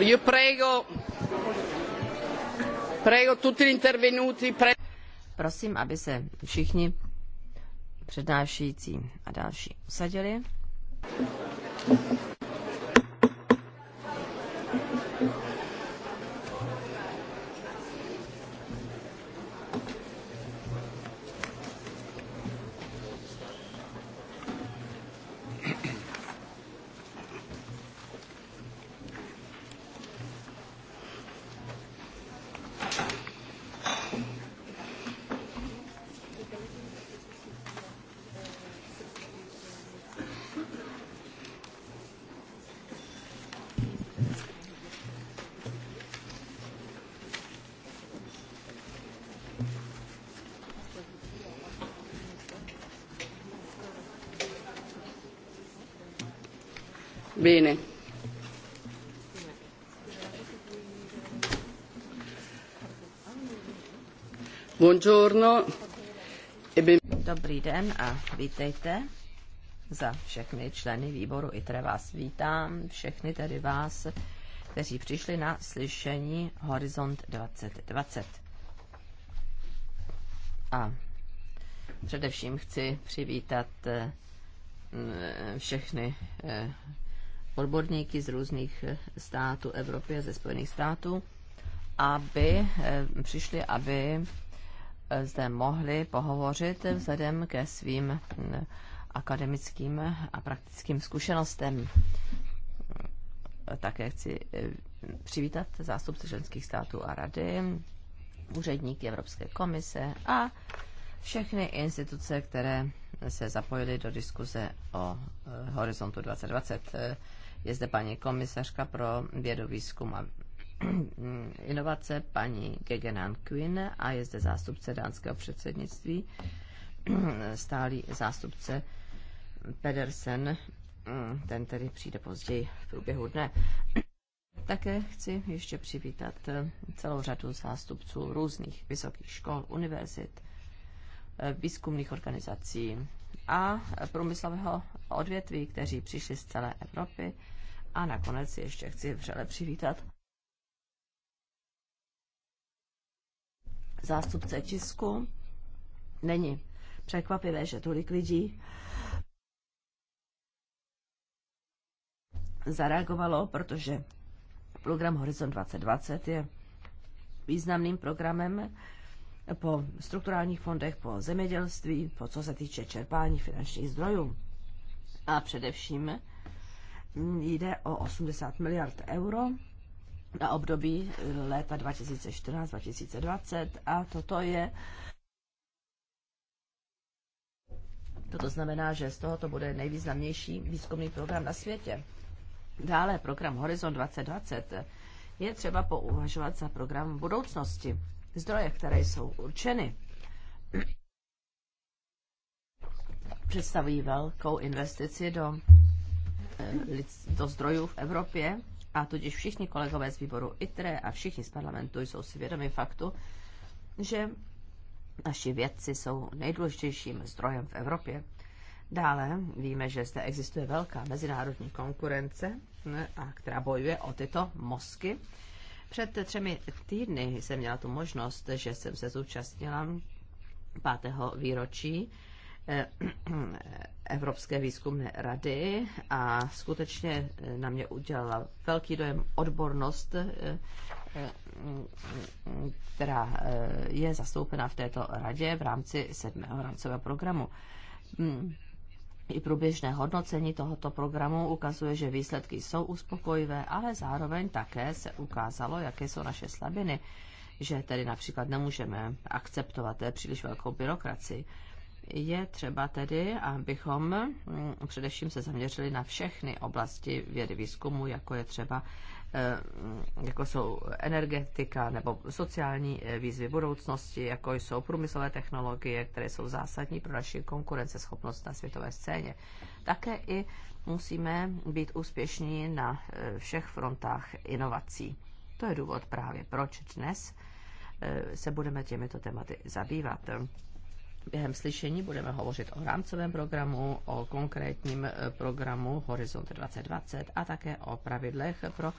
Io prego, prego tutti gli intervenuti, Prosím, aby se všichni přednášející a další usadili. Bene. Buongiorno. E Dobrý den a vítejte za všechny členy výboru ITRE vás vítám, všechny tedy vás, kteří přišli na slyšení Horizont 2020. A především chci přivítat eh, všechny eh, odborníky z různých eh, států Evropy a ze Spojených států, aby eh, přišli, aby eh, zde mohli pohovořit vzhledem ke svým hm, akademickým a praktickým zkušenostem. Také chci přivítat zástupce ženských států a rady, úředníky Evropské komise a všechny instituce, které se zapojily do diskuze o Horizontu 2020. Je zde paní komisařka pro vědu, výzkum a inovace, paní Gegenan Quinn a je zde zástupce dánského předsednictví, stálý zástupce Pedersen, mm, ten tedy přijde později v průběhu dne. Také chci ještě přivítat eh, celou řadu zástupců různých vysokých škol, univerzit, eh, výzkumných organizací a průmyslového odvětví, kteří přišli z celé Evropy a nakonec ještě chci vřele přivítat zástupce tisku. Není překvapivé, že tolik lidí zareagovalo, protože program Horizont 2020 je významným programem po strukturálních fondech, po zemědělství, po co se týče čerpání finančních zdrojů. A především Hmm, jde o 80 miliard euro na období eh, léta 2014-2020 a toto je Toto znamená, že z tohoto bude nejvýznamnější výzkumný program na světě. Dále program Horizon 2020 eh, je třeba pouvažovat za program budoucnosti. Zdroje, které jsou určeny, představují velkou investici do Eh, do zdrojů v Evropě a tudíž všichni kolegové z výboru ITRE a všichni z parlamentu jsou si vědomi faktu, že naši vědci jsou nejdůležitějším zdrojem v Evropě. Dále víme, že zde existuje velká mezinárodní konkurence, a která bojuje o tyto mozky. Před třemi týdny jsem měla tu možnost, že jsem se zúčastnila pátého výročí Eh, Evropské výzkumné rady a skutečně eh, na mě udělala velký dojem odbornost, eh, která je zastoupena v této radě v rámci sedmého rámcového programu. Mm, I průběžné hodnocení tohoto programu ukazuje, že výsledky jsou uspokojivé, ale zároveň také se ukázalo, jaké jsou naše slabiny, že tedy například nemůžeme akceptovat příliš velkou byrokracii je třeba tedy, abychom mm, především se zaměřili na všechny oblasti vědy výzkumu, jako je třeba eh, jako jsou energetika nebo sociální eh, výzvy budoucnosti, jako jsou průmyslové technologie, které jsou zásadní pro naši konkurenceschopnost na světové scéně. Také i musíme být úspěšní na eh, všech frontách inovací. To je důvod právě, proč dnes se budeme těmito tématy zabývat. Během slyšení budeme hovořit o rámcovém programu, o konkrétním eh, programu Horizont 2020 a také o pravidlech pro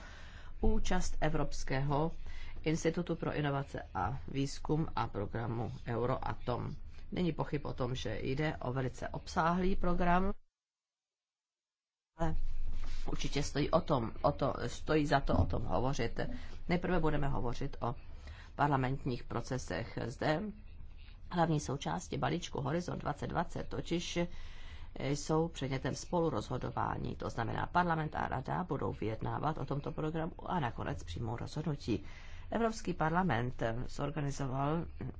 účast Evropského Institutu pro inovace a výzkum a programu Euroatom. Není pochyb o tom, že jde o velice obsáhlý program, ale určitě stojí, o tom, o to, stojí za to o tom hovořit. Nejprve budeme hovořit o parlamentních procesech zde hlavní součásti balíčku Horizon 2020 totiž eh, jsou předmětem spolurozhodování. To znamená, parlament a rada budou vyjednávat o tomto programu a nakonec přijmou rozhodnutí. Evropský parlament eh, zorganizoval hm,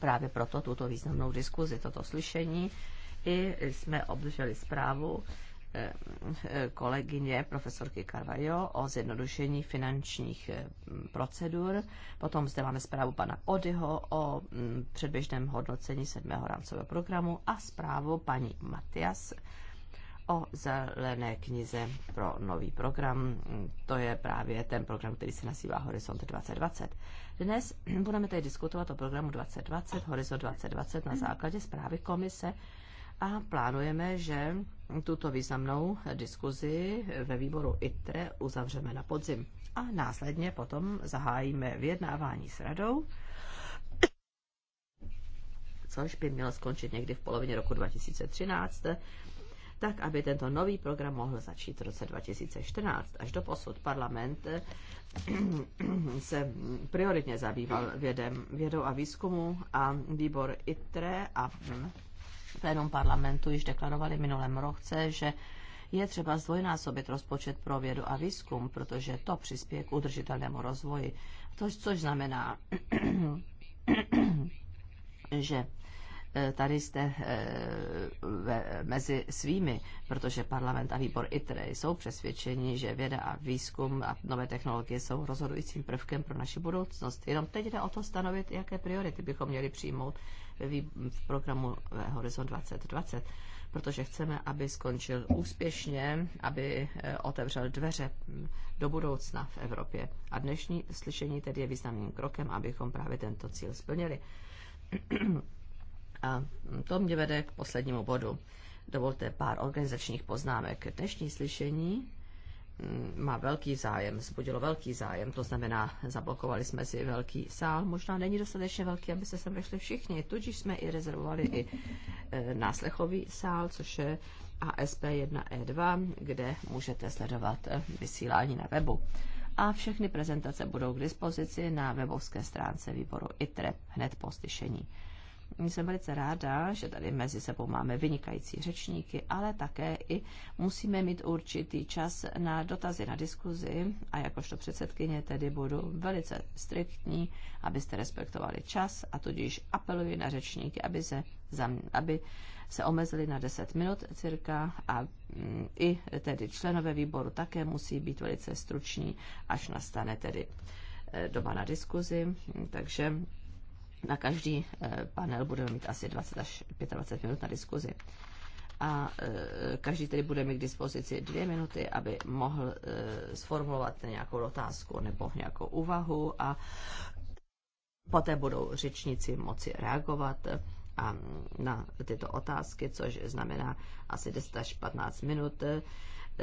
právě proto tuto významnou diskuzi, toto slyšení. I jsme obdrželi zprávu kolegyně profesorky Carvajo o zjednodušení finančních eh, procedur. Potom zde máme zprávu pana Odyho o mm, předběžném hodnocení sedmého rámcového programu a zprávu paní Matias o zelené knize pro nový program. To je právě ten program, který se nazývá Horizont 2020. Dnes budeme tedy diskutovat o programu 2020, Horizont 2020 na základě zprávy komise a plánujeme, že tuto významnou diskuzi ve výboru ITRE uzavřeme na podzim a následně potom zahájíme vyjednávání s radou, což by mělo skončit někdy v polovině roku 2013, tak aby tento nový program mohl začít v roce 2014. Až do posud parlament se prioritně zabýval vědem, vědou a výzkumu a výbor ITRE a plénum parlamentu již deklarovali minulém roce, že je třeba zdvojnásobit rozpočet pro vědu a výzkum, protože to přispěje k udržitelnému rozvoji. To, což znamená, že Eh, tady jste eh, ve, mezi svými, protože parlament a výbor ITRE jsou přesvědčeni, že věda a výzkum a nové technologie jsou rozhodujícím prvkem pro naši budoucnost. Jenom teď jde o to stanovit, jaké priority bychom měli přijmout v programu Horizont 2020 protože chceme, aby skončil úspěšně, aby eh, otevřel dveře hm, do budoucna v Evropě. A dnešní slyšení tedy je významným krokem, abychom právě tento cíl splnili. A to mě vede k poslednímu bodu. Dovolte pár organizačních poznámek. Dnešní slyšení mm, má velký zájem, zbudilo velký zájem, to znamená, zablokovali jsme si velký sál, možná není dostatečně velký, aby se sem vešli všichni, tudíž jsme i rezervovali i e, náslechový sál, což je ASP1E2, e kde můžete sledovat e, vysílání na webu. A všechny prezentace budou k dispozici na webovské stránce výboru ITRE hned po slyšení. Jsem velice ráda, že tady mezi sebou máme vynikající řečníky, ale také i musíme mít určitý čas na dotazy, na diskuzi a jakožto předsedkyně tedy budu velice striktní, abyste respektovali čas a tudíž apeluji na řečníky, aby se, aby se omezili na 10 minut cirka a mm, i tedy členové výboru také musí být velice struční, až nastane tedy eh, doba na diskuzi, takže na každý eh, panel budeme mít asi 20 až 25 minut na diskuzi. A eh, každý tedy bude mít k dispozici dvě minuty, aby mohl eh, sformulovat nějakou otázku nebo nějakou úvahu a poté budou řečníci moci reagovat a na tyto otázky, což znamená asi 10 až 15 minut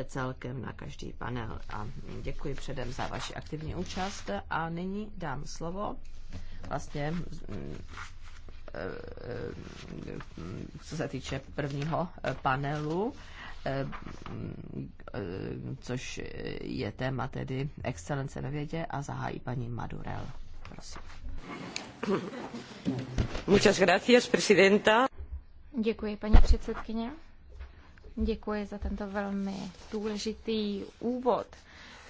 celkem na každý panel. A děkuji předem za vaši aktivní účast a nyní dám slovo vlastně co se týče prvního panelu, což je téma tedy excelence ve vědě a zahájí paní Madurel. Prosím. Muchas gracias, presidenta. Děkuji, paní předsedkyně. Děkuji za tento velmi důležitý úvod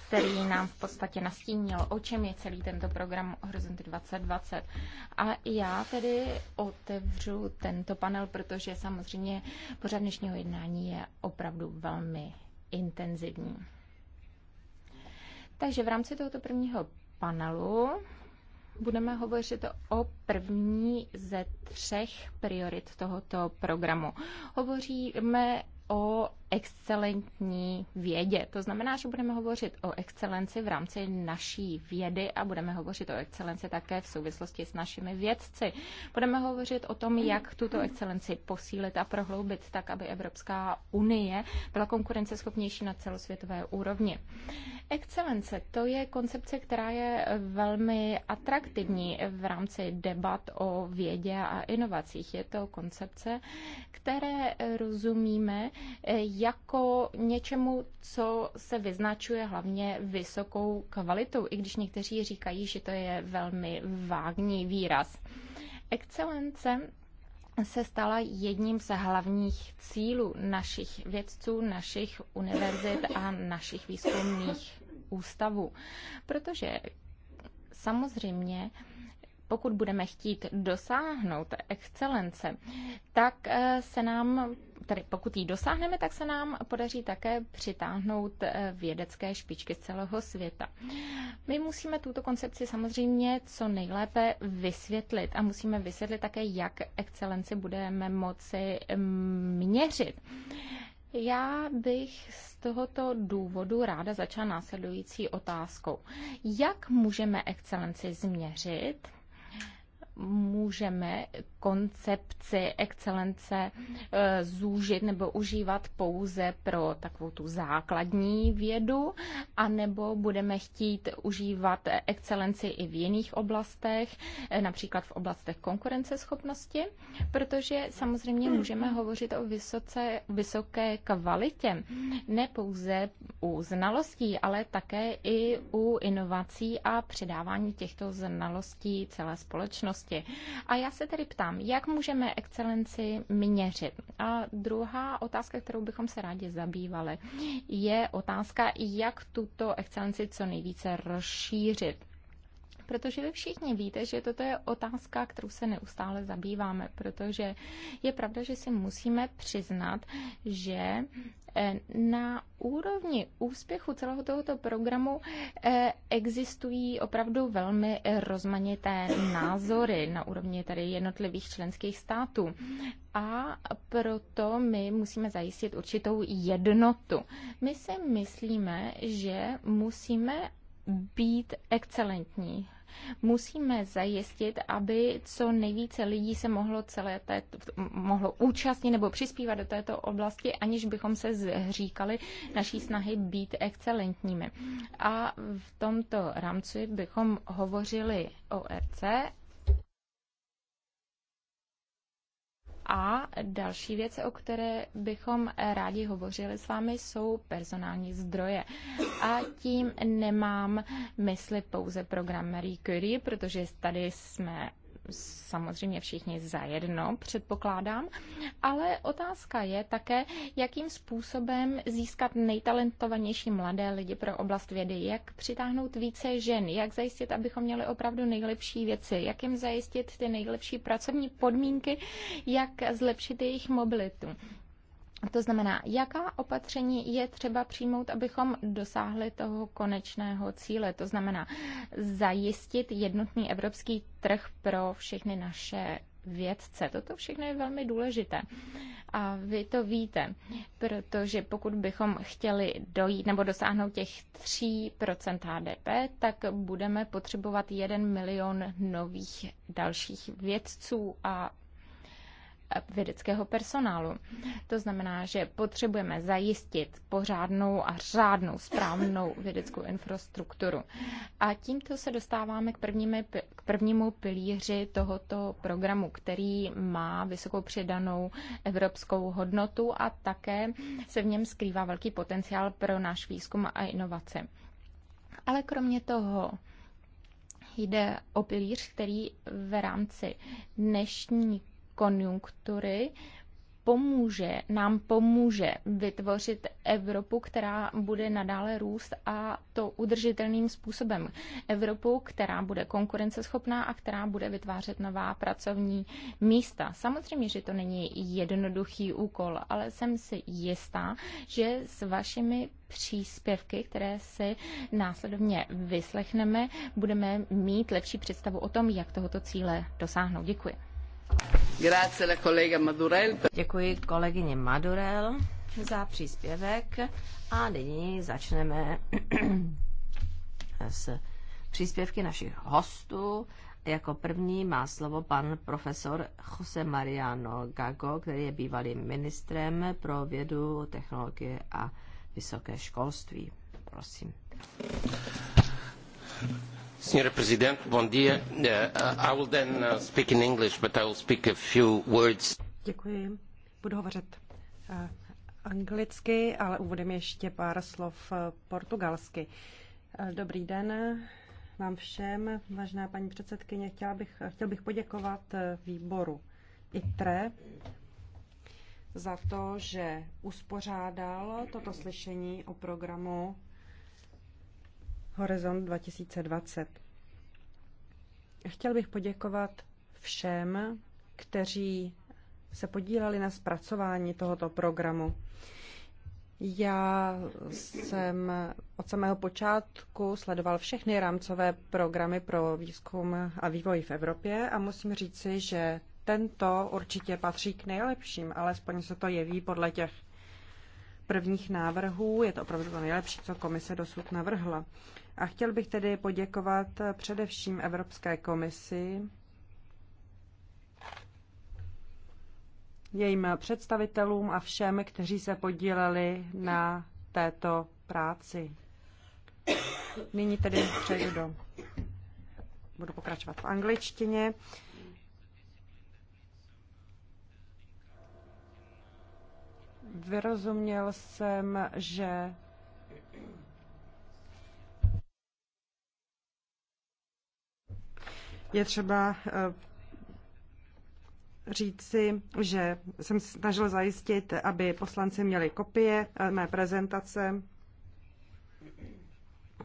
který nám v podstatě nastínil, o čem je celý tento program Horizonty 2020. A já tedy otevřu tento panel, protože samozřejmě pořad dnešního jednání je opravdu velmi intenzivní. Takže v rámci tohoto prvního panelu budeme hovořit o první ze třech priorit tohoto programu. Hovoříme o excelentní vědě. To znamená, že budeme hovořit o excelenci v rámci naší vědy a budeme hovořit o excelenci také v souvislosti s našimi vědci. Budeme hovořit o tom, jak tuto excelenci posílit a prohloubit tak, aby Evropská unie byla konkurenceschopnější na celosvětové úrovni. Excelence to je koncepce, která je velmi atraktivní v rámci debat o vědě a inovacích. Je to koncepce, které rozumíme jako něčemu, co se vyznačuje hlavně vysokou kvalitou, i když někteří říkají, že to je velmi vágní výraz. Excelence se stala jedním z hlavních cílů našich vědců, našich univerzit a našich výzkumných ústavů. Protože samozřejmě pokud budeme chtít dosáhnout excelence, tak eh, se nám tedy pokud ji dosáhneme, tak se nám podaří také přitáhnout eh, vědecké špičky z celého světa. My musíme tuto koncepci samozřejmě co nejlépe vysvětlit a musíme vysvětlit také, jak excelenci budeme moci eh, měřit. Já bych z tohoto důvodu ráda začala následující otázkou. Jak můžeme excelenci změřit? můžeme koncepci excelence eh, zúžit nebo užívat pouze pro takovou tu základní vědu, anebo budeme chtít užívat excelenci i v jiných oblastech, eh, například v oblastech konkurenceschopnosti, protože samozřejmě můžeme hovořit o vysoce, vysoké kvalitě, ne pouze u znalostí, ale také i u inovací a předávání těchto znalostí celé společnosti činnosti. A já se tedy ptám, jak můžeme excelenci měřit? A druhá otázka, kterou bychom se rádi zabývali, je otázka, jak tuto excelenci co nejvíce rozšířit. Protože vy všichni víte, že toto je otázka, kterou se neustále zabýváme, protože je pravda, že si musíme přiznat, že Eh, na úrovni úspěchu celého tohoto programu eh, existují opravdu velmi rozmanité názory na úrovni tady jednotlivých členských států. A proto my musíme zajistit určitou jednotu. My si myslíme, že musíme být excelentní Musíme zajistit, aby co nejvíce lidí se mohlo celé té, mohlo účastnit nebo přispívat do této oblasti, aniž bychom se zříkali naší snahy být excelentními. A v tomto rámci bychom hovořili o RC e A další věc, o které bychom rádi hovořili s vámi, jsou personální zdroje. A tím nemám mysli pouze program Marie Curie, protože tady jsme samozřejmě všichni zajedno, předpokládám, ale otázka je také, jakým způsobem získat nejtalentovanější mladé lidi pro oblast vědy, jak přitáhnout více žen, jak zajistit, abychom měli opravdu nejlepší věci, jak jim zajistit ty nejlepší pracovní podmínky, jak zlepšit jejich mobilitu. To znamená, jaká opatření je třeba přijmout, abychom dosáhli toho konečného cíle. To znamená zajistit jednotný evropský trh pro všechny naše vědce. Toto všechno je velmi důležité. A vy to víte, protože pokud bychom chtěli dojít nebo dosáhnout těch 3% HDP, tak budeme potřebovat 1 milion nových dalších vědců a vědeckého personálu. To znamená, že potřebujeme zajistit pořádnou a řádnou správnou vědeckou infrastrukturu. A tímto se dostáváme k, prvními, k prvnímu pilíři tohoto programu, který má vysokou přidanou evropskou hodnotu a také se v něm skrývá velký potenciál pro náš výzkum a inovace. Ale kromě toho, jde o pilíř, který v rámci dnešní konjunktury pomůže, nám pomůže vytvořit Evropu, která bude nadále růst a to udržitelným způsobem. Evropu, která bude konkurenceschopná a která bude vytvářet nová pracovní místa. Samozřejmě, že to není jednoduchý úkol, ale jsem si jistá, že s vašimi příspěvky, které si následovně vyslechneme, budeme mít lepší představu o tom, jak tohoto cíle dosáhnout. Děkuji. Děkuji kolegyně Madurel za příspěvek a nyní začneme s příspěvky našich hostů. Jako první má slovo pan profesor Jose Mariano Gago, který je bývalým ministrem pro vědu, technologie a vysoké školství. Prosím. Senhora Presidente, bom dia. Uh, I will then uh, speak in English, but I will speak a few words. Děkuji. Budu hovořit uh, anglicky, ale úvodem ještě pár slov eh, portugalsky. Dobrý den vám všem, vážná paní předsedkyně. Chtěla bych, chtěl bych poděkovat výboru ITRE za to, že uspořádal toto slyšení o programu Horizont 2020. Chtěl bych poděkovat všem, kteří se podíleli na zpracování tohoto programu. Já jsem od samého počátku sledoval všechny rámcové programy pro výzkum a vývoj v Evropě a musím říci, že tento určitě patří k nejlepším, alespoň se to jeví podle těch prvních návrhů. Je to opravdu to nejlepší, co komise dosud navrhla. A chtěl bych tedy poděkovat především Evropské komisi, jejím představitelům a všem, kteří se podíleli na této práci. Nyní tedy přejdu do... Budu pokračovat v angličtině. Vyrozuměl jsem, že je třeba eh, říci, že jsem snažil zajistit, aby poslanci měli kopie eh, mé prezentace,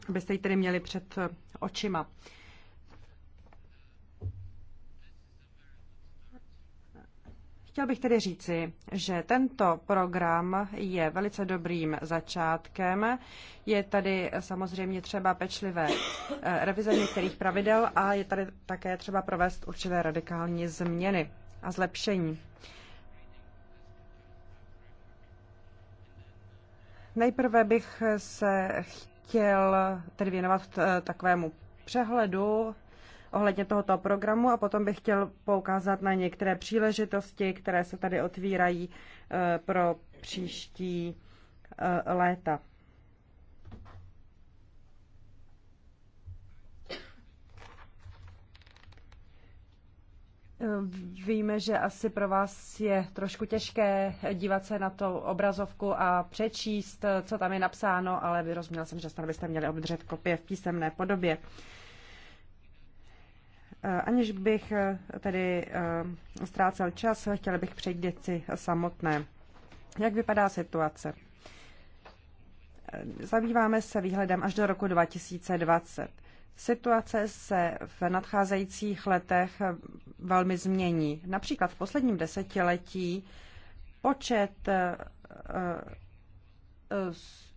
abyste ji tedy měli před eh, očima. Chtěl bych tedy říci, že tento program je velice dobrým začátkem. Je tady samozřejmě třeba pečlivé eh, revize některých pravidel a je tady také třeba provést určité radikální změny a zlepšení. Nejprve bych se chtěl tedy věnovat eh, takovému přehledu ohledně tohoto programu a potom bych chtěl poukázat na některé příležitosti, které se tady otvírají eh, pro příští eh, léta. Eh, víme, že asi pro vás je trošku těžké dívat se na to obrazovku a přečíst, co tam je napsáno, ale vyrozuměl jsem, že snad byste měli obdržet kopie v písemné podobě. Eh, aniž bych eh, tedy eh, ztrácel čas, chtěl bych přejít věci samotné. Jak vypadá situace? Zabýváme se výhledem až do roku 2020. Situace se v nadcházejících letech velmi změní. Například v posledním desetiletí počet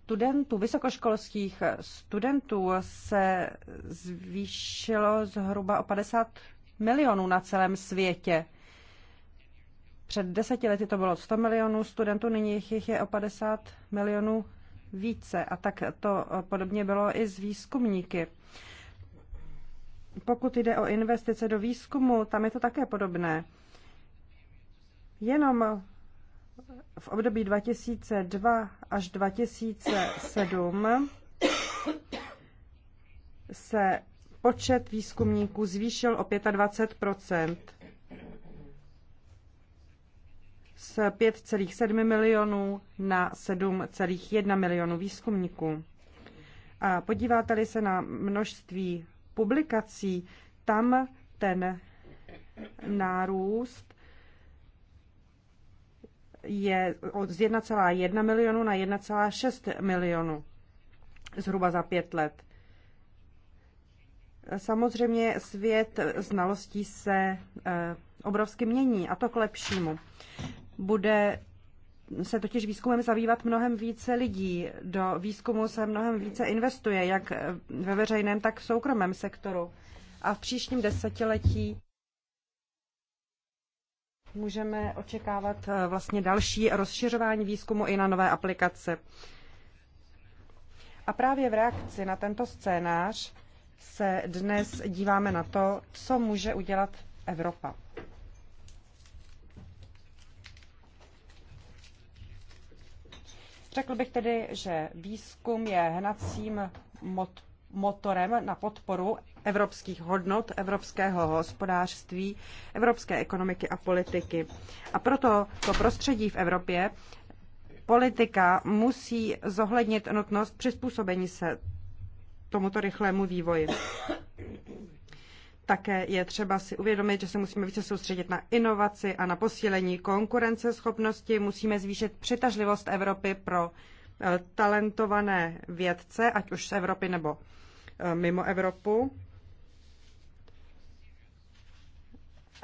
studentů, vysokoškolských studentů se zvýšilo zhruba o 50 milionů na celém světě. Před deseti lety to bylo 100 milionů studentů, nyní jich je o 50 milionů více. A tak to podobně bylo i s výzkumníky. Pokud jde o investice do výzkumu, tam je to také podobné. Jenom v období 2002 až 2007 se počet výzkumníků zvýšil o 25 z 5,7 milionů na 7,1 milionů výzkumníků. A podíváte-li se na množství publikací, tam ten nárůst je od z 1,1 milionu na 1,6 milionu zhruba za pět let. Samozřejmě svět znalostí se eh, obrovsky mění a to k lepšímu. Bude se totiž výzkumem zabývat mnohem více lidí. Do výzkumu se mnohem více investuje, jak ve veřejném, tak v soukromém sektoru. A v příštím desetiletí můžeme očekávat eh, vlastně další rozšiřování výzkumu i na nové aplikace. A právě v reakci na tento scénář se dnes díváme na to, co může udělat Evropa. Řekl bych tedy, že výzkum je hnacím motorem na podporu evropských hodnot, evropského hospodářství, evropské ekonomiky a politiky. A proto to prostředí v Evropě, politika musí zohlednit nutnost přizpůsobení se tomuto rychlému vývoji. Také je třeba si uvědomit, že se musíme více soustředit na inovaci a na posílení konkurenceschopnosti. Musíme zvýšit přitažlivost Evropy pro eh, talentované vědce, ať už z Evropy nebo eh, mimo Evropu.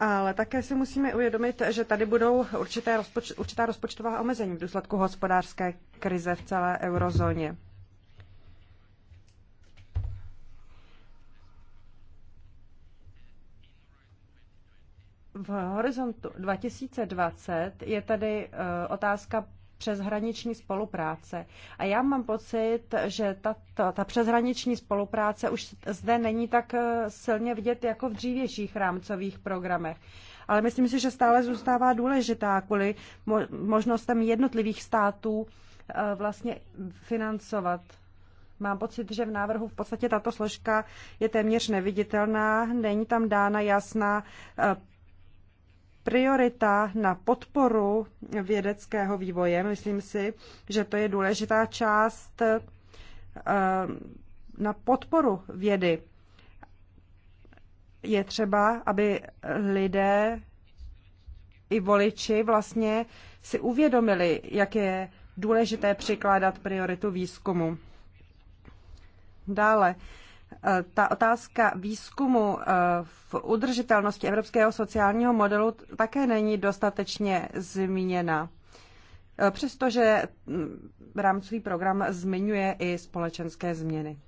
Ale také si musíme uvědomit, že tady budou určité rozpoč- určitá rozpočtová omezení v důsledku hospodářské krize v celé eurozóně. V horizontu 2020 je tady eh, otázka přeshraniční spolupráce. A já mám pocit, že ta, ta, ta přeshraniční spolupráce už zde není tak eh, silně vidět jako v dřívějších rámcových programech. Ale myslím si, že stále zůstává důležitá kvůli možnostem jednotlivých států eh, vlastně financovat. Mám pocit, že v návrhu v podstatě tato složka je téměř neviditelná, není tam dána jasná eh, priorita na podporu vědeckého vývoje. Myslím si, že to je důležitá část eh, na podporu vědy. Je třeba, aby lidé i voliči vlastně si uvědomili, jak je důležité přikládat prioritu výzkumu. Dále, Eh, ta otázka výzkumu eh, v udržitelnosti evropského sociálního modelu také není dostatečně zmíněna. Eh, přestože mm, rámcový program zmiňuje i společenské změny.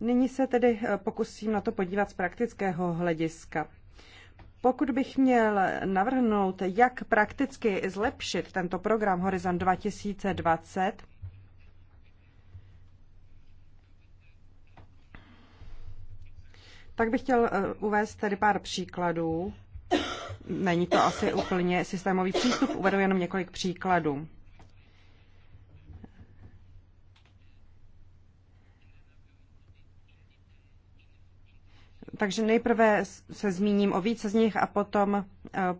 Nyní se tedy pokusím na to podívat z praktického hlediska. Pokud bych měl navrhnout, jak prakticky zlepšit tento program Horizon 2020, Tak bych chtěl eh, uvést tady pár příkladů. Není to asi úplně systémový přístup, uvedu jenom několik příkladů. Takže nejprve se zmíním o více z nich a potom e,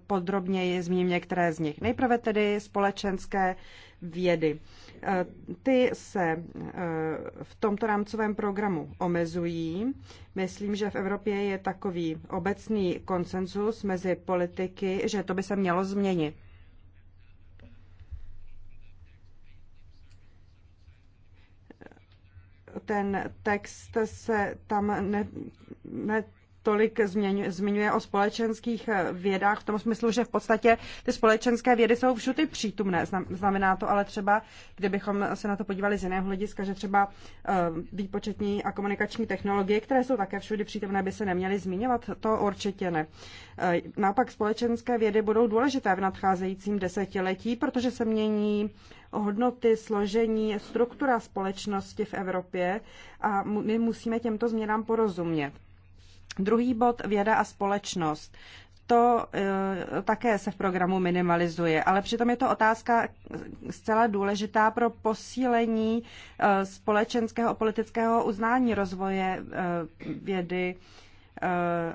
podrobněji zmíním některé z nich. Nejprve tedy společenské vědy. E, ty se e, v tomto rámcovém programu omezují. Myslím, že v Evropě je takový obecný konsenzus mezi politiky, že to by se mělo změnit. ten text se tam ne, ne, tolik zmiňuje o společenských eh, vědách v tom smyslu, že v podstatě ty společenské vědy jsou všudy přítomné. Znamená to ale třeba, kdybychom se na to podívali z jiného hlediska, že třeba eh, výpočetní a komunikační technologie, které jsou také všudy přítomné, by se neměly zmiňovat, to určitě ne. Eh, naopak společenské vědy budou důležité v nadcházejícím desetiletí, protože se mění hodnoty, složení, struktura společnosti v Evropě a my musíme těmto změnám porozumět. Druhý bod věda a společnost to e, také se v programu minimalizuje, ale přitom je to otázka zcela důležitá pro posílení e, společenského a politického uznání rozvoje e, vědy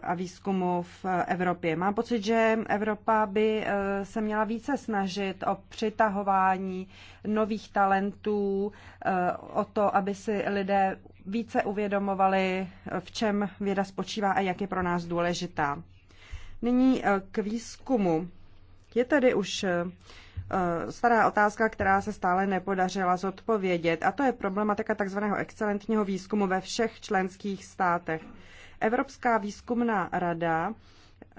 a výzkumu v Evropě. Mám pocit, že Evropa by se měla více snažit o přitahování nových talentů, o to, aby si lidé více uvědomovali, v čem věda spočívá a jak je pro nás důležitá. Nyní eh, k výzkumu. Je tady už eh, eh, stará otázka, která se stále nepodařila zodpovědět, a to je problematika tzv. excelentního výzkumu ve všech členských státech. Evropská výzkumná rada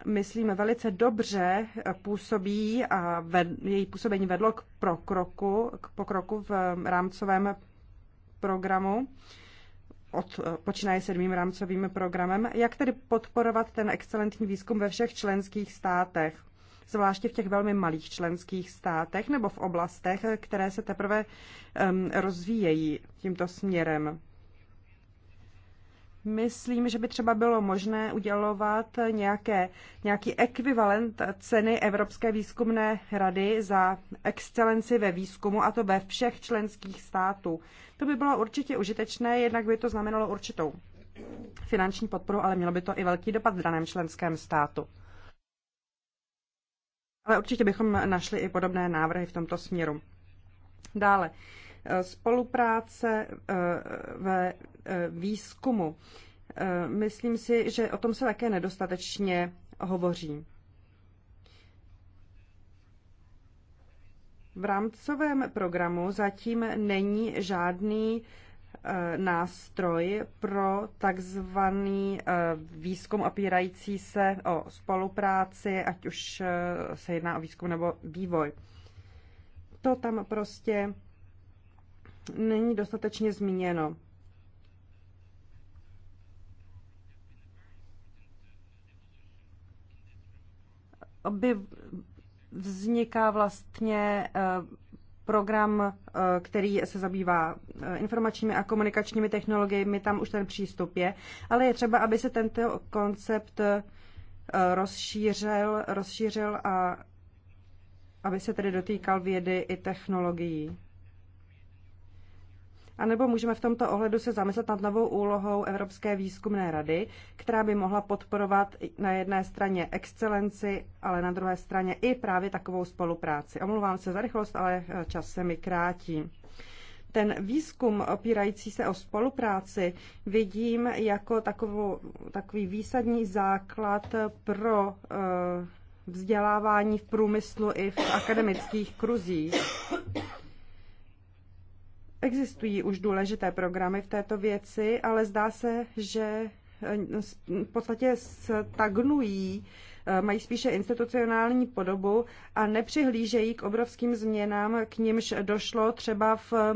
myslím, velice dobře působí a ved, její působení vedlo k, pokroku, k pokroku v rámcovém programu od, eh, počínaje sedmým rámcovým programem, jak tedy podporovat ten excelentní výzkum ve všech členských státech, zvláště v těch velmi malých členských státech nebo v oblastech, eh, které se teprve um, rozvíjejí tímto směrem. Myslím, že by třeba bylo možné udělovat nějaké, nějaký ekvivalent ceny Evropské výzkumné rady za excelenci ve výzkumu, a to ve všech členských států. To by bylo určitě užitečné, jednak by to znamenalo určitou finanční podporu, ale mělo by to i velký dopad v daném členském státu. Ale určitě bychom našli i podobné návrhy v tomto směru. Dále, Eh, spolupráce eh, ve eh, výzkumu. Myslím si, že o tom se také nedostatečně hovoří. V rámcovém programu zatím není žádný nástroj pro takzvaný výzkum opírající se o spolupráci, ať už se jedná o výzkum nebo vývoj. To tam prostě není dostatečně zmíněno. Objev, vzniká vlastně eh, program, eh, který se zabývá eh, informačními a komunikačními technologiemi, tam už ten přístup je, ale je třeba, aby se tento koncept rozšířil, rozšířil a aby se tedy dotýkal vědy i technologií. A nebo můžeme v tomto ohledu se zamyslet nad novou úlohou Evropské výzkumné rady, která by mohla podporovat na jedné straně excelenci, ale na druhé straně i právě takovou spolupráci. Omlouvám se za rychlost, ale eh, čas se mi krátí. Ten výzkum opírající se o spolupráci vidím jako takovou, takový výsadní základ pro uh, vzdělávání v průmyslu i v akademických kruzích. Existují už důležité programy v této věci, ale zdá se, že eh, v podstatě stagnují, eh, mají spíše institucionální podobu a nepřihlížejí k obrovským změnám, k nimž došlo třeba v eh,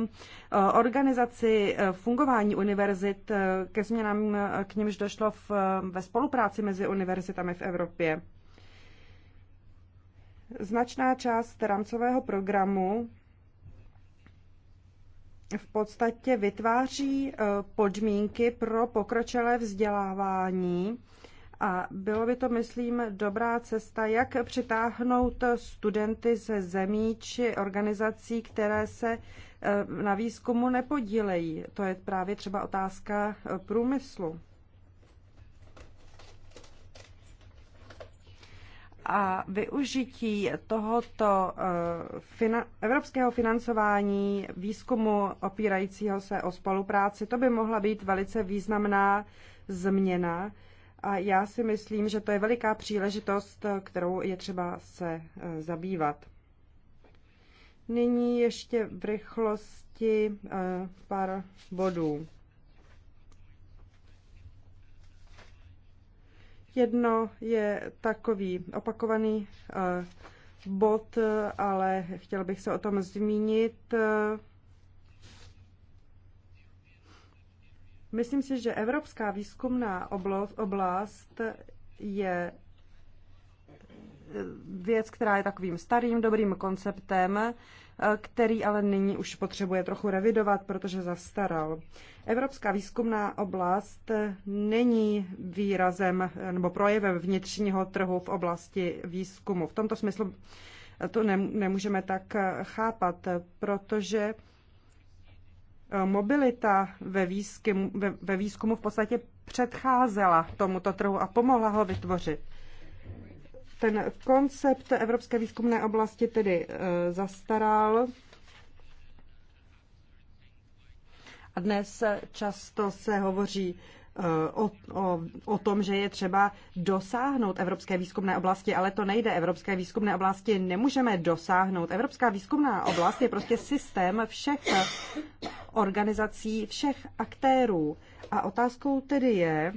organizaci fungování univerzit, ke změnám, k nimž došlo v, ve spolupráci mezi univerzitami v Evropě. Značná část rámcového programu v podstatě vytváří eh, podmínky pro pokročilé vzdělávání a bylo by to, myslím, dobrá cesta, jak přitáhnout studenty ze zemí či organizací, které se eh, na výzkumu nepodílejí. To je právě třeba otázka eh, průmyslu. a využití tohoto eh, fina- evropského financování výzkumu opírajícího se o spolupráci, to by mohla být velice významná změna. A já si myslím, že to je veliká příležitost, kterou je třeba se eh, zabývat. Nyní ještě v rychlosti eh, pár bodů. Jedno je takový opakovaný eh, bod, ale chtěl bych se o tom zmínit. Myslím si, že Evropská výzkumná oblast je věc, která je takovým starým dobrým konceptem, který ale nyní už potřebuje trochu revidovat, protože zastaral. Evropská výzkumná oblast není výrazem nebo projevem vnitřního trhu v oblasti výzkumu. V tomto smyslu to nemůžeme tak chápat, protože eh, mobilita ve výzkumu, ve, ve výzkumu v podstatě předcházela tomuto trhu a pomohla ho vytvořit ten koncept Evropské výzkumné oblasti tedy e, zastaral. A dnes často se hovoří e, o, o, o tom, že je třeba dosáhnout Evropské výzkumné oblasti, ale to nejde. Evropské výzkumné oblasti nemůžeme dosáhnout. Evropská výzkumná oblast je prostě systém všech organizací, všech aktérů. A otázkou tedy je,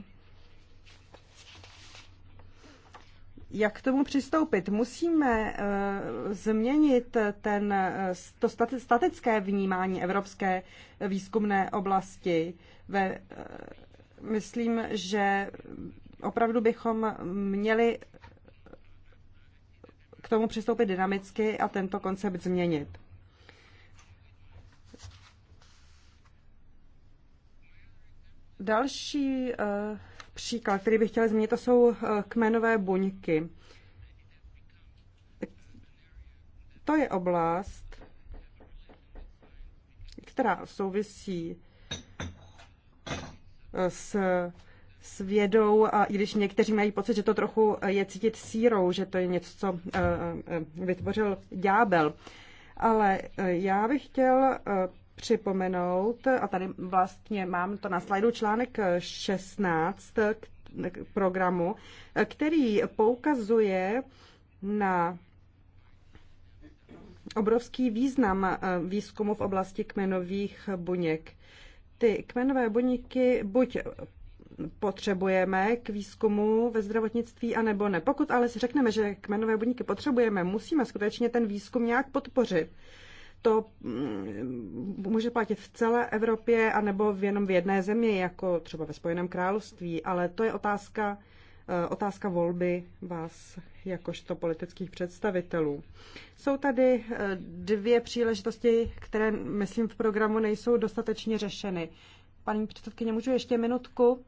jak k tomu přistoupit? Musíme eh, změnit ten, eh, to statické vnímání evropské výzkumné oblasti. Ve, eh, myslím, že opravdu bychom měli k tomu přistoupit dynamicky a tento koncept změnit. Další příklad, který bych chtěla zmínit, to jsou eh, kmenové buňky. To je oblast, která souvisí eh, s, s vědou, a i když někteří mají pocit, že to trochu eh, je cítit sírou, že to je něco, co vytvořil ďábel. Ale já bych chtěl připomenout, a tady vlastně mám to na slajdu článek 16 k programu, který poukazuje na obrovský význam eh, výzkumu v oblasti kmenových buněk. Ty kmenové buňky buď potřebujeme k výzkumu ve zdravotnictví, anebo ne. Pokud ale si řekneme, že kmenové buňky potřebujeme, musíme skutečně ten výzkum nějak podpořit to mm, může platit v celé Evropě anebo v jenom v jedné zemi, jako třeba ve Spojeném království, ale to je otázka, eh, otázka volby vás jakožto politických představitelů. Jsou tady eh, dvě příležitosti, které, myslím, v programu nejsou dostatečně řešeny. Paní předsedkyně, můžu ještě minutku?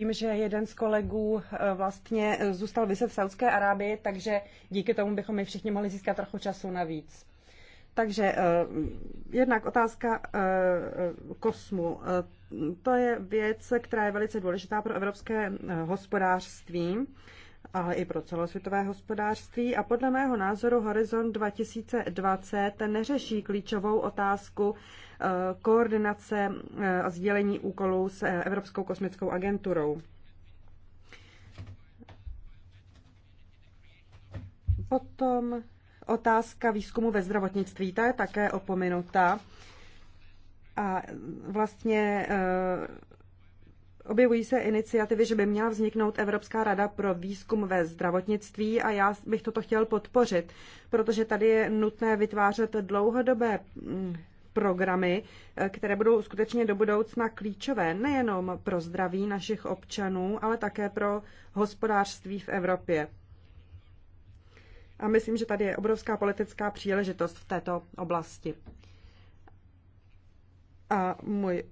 Vím, že jeden z kolegů eh, vlastně eh, zůstal vyset v Saudské Arábii, takže díky tomu bychom my všichni mohli získat trochu času navíc. Takže eh, jednak otázka kosmu. To je věc, která je velice důležitá pro evropské hospodářství ale i pro celosvětové hospodářství a podle mého názoru Horizont 2020 neřeší klíčovou otázku eh, koordinace eh, a sdělení úkolů s eh, Evropskou kosmickou agenturou. Potom otázka výzkumu ve zdravotnictví, ta je také opominuta. A vlastně Objevují se iniciativy, že by měla vzniknout Evropská rada pro výzkum ve zdravotnictví a já bych toto chtěl podpořit, protože tady je nutné vytvářet dlouhodobé mm, programy, eh, které budou skutečně do budoucna klíčové nejenom pro zdraví našich občanů, ale také pro hospodářství v Evropě. A myslím, že tady je obrovská politická příležitost v této oblasti. A můj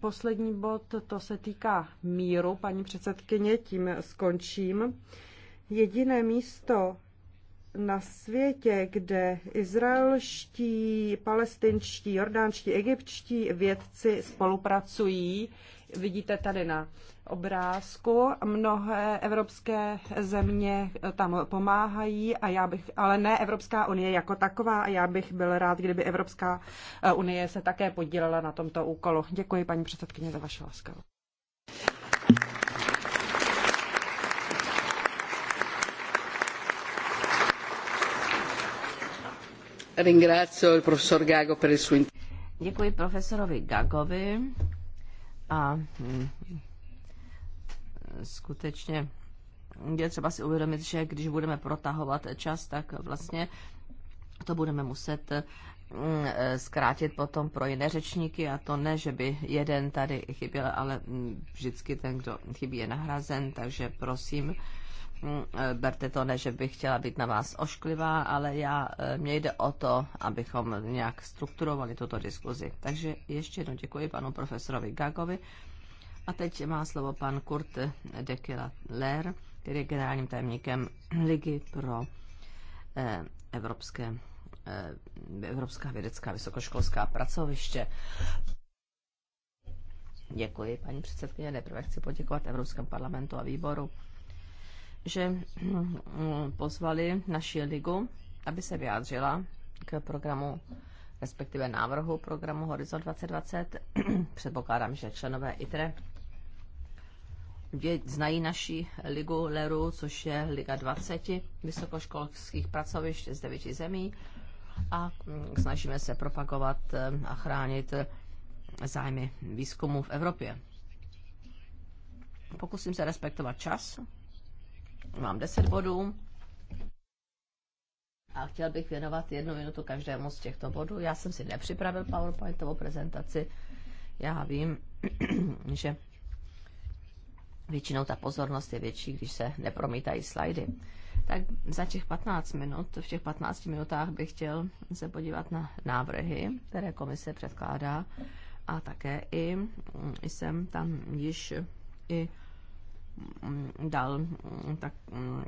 poslední bod, to se týká míru, paní předsedkyně, tím skončím. Jediné místo na světě, kde izraelští, palestinští, jordánští, egyptští vědci spolupracují, Vidíte tady na obrázku. Mnohé evropské země tam pomáhají, a já bych, ale ne Evropská unie jako taková a já bych byl rád, kdyby Evropská eh, unie se také podílela na tomto úkolu. Děkuji, paní předsedkyně, za vaši laskavost. Děkuji profesorovi Gagovi a hm, skutečně je třeba si uvědomit, že když budeme protahovat čas, tak vlastně to budeme muset hm, zkrátit potom pro jiné řečníky a to ne, že by jeden tady chyběl, ale hm, vždycky ten, kdo chybí, je nahrazen, takže prosím, Mm, eh, berte to ne, že bych chtěla být na vás ošklivá, ale já, eh, mě jde o to, abychom nějak strukturovali tuto diskuzi. Takže ještě jednou děkuji panu profesorovi Gagovi. A teď má slovo pan Kurt Dekila-Ler, který je generálním tajemníkem Ligy pro eh, evropské, evropská vědecká vysokoškolská pracoviště. Děkuji, paní předsedkyně. Nejprve chci poděkovat Evropském parlamentu a výboru že hm, pozvali naši ligu, aby se vyjádřila k programu, respektive návrhu programu Horizon 2020. Předpokládám, že členové ITRE znají naši ligu LERU, což je Liga 20 vysokoškolských pracovišť z devíti zemí a hm, snažíme se propagovat hm, a chránit zájmy výzkumu v Evropě. Pokusím se respektovat čas, Mám 10 bodů a chtěl bych věnovat jednu minutu každému z těchto bodů. Já jsem si nepřipravil PowerPointovou prezentaci. Já vím, že většinou ta pozornost je větší, když se nepromítají slajdy. Tak za těch 15 minut, v těch 15 minutách bych chtěl se podívat na návrhy, které komise předkládá a také i jsem tam již i dal mm, tak mm,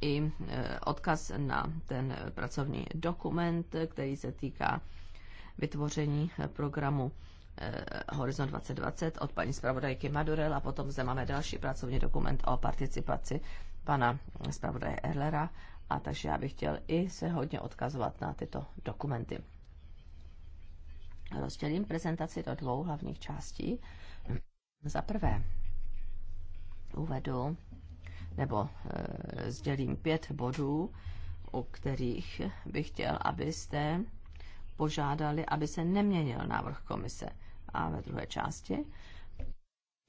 i e, odkaz na ten pracovní dokument, který se týká vytvoření programu e, Horizon 2020 od paní zpravodajky Madurel a potom zde máme další pracovní dokument o participaci pana zpravodaje Erlera a takže já bych chtěl i se hodně odkazovat na tyto dokumenty. Rozdělím prezentaci do dvou hlavních částí. Za prvé, uvedu nebo e, sdělím pět bodů, o kterých bych chtěl, abyste požádali, aby se neměnil návrh komise. A ve druhé části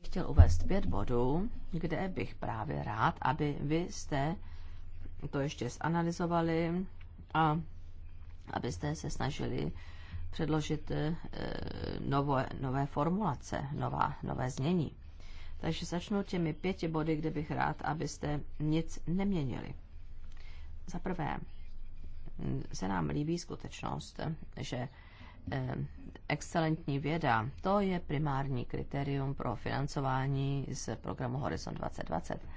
chtěl uvést pět bodů, kde bych právě rád, aby vy jste to ještě zanalizovali a abyste se snažili předložit e, nové, nové formulace, nová, nové znění. Takže začnu těmi pěti body, kde bych rád, abyste nic neměnili. Za prvé, se nám líbí skutečnost, že eh, excelentní věda, to je primární kritérium pro financování z programu Horizon 2020.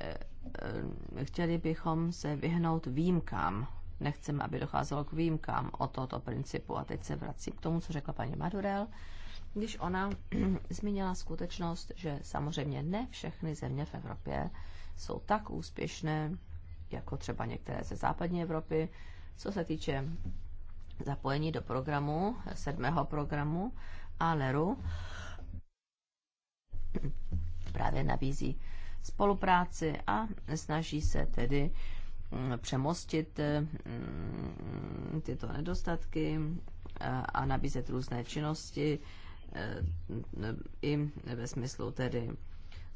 Eh, eh, chtěli bychom se vyhnout výjimkám. Nechceme, aby docházelo k výjimkám o tohoto principu. A teď se vracím k tomu, co řekla paní Madurel když ona zmínila skutečnost, že samozřejmě ne všechny země v Evropě jsou tak úspěšné, jako třeba některé ze západní Evropy, co se týče zapojení do programu, sedmého programu a LERu právě nabízí spolupráci a snaží se tedy mm, přemostit mm, tyto nedostatky eh, a nabízet různé činnosti, Eh, i ve smyslu tedy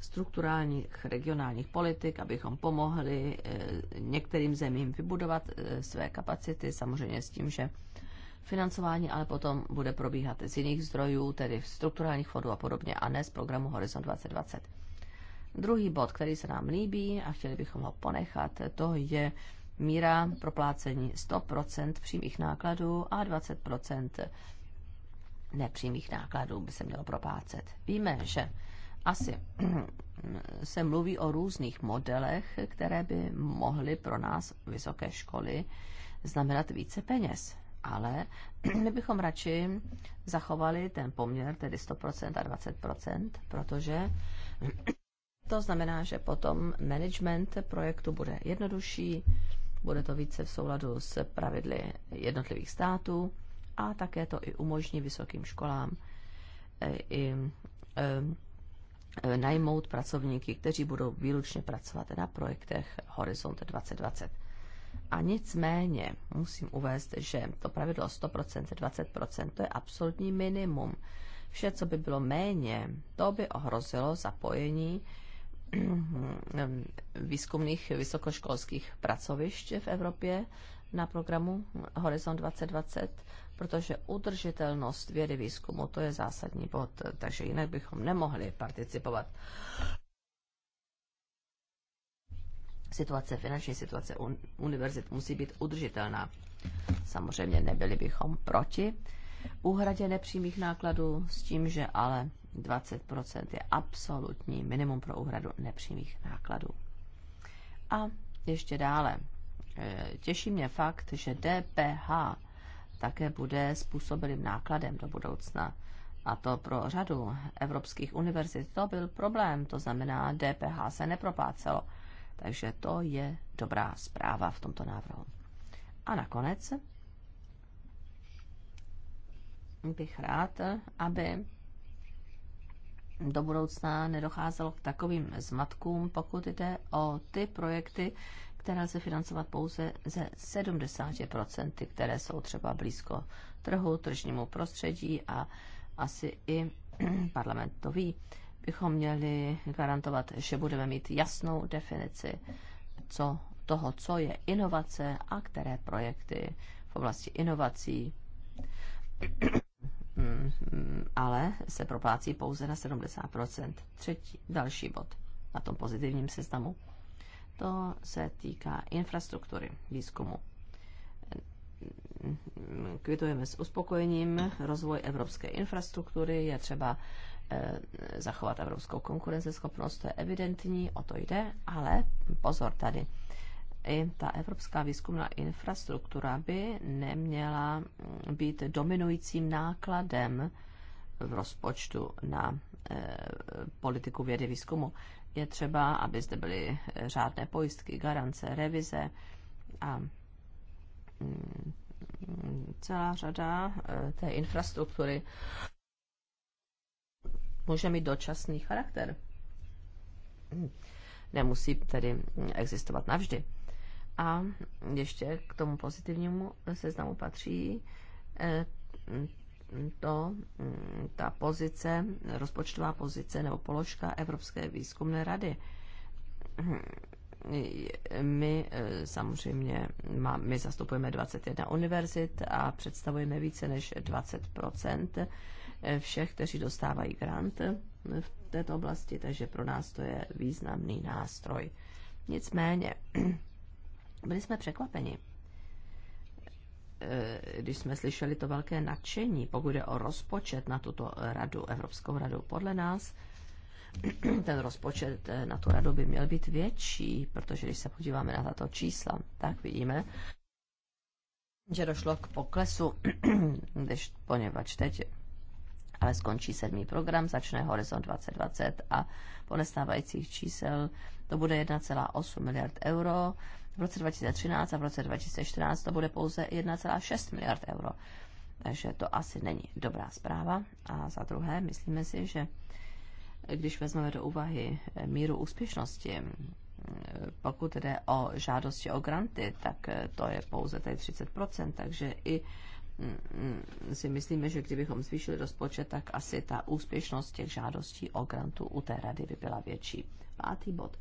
strukturálních regionálních politik, abychom pomohli eh, některým zemím vybudovat eh, své kapacity, samozřejmě s tím, že financování ale potom bude probíhat z jiných zdrojů, tedy v strukturálních fondů a podobně, a ne z programu Horizont 2020. Druhý bod, který se nám líbí a chtěli bychom ho ponechat, to je míra proplácení 100% přímých nákladů a 20% nepřímých nákladů by se mělo propácet. Víme, že asi se mluví o různých modelech, které by mohly pro nás vysoké školy znamenat více peněz. Ale my bychom radši zachovali ten poměr, tedy 100% a 20%, protože to znamená, že potom management projektu bude jednodušší, bude to více v souladu s pravidly jednotlivých států a také to i umožní vysokým školám eh, i eh, najmout pracovníky, kteří budou výlučně pracovat na projektech Horizont 2020. A nicméně musím uvést, že to pravidlo 100%, 20% to je absolutní minimum. Vše, co by bylo méně, to by ohrozilo zapojení eh, výzkumných vysokoškolských pracovišť v Evropě na programu Horizont 2020 protože udržitelnost vědy výzkumu to je zásadní bod, takže jinak bychom nemohli participovat. Situace, finanční situace univerzit musí být udržitelná. Samozřejmě nebyli bychom proti úhradě nepřímých nákladů s tím, že ale 20% je absolutní minimum pro úhradu nepřímých nákladů. A ještě dále. E, těší mě fakt, že DPH také bude způsobilým nákladem do budoucna. A to pro řadu evropských univerzit to byl problém, to znamená DPH se neproplácelo. Takže to je dobrá zpráva v tomto návrhu. A nakonec bych rád, aby do budoucna nedocházelo k takovým zmatkům, pokud jde o ty projekty, která se financovat pouze ze 70%, které jsou třeba blízko trhu, tržnímu prostředí a asi i parlament to ví, bychom měli garantovat, že budeme mít jasnou definici co, toho, co je inovace a které projekty v oblasti inovací mm, ale se proplácí pouze na 70%. Třetí, další bod na tom pozitivním seznamu to se týká infrastruktury výzkumu. Kvitujeme s uspokojením rozvoj evropské infrastruktury. Je třeba eh, zachovat evropskou konkurenceschopnost, to je evidentní, o to jde, ale pozor tady. I ta evropská výzkumná infrastruktura by neměla být dominujícím nákladem v rozpočtu na eh, politiku vědy výzkumu je třeba, aby zde byly eh, řádné pojistky, garance, revize a mm, celá řada eh, té infrastruktury může mít dočasný charakter. Nemusí tedy existovat navždy. A ještě k tomu pozitivnímu seznamu patří eh, to mm, ta pozice, rozpočtová pozice nebo položka Evropské výzkumné rady. My eh, samozřejmě má, my zastupujeme 21 univerzit a představujeme více než 20 eh, všech, kteří dostávají grant eh, v této oblasti, takže pro nás to je významný nástroj. Nicméně byli jsme překvapeni Eh, když jsme slyšeli to velké nadšení, pokud je o rozpočet na tuto radu, Evropskou radu, podle nás ten rozpočet eh, na tu radu by měl být větší, protože když se podíváme na tato čísla, tak vidíme, že došlo k poklesu, když poněvadž teď ale skončí sedmý program, začne Horizon 2020 a podle stávajících čísel to bude 1,8 miliard euro v roce 2013 a v roce 2014 to bude pouze 1,6 miliard euro. Takže to asi není dobrá zpráva. A za druhé, myslíme si, že když vezmeme do úvahy míru úspěšnosti, pokud jde o žádosti o granty, tak to je pouze tady 30%, takže i mm, si myslíme, že kdybychom zvýšili rozpočet, tak asi ta úspěšnost těch žádostí o grantu u té rady by byla větší. Pátý bod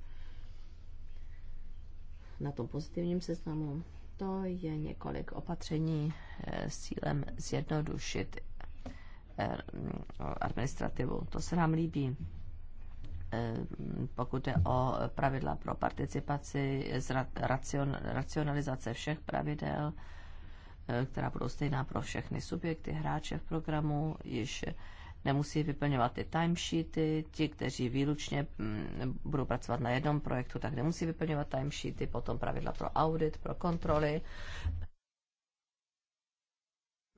na tom pozitivním seznamu, to je několik opatření eh, s cílem zjednodušit eh, administrativu. To se nám líbí. Eh, pokud je o pravidla pro participaci, racionalizace všech pravidel, která budou stejná pro všechny subjekty, hráče v programu, již nemusí vyplňovat ty timesheety, ti, kteří výlučně mm, budou pracovat na jednom projektu, tak nemusí vyplňovat timesheety, potom pravidla pro audit, pro kontroly,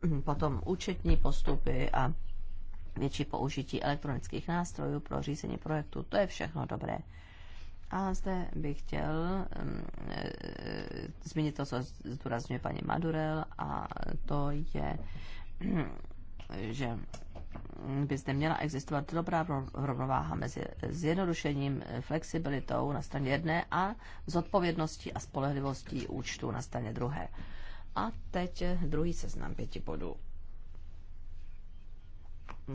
mm, potom účetní postupy a větší použití elektronických nástrojů pro řízení projektu. To je všechno dobré. A zde bych chtěl mm, e, zmínit to, co zdůrazňuje paní Madurel, a to je, že by zde měla existovat dobrá rovnováha mezi zjednodušením, flexibilitou na straně jedné a zodpovědností a spolehlivostí účtu na straně druhé. A teď druhý seznam pěti bodů,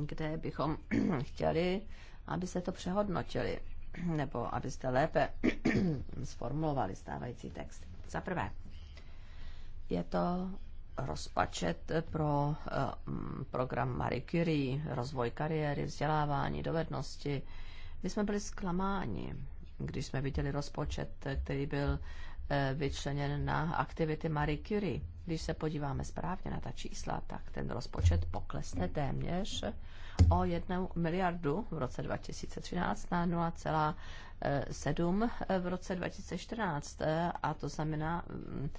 kde bychom chtěli, aby se to přehodnotili, nebo abyste lépe sformulovali stávající text. Za prvé, je to rozpačet pro eh, mm, program Marie Curie, rozvoj kariéry, vzdělávání, dovednosti. My jsme byli zklamáni, když jsme viděli rozpočet, který byl eh, vyčleněn na aktivity Marie Curie. Když se podíváme správně na ta čísla, tak ten rozpočet poklesne téměř o 1 miliardu v roce 2013 na 0,7 v roce 2014 a to znamená, mm,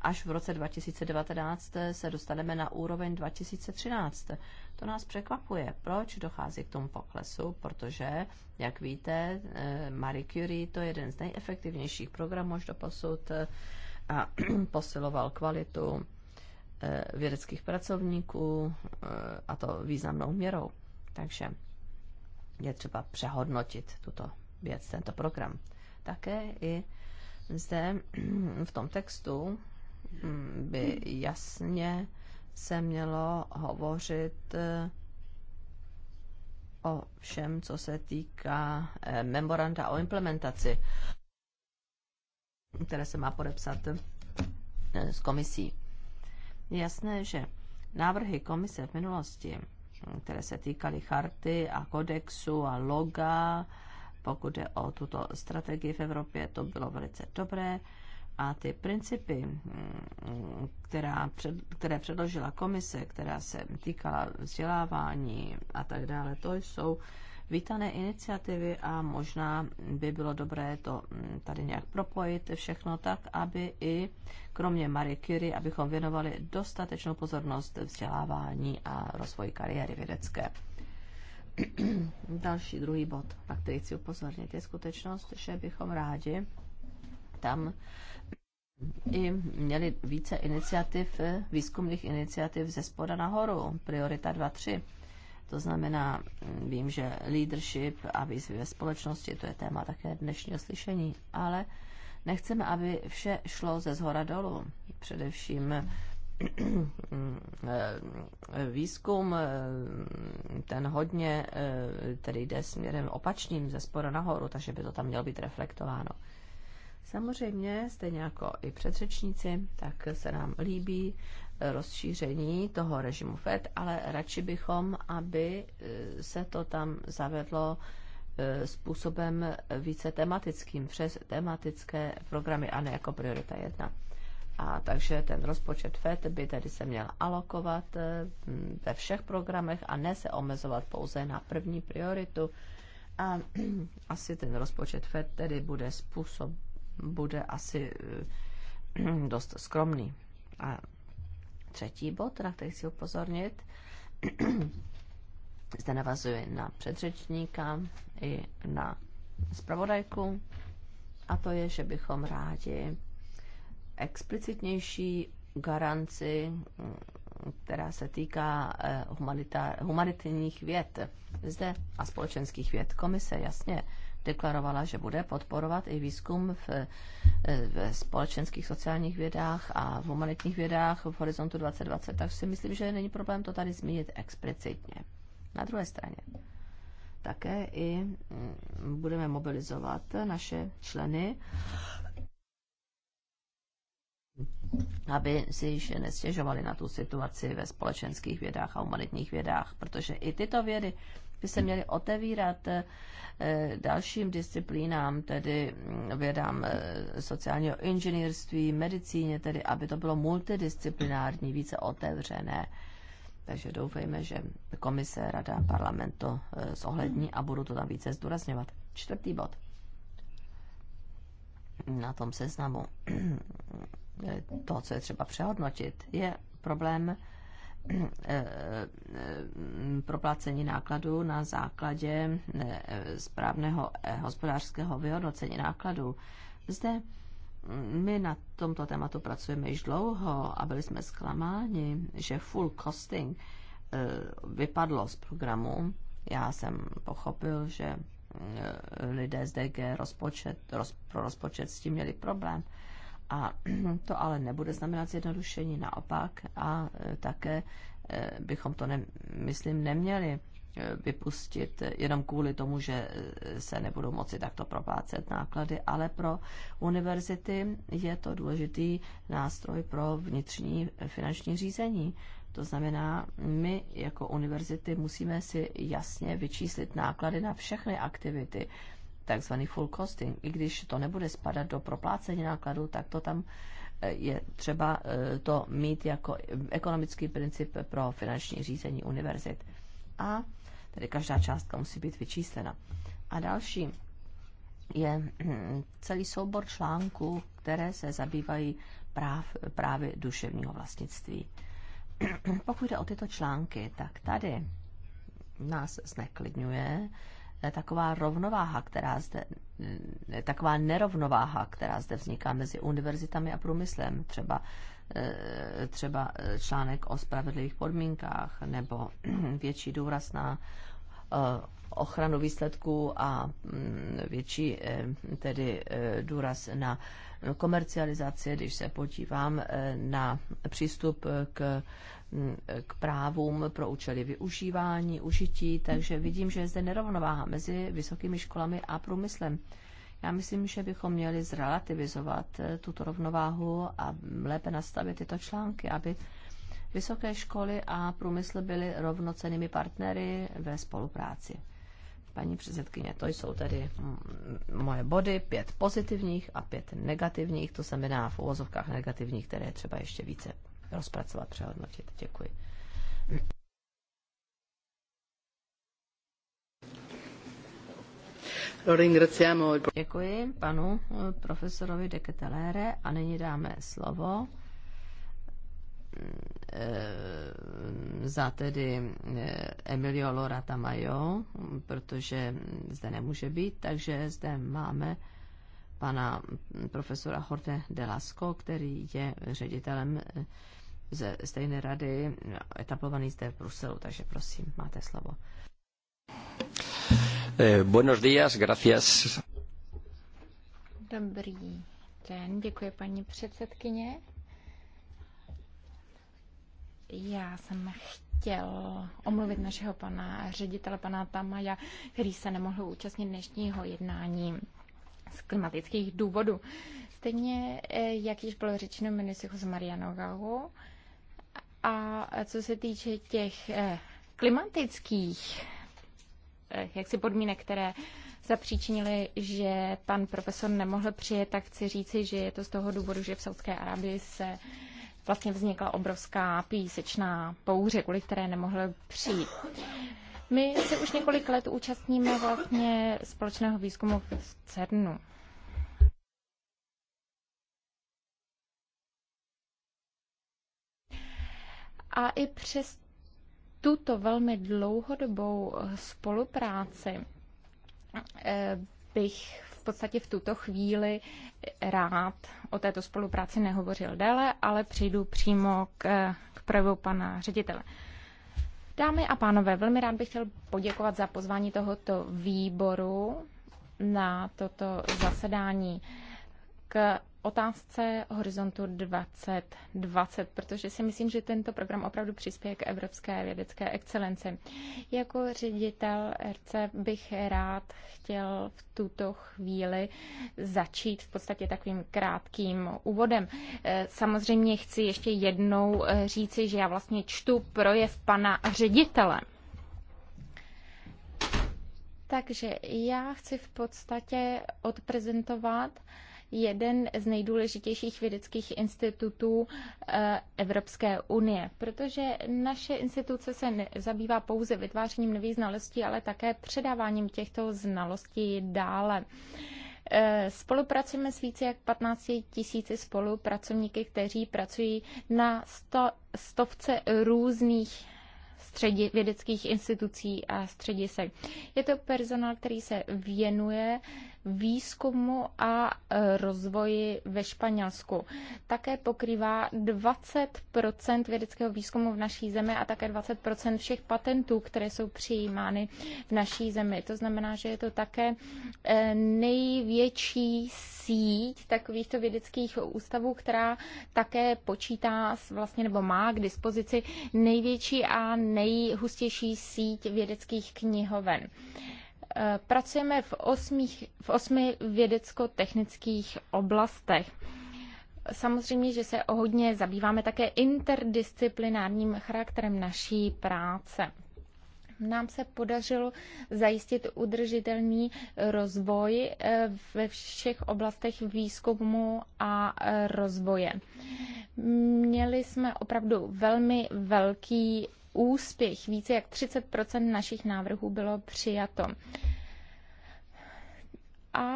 až v roce 2019 se dostaneme na úroveň 2013. To nás překvapuje. Proč dochází k tomu poklesu? Protože, jak víte, eh, Marie Curie to je jeden z nejefektivnějších programů až do posud a posiloval kvalitu eh, vědeckých pracovníků eh, a to významnou měrou. Takže je třeba přehodnotit tuto věc, tento program. Také i zde v tom textu mm, by jasně se mělo hovořit eh, o všem, co se týká memoranda o implementaci které se má podepsat eh, s komisí. Je jasné, že návrhy komise v minulosti, které se týkaly charty a kodexu a loga, pokud je o tuto strategii v Evropě, to bylo velice dobré. A ty principy, mm, která před, které předložila komise, která se týkala vzdělávání a tak dále, to jsou vítané iniciativy a možná by bylo dobré to mm, tady nějak propojit všechno tak, aby i kromě Marie Curie, abychom věnovali dostatečnou pozornost vzdělávání a rozvoji kariéry vědecké. Další druhý bod, na který chci upozornit, je skutečnost, že bychom rádi tam i měli více iniciativ, výzkumných iniciativ ze spoda nahoru, priorita 2.3. To znamená, vím, že leadership a výzvy ve společnosti, to je téma také dnešního slyšení, ale nechceme, aby vše šlo ze zhora dolů. Především eh, výzkum eh, ten hodně eh, tedy jde směrem opačným ze spora nahoru, takže by to tam mělo být reflektováno. Samozřejmě, stejně jako i předřečníci, tak se nám líbí rozšíření toho režimu FED, ale radši bychom, aby eh, se to tam zavedlo eh, způsobem více tematickým, přes tematické programy a ne jako priorita jedna. A takže ten rozpočet FED by tedy se měl alokovat eh, ve všech programech a ne se omezovat pouze na první prioritu. A asi ten rozpočet FED tedy bude způsob, bude asi dost skromný. A Třetí bod, na který chci upozornit, zde navazuje na předřečníka i na zpravodajku, a to je, že bychom rádi explicitnější garanci, která se týká eh, humanitních věd zde a společenských věd. Komise jasně deklarovala, že bude podporovat i výzkum v, eh, v společenských sociálních vědách a v humanitních vědách v Horizontu 2020, takže si myslím, že není problém to tady zmínit explicitně. Na druhé straně také i mm, budeme mobilizovat naše členy, aby si již nestěžovali na tu situaci ve společenských vědách a humanitních vědách, protože i tyto vědy by se měly otevírat eh, dalším disciplínám, tedy mm, vědám eh, sociálního inženýrství, medicíně, tedy aby to bylo multidisciplinární, více otevřené. Takže doufejme, že komise, rada, parlament to eh, zohlední a budu to tam více zdůrazňovat. Čtvrtý bod. Na tom seznamu to, co je třeba přehodnotit, je problém Eh, proplácení nákladů na základě eh, správného eh, hospodářského vyhodnocení nákladů. Zde mm, my na tomto tématu pracujeme již dlouho a byli jsme zklamáni, že full costing vypadlo z programu. Já jsem pochopil, že lidé z DG rozpočet, roz, pro rozpočet s tím měli problém. A to ale nebude znamenat zjednodušení, naopak. A e, také e, bychom to, ne, myslím, neměli e, vypustit jenom kvůli tomu, že se nebudou moci takto proplácet náklady, ale pro univerzity je to důležitý nástroj pro vnitřní finanční řízení. To znamená, my jako univerzity musíme si jasně vyčíslit náklady na všechny aktivity, takzvaný full costing. I když to nebude spadat do proplácení nákladů, tak to tam eh, je třeba eh, to mít jako ekonomický princip pro finanční řízení univerzit. A tedy každá částka musí být vyčíslena. A další je hm, celý soubor článků, které se zabývají práv, právě duševního vlastnictví. Pokud jde o tyto články, tak tady nás zneklidňuje, taková rovnováha, která zde, taková nerovnováha, která zde vzniká mezi univerzitami a průmyslem, třeba, eh, třeba eh, článek o spravedlivých podmínkách nebo větší důraz na eh, ochranu výsledků a mm, větší tedy důraz na komercializaci, když se podívám na přístup k k právům pro účely využívání, užití, takže vidím, že je zde nerovnováha mezi vysokými školami a průmyslem. Já myslím, že bychom měli zrelativizovat eh, tuto rovnováhu a lépe nastavit tyto články, aby vysoké školy a průmysl byly rovnocenými partnery ve spolupráci. Paní předsedkyně, to jsou tedy mm, moje body, pět pozitivních a pět negativních, to znamená v uvozovkách negativních, které je třeba ještě více rozpracovat, přehodnotit. Děkuji. Děkuji panu eh, profesorovi de Ketelere, a nyní dáme slovo eh, za tedy eh, Emilio Lora Tamayo, protože zde nemůže být, takže zde máme pana profesora Horte Delasco, který je ředitelem ze stejné rady, etablovaný zde v Bruselu, takže prosím, máte slovo. Eh, buenos días, gracias. Dobrý den, děkuji paní předsedkyně. Já jsem chtěl omluvit našeho pana ředitele, pana Tamaja, který se nemohl účastnit dnešního jednání z klimatických důvodů. Stejně, eh, jak již bylo řečeno, ministru z Marianovou, a co se týče těch eh, klimatických eh, si podmínek, které zapříčinili, že pan profesor nemohl přijet, tak chci říci, že je to z toho důvodu, že v Saudské Arabii se vlastně vznikla obrovská písečná pouře, kvůli které nemohl přijít. My se už několik let účastníme vlastně společného výzkumu v CERNu. A i přes tuto velmi dlouhodobou eh, spolupráci eh, bych v podstatě v tuto chvíli eh, rád o této spolupráci nehovořil déle, ale přijdu přímo k, k projevu pana ředitele. Dámy a pánové, velmi rád bych chtěl poděkovat za pozvání tohoto výboru na toto zasedání. K otázce Horizontu 2020, protože si myslím, že tento program opravdu přispěje k evropské vědecké excelenci. Jako ředitel RC bych rád chtěl v tuto chvíli začít v podstatě takovým krátkým úvodem. Eh, samozřejmě chci ještě jednou eh, říci, že já vlastně čtu projev pana ředitele. Takže já chci v podstatě odprezentovat jeden z nejdůležitějších vědeckých institutů eh, Evropské unie, protože naše instituce se zabývá pouze vytvářením nových znalostí, ale také předáváním těchto znalostí dále. Eh, spolupracujeme s více jak 15 tisíci spolupracovníky, kteří pracují na sto, stovce různých středi, vědeckých institucí a středisek. Je to personál, který se věnuje výzkumu a e, rozvoji ve Španělsku. Také pokrývá 20 vědeckého výzkumu v naší zemi a také 20 všech patentů, které jsou přijímány v naší zemi. To znamená, že je to také e, největší síť takovýchto vědeckých ústavů, která také počítá s vlastně nebo má k dispozici největší a nejhustější síť vědeckých knihoven. Eh, pracujeme v, osmích, v osmi vědecko-technických oblastech. Samozřejmě, že se o hodně zabýváme také interdisciplinárním charakterem naší práce. Nám se podařilo zajistit udržitelný rozvoj eh, ve všech oblastech výzkumu a eh, rozvoje. Měli jsme opravdu velmi velký úspěch. Více jak 30 našich návrhů bylo přijato. A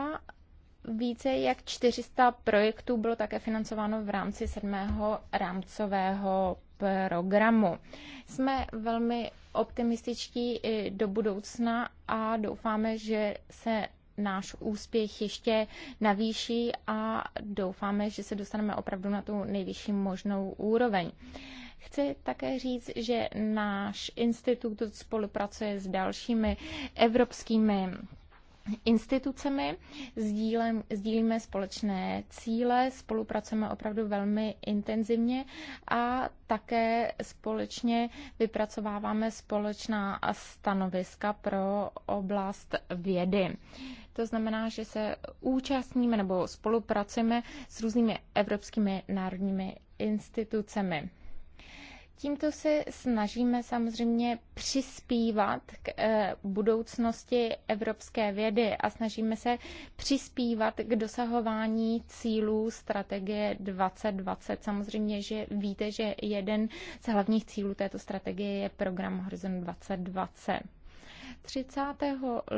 více jak 400 projektů bylo také financováno v rámci sedmého rámcového programu. Jsme velmi optimističtí i do budoucna a doufáme, že se náš úspěch ještě navýší a doufáme, že se dostaneme opravdu na tu nejvyšší možnou úroveň. Chci také říct, že náš institut spolupracuje s dalšími evropskými institucemi, sdílem, sdílíme společné cíle, spolupracujeme opravdu velmi intenzivně a také společně vypracováváme společná stanoviska pro oblast vědy. To znamená, že se účastníme nebo spolupracujeme s různými evropskými národními institucemi. Tímto se snažíme samozřejmě přispívat k eh, budoucnosti evropské vědy a snažíme se přispívat k dosahování cílů strategie 2020. Samozřejmě, že víte, že jeden z hlavních cílů této strategie je program Horizon 2020. 30.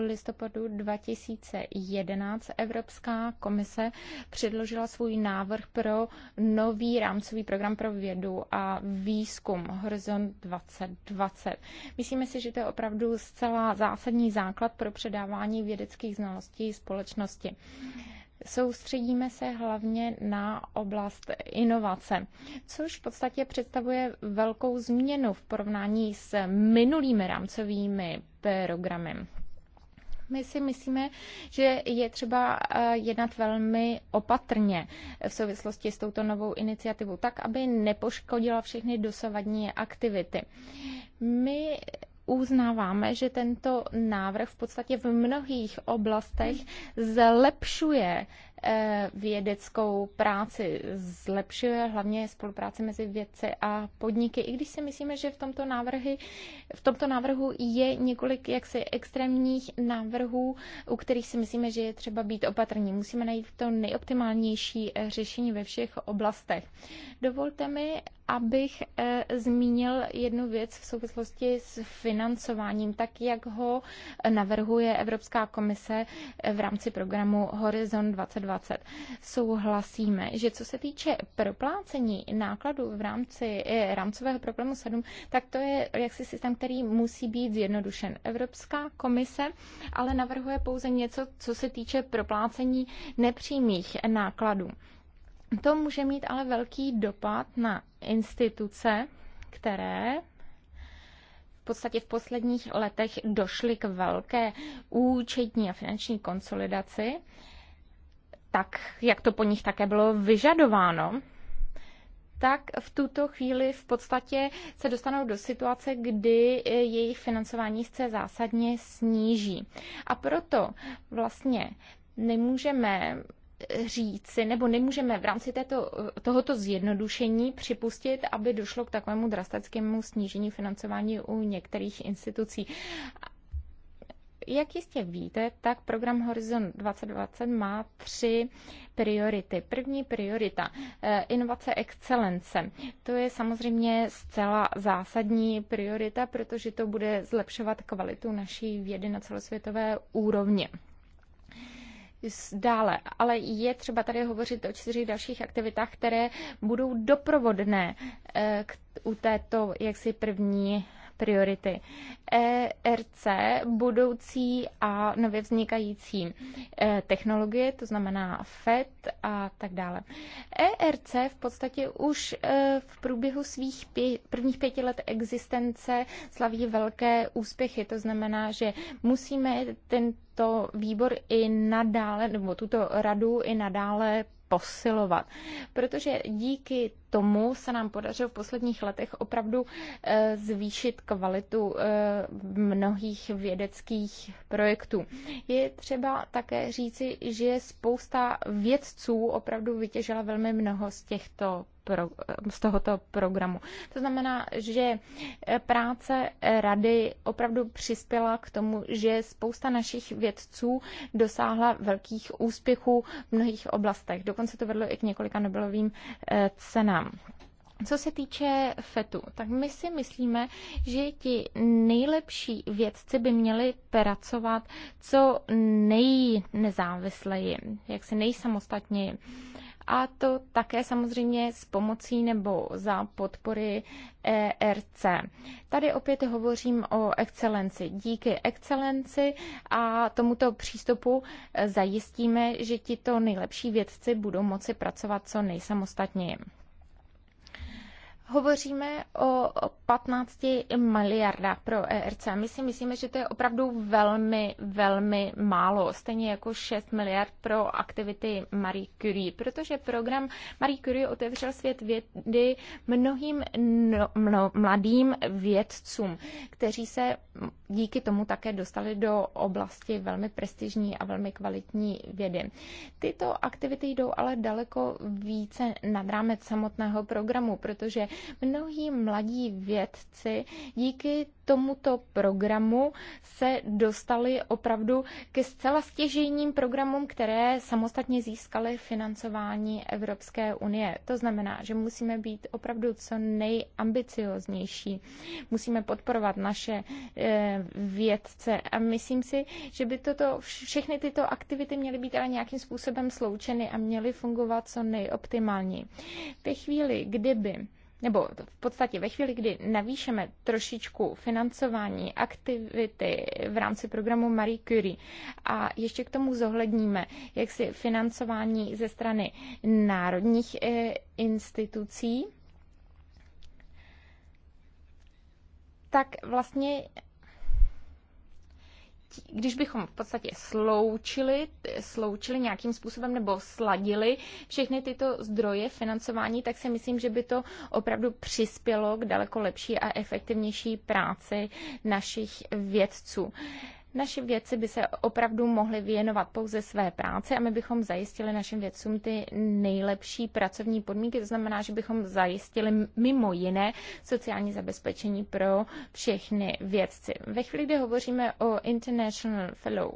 listopadu 2011 Evropská komise předložila svůj návrh pro nový rámcový program pro vědu a výzkum Horizon 2020. Myslíme si, že to je opravdu zcela zásadní základ pro předávání vědeckých znalostí společnosti soustředíme se hlavně na oblast inovace, což v podstatě představuje velkou změnu v porovnání s minulými rámcovými programy. My si myslíme, že je třeba eh, jednat velmi opatrně v souvislosti s touto novou iniciativou, tak, aby nepoškodila všechny dosavadní aktivity. My uznáváme, že tento návrh v podstatě v mnohých oblastech zlepšuje Eh, vědeckou práci, zlepšuje hlavně spolupráci mezi vědci a podniky, i když si myslíme, že v tomto, návrhy, v tomto návrhu je několik jaksi extrémních návrhů, u kterých si myslíme, že je třeba být opatrní. Musíme najít to nejoptimálnější eh, řešení ve všech oblastech. Dovolte mi, abych eh, zmínil jednu věc v souvislosti s financováním, tak jak ho navrhuje Evropská komise v rámci programu Horizon 2020 2020. Souhlasíme, že co se týče proplácení nákladů v rámci eh, rámcového problému 7, tak to je jaksi systém, který musí být zjednodušen. Evropská komise ale navrhuje pouze něco, co se týče proplácení nepřímých nákladů. To může mít ale velký dopad na instituce, které v podstatě v posledních letech došly k velké účetní a finanční konsolidaci tak, jak to po nich také bylo vyžadováno, tak v tuto chvíli v podstatě se dostanou do situace, kdy jejich financování se zásadně sníží. A proto vlastně nemůžeme říci, nebo nemůžeme v rámci této, tohoto zjednodušení připustit, aby došlo k takovému drastickému snížení financování u některých institucí. Jak jistě víte, tak program Horizon 2020 má tři priority. První priorita eh, inovace excelence. To je samozřejmě zcela zásadní priorita, protože to bude zlepšovat kvalitu naší vědy na celosvětové úrovni dále, ale je třeba tady hovořit o čtyřech dalších aktivitách, které budou doprovodné eh, k, u této jaksi první priority. ERC, budoucí a nově vznikající eh, technologie, to znamená FED a tak dále. ERC v podstatě už eh, v průběhu svých pě- prvních pěti let existence slaví velké úspěchy. To znamená, že musíme tento výbor i nadále, nebo tuto radu i nadále posilovat. Protože díky tomu se nám podařilo v posledních letech opravdu eh, zvýšit kvalitu eh, mnohých vědeckých projektů. Je třeba také říci, že spousta vědců opravdu vytěžila velmi mnoho z těchto pro, z tohoto programu. To znamená, že práce rady opravdu přispěla k tomu, že spousta našich vědců dosáhla velkých úspěchů v mnohých oblastech. Dokonce to vedlo i k několika Nobelovým eh, cenám. Co se týče FETu, tak my si myslíme, že ti nejlepší vědci by měli pracovat co nejnezávisleji, jaksi nejsamostatněji a to také samozřejmě s pomocí nebo za podpory ERC. Tady opět hovořím o excelenci. Díky excelenci a tomuto přístupu eh, zajistíme, že tito nejlepší vědci budou moci pracovat co nejsamostatněji. Hovoříme o 15 miliardách pro ERC. My si myslíme, že to je opravdu velmi, velmi málo, stejně jako 6 miliard pro aktivity Marie Curie, protože program Marie Curie otevřel svět vědy mnohým no, mno, mladým vědcům, kteří se díky tomu také dostali do oblasti velmi prestižní a velmi kvalitní vědy. Tyto aktivity jdou ale daleko více nad rámec samotného programu, protože Mnohí mladí vědci díky tomuto programu se dostali opravdu ke zcela stěžejním programům, které samostatně získaly financování Evropské unie. To znamená, že musíme být opravdu co nejambicioznější. Musíme podporovat naše eh, vědce a myslím si, že by toto, všechny tyto aktivity měly být ale nějakým způsobem sloučeny a měly fungovat co nejoptimálněji. V té chvíli, kdyby nebo v podstatě ve chvíli, kdy navýšeme trošičku financování aktivity v rámci programu Marie Curie a ještě k tomu zohledníme, jak si financování ze strany národních eh, institucí, tak vlastně když bychom v podstatě sloučili, sloučili nějakým způsobem nebo sladili všechny tyto zdroje financování, tak si myslím, že by to opravdu přispělo k daleko lepší a efektivnější práci našich vědců. Naši vědci by se opravdu mohli věnovat pouze své práci a my bychom zajistili našim vědcům ty nejlepší pracovní podmínky. To znamená, že bychom zajistili mimo jiné sociální zabezpečení pro všechny vědci. Ve chvíli, kdy hovoříme o International Fellow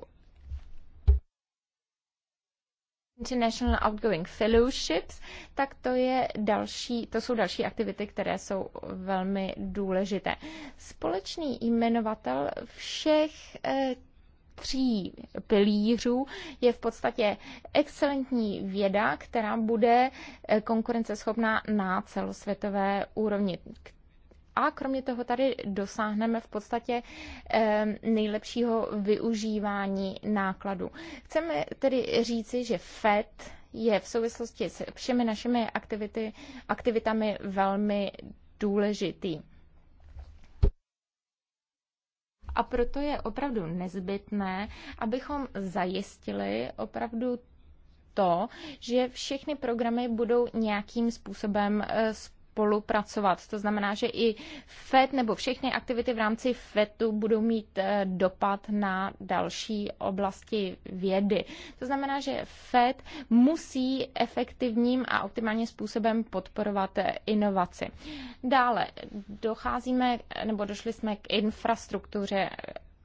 International Outgoing Fellowships, tak to, je další, to jsou další aktivity, které jsou velmi důležité. Společný jmenovatel všech eh, tří pilířů je v podstatě excelentní věda, která bude eh, konkurenceschopná na celosvětové úrovni a kromě toho tady dosáhneme v podstatě eh, nejlepšího využívání nákladů. Chceme tedy říci, že FED je v souvislosti s všemi našimi aktivity, aktivitami velmi důležitý. A proto je opravdu nezbytné, abychom zajistili opravdu to, že všechny programy budou nějakým způsobem spolu eh, spolupracovat. To znamená, že i FED nebo všechny aktivity v rámci FEDu budou mít eh, dopad na další oblasti vědy. To znamená, že FED musí efektivním a optimálním způsobem podporovat eh, inovaci. Dále docházíme, nebo došli jsme k infrastruktuře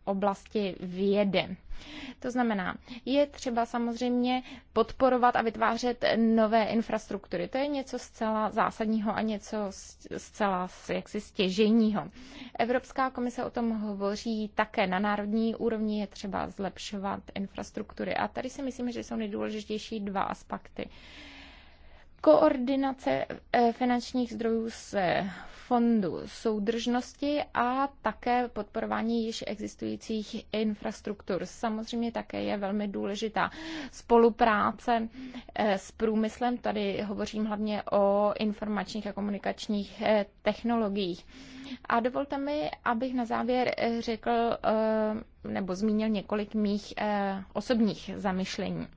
oblasti vědy. To znamená, je třeba samozřejmě podporovat a vytvářet nové infrastruktury. To je něco zcela zásadního a něco zcela jaksi stěženího. Evropská komise o tom hovoří také na národní úrovni, je třeba zlepšovat infrastruktury. A tady si myslím, že jsou nejdůležitější dva aspekty koordinace eh, finančních zdrojů z fondu soudržnosti a také podporování již existujících infrastruktur. Samozřejmě také je velmi důležitá spolupráce eh, s průmyslem. Tady hovořím hlavně o informačních a komunikačních eh, technologiích. A dovolte mi, abych na závěr řekl nebo zmínil několik mých osobních zamyšlení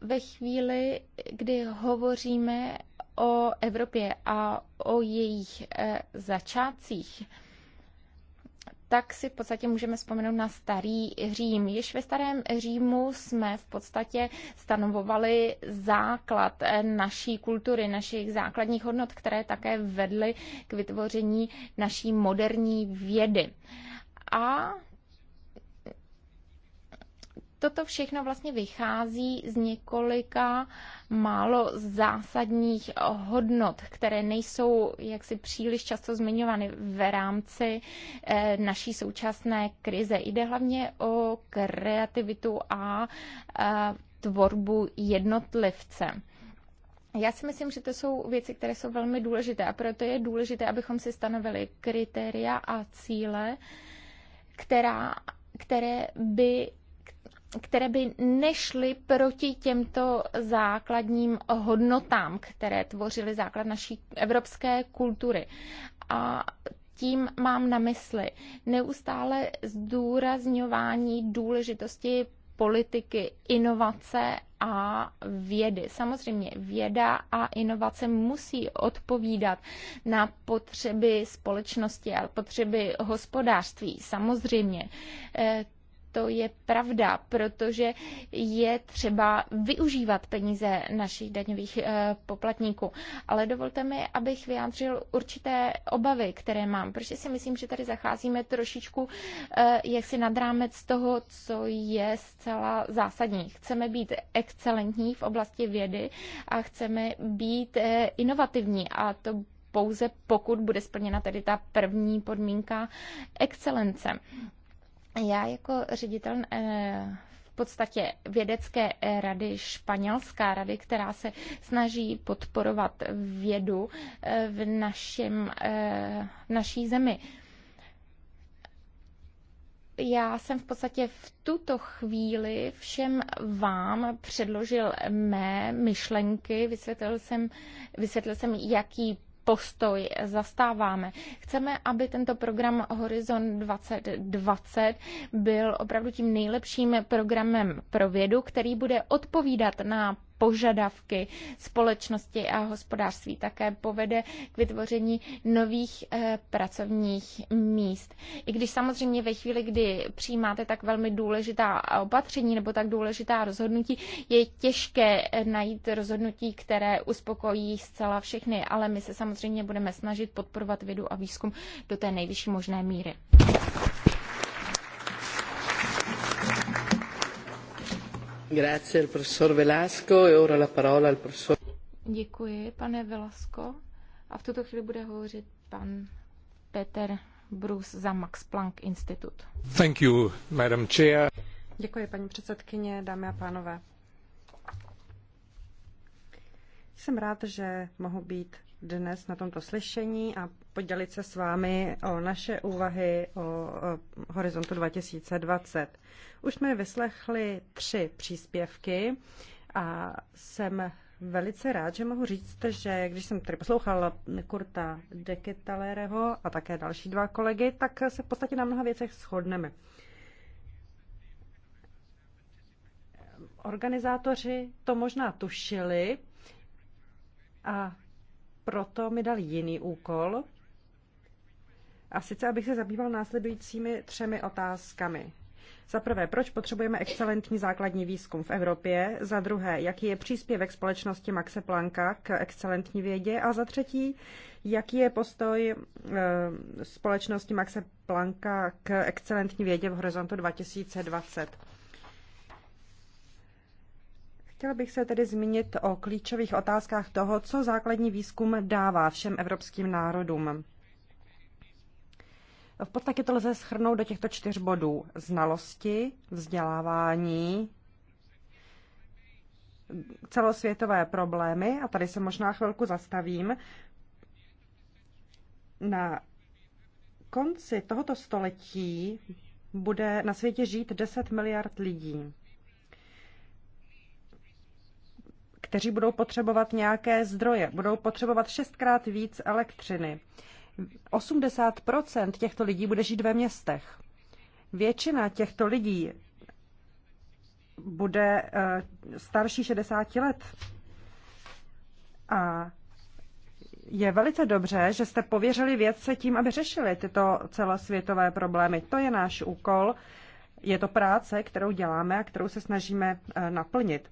ve chvíli, kdy hovoříme o Evropě a o jejich e, začátcích, tak si v podstatě můžeme vzpomenout na starý Řím. Již ve starém Římu jsme v podstatě stanovovali základ e, naší kultury, našich základních hodnot, které také vedly k vytvoření naší moderní vědy. A Toto všechno vlastně vychází z několika málo zásadních hodnot, které nejsou jaksi příliš často zmiňovány v rámci eh, naší současné krize. Jde hlavně o kreativitu a eh, tvorbu jednotlivce. Já si myslím, že to jsou věci, které jsou velmi důležité a proto je důležité, abychom si stanovili kritéria a cíle, která, které by které by nešly proti těmto základním hodnotám, které tvořily základ naší evropské kultury. A tím mám na mysli neustále zdůrazňování důležitosti politiky, inovace a vědy. Samozřejmě věda a inovace musí odpovídat na potřeby společnosti a potřeby hospodářství. Samozřejmě eh, to je pravda, protože je třeba využívat peníze našich daňových eh, poplatníků. Ale dovolte mi, abych vyjádřil určité obavy, které mám, protože si myslím, že tady zacházíme trošičku eh, jaksi nad rámec toho, co je zcela zásadní. Chceme být excelentní v oblasti vědy a chceme být eh, inovativní a to pouze pokud bude splněna tedy ta první podmínka excelence. Já jako ředitel eh, v podstatě vědecké eh, rady španělská rady, která se snaží podporovat vědu eh, v, našem, v naší zemi já jsem v podstatě v tuto chvíli všem vám předložil mé myšlenky, vysvětlil jsem, vysvětlil jsem jaký postoj zastáváme. Chceme, aby tento program Horizon 2020 byl opravdu tím nejlepším programem pro vědu, který bude odpovídat na požadavky společnosti a hospodářství. Také povede k vytvoření nových eh, pracovních míst. I když samozřejmě ve chvíli, kdy přijímáte tak velmi důležitá opatření nebo tak důležitá rozhodnutí, je těžké eh, najít rozhodnutí, které uspokojí zcela všechny, ale my se samozřejmě budeme snažit podporovat vědu a výzkum do té nejvyšší možné míry. E Děkuji, pane Velasco. A v tuto chvíli bude hovořit pan Peter Bruce za Max Planck Institut. Thank you, Madam Chair. Děkuji, paní předsedkyně, dámy a pánové. Jsem rád, že mohu být dnes na tomto slyšení a podělit se s vámi o naše úvahy o horizontu 2020. Už jsme vyslechli tři příspěvky a jsem velice rád, že mohu říct, že když jsem tady poslouchal Kurta Deketalereho a také další dva kolegy, tak se v podstatě na mnoha věcech shodneme. Organizátoři to možná tušili a proto mi dal jiný úkol, a sice abych se zabýval následujícími třemi otázkami. Za prvé, proč potřebujeme excelentní základní výzkum v Evropě? Za druhé, jaký je příspěvek společnosti Maxe Plancka k excelentní vědě? A za třetí, jaký je postoj eh, společnosti Maxe Plancka k excelentní vědě v horizontu 2020? Chtěla bych se tedy zmínit o klíčových otázkách toho, co základní výzkum dává všem evropským národům. V podstatě to lze schrnout do těchto čtyř bodů. Znalosti, vzdělávání, celosvětové problémy, a tady se možná chvilku zastavím, na konci tohoto století bude na světě žít 10 miliard lidí. kteří budou potřebovat nějaké zdroje, budou potřebovat šestkrát víc elektřiny. 80 těchto lidí bude žít ve městech. Většina těchto lidí bude eh, starší 60 let. A je velice dobře, že jste pověřili vědce tím, aby řešili tyto celosvětové problémy. To je náš úkol, je to práce, kterou děláme a kterou se snažíme eh, naplnit.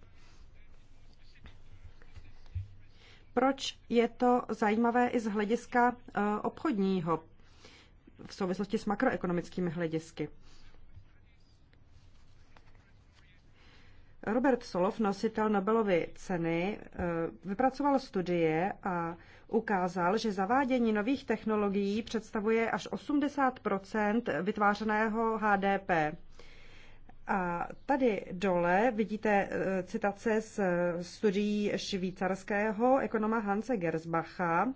Proč je to zajímavé i z hlediska e, obchodního v souvislosti s makroekonomickými hledisky? Robert Solov, nositel Nobelovy ceny, e, vypracoval studie a ukázal, že zavádění nových technologií představuje až 80 vytvářeného HDP. A tady dole vidíte e, citace z e, studií švýcarského ekonoma Hanse Gersbacha.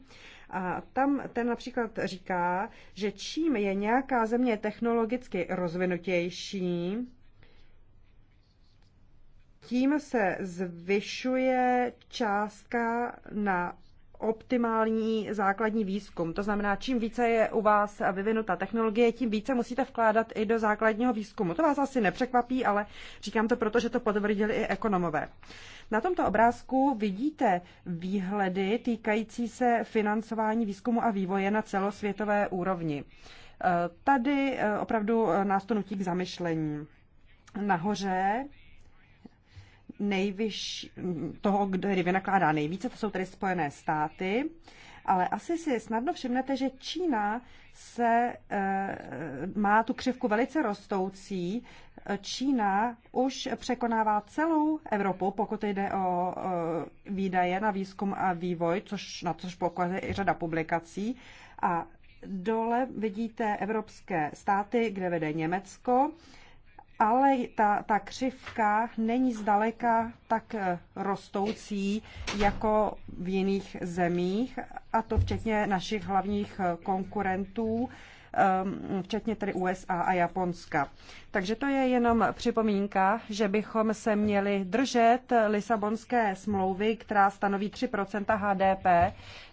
A tam ten například říká, že čím je nějaká země technologicky rozvinutější, tím se zvyšuje částka na optimální základní výzkum. To znamená, čím více je u vás vyvinuta technologie, tím více musíte vkládat i do základního výzkumu. To vás asi nepřekvapí, ale říkám to proto, že to potvrdili i ekonomové. Na tomto obrázku vidíte výhledy týkající se financování výzkumu a vývoje na celosvětové úrovni. E, tady e, opravdu e, nás to nutí k zamyšlení. Nahoře nejvyšší, toho, je vynakládá nejvíce, to jsou tedy Spojené státy. Ale asi si snadno všimnete, že Čína se e, má tu křivku velice rostoucí. Čína už překonává celou Evropu, pokud jde o e, výdaje na výzkum a vývoj, což na což pokazuje i řada publikací. A dole vidíte evropské státy, kde vede Německo. E, ale ta, ta křivka není zdaleka tak eh, rostoucí jako v jiných zemích, a to včetně našich hlavních eh, konkurentů, Um, včetně tedy USA a Japonska. Takže to je jenom připomínka, že bychom se měli držet Lisabonské smlouvy, která stanoví 3 HDP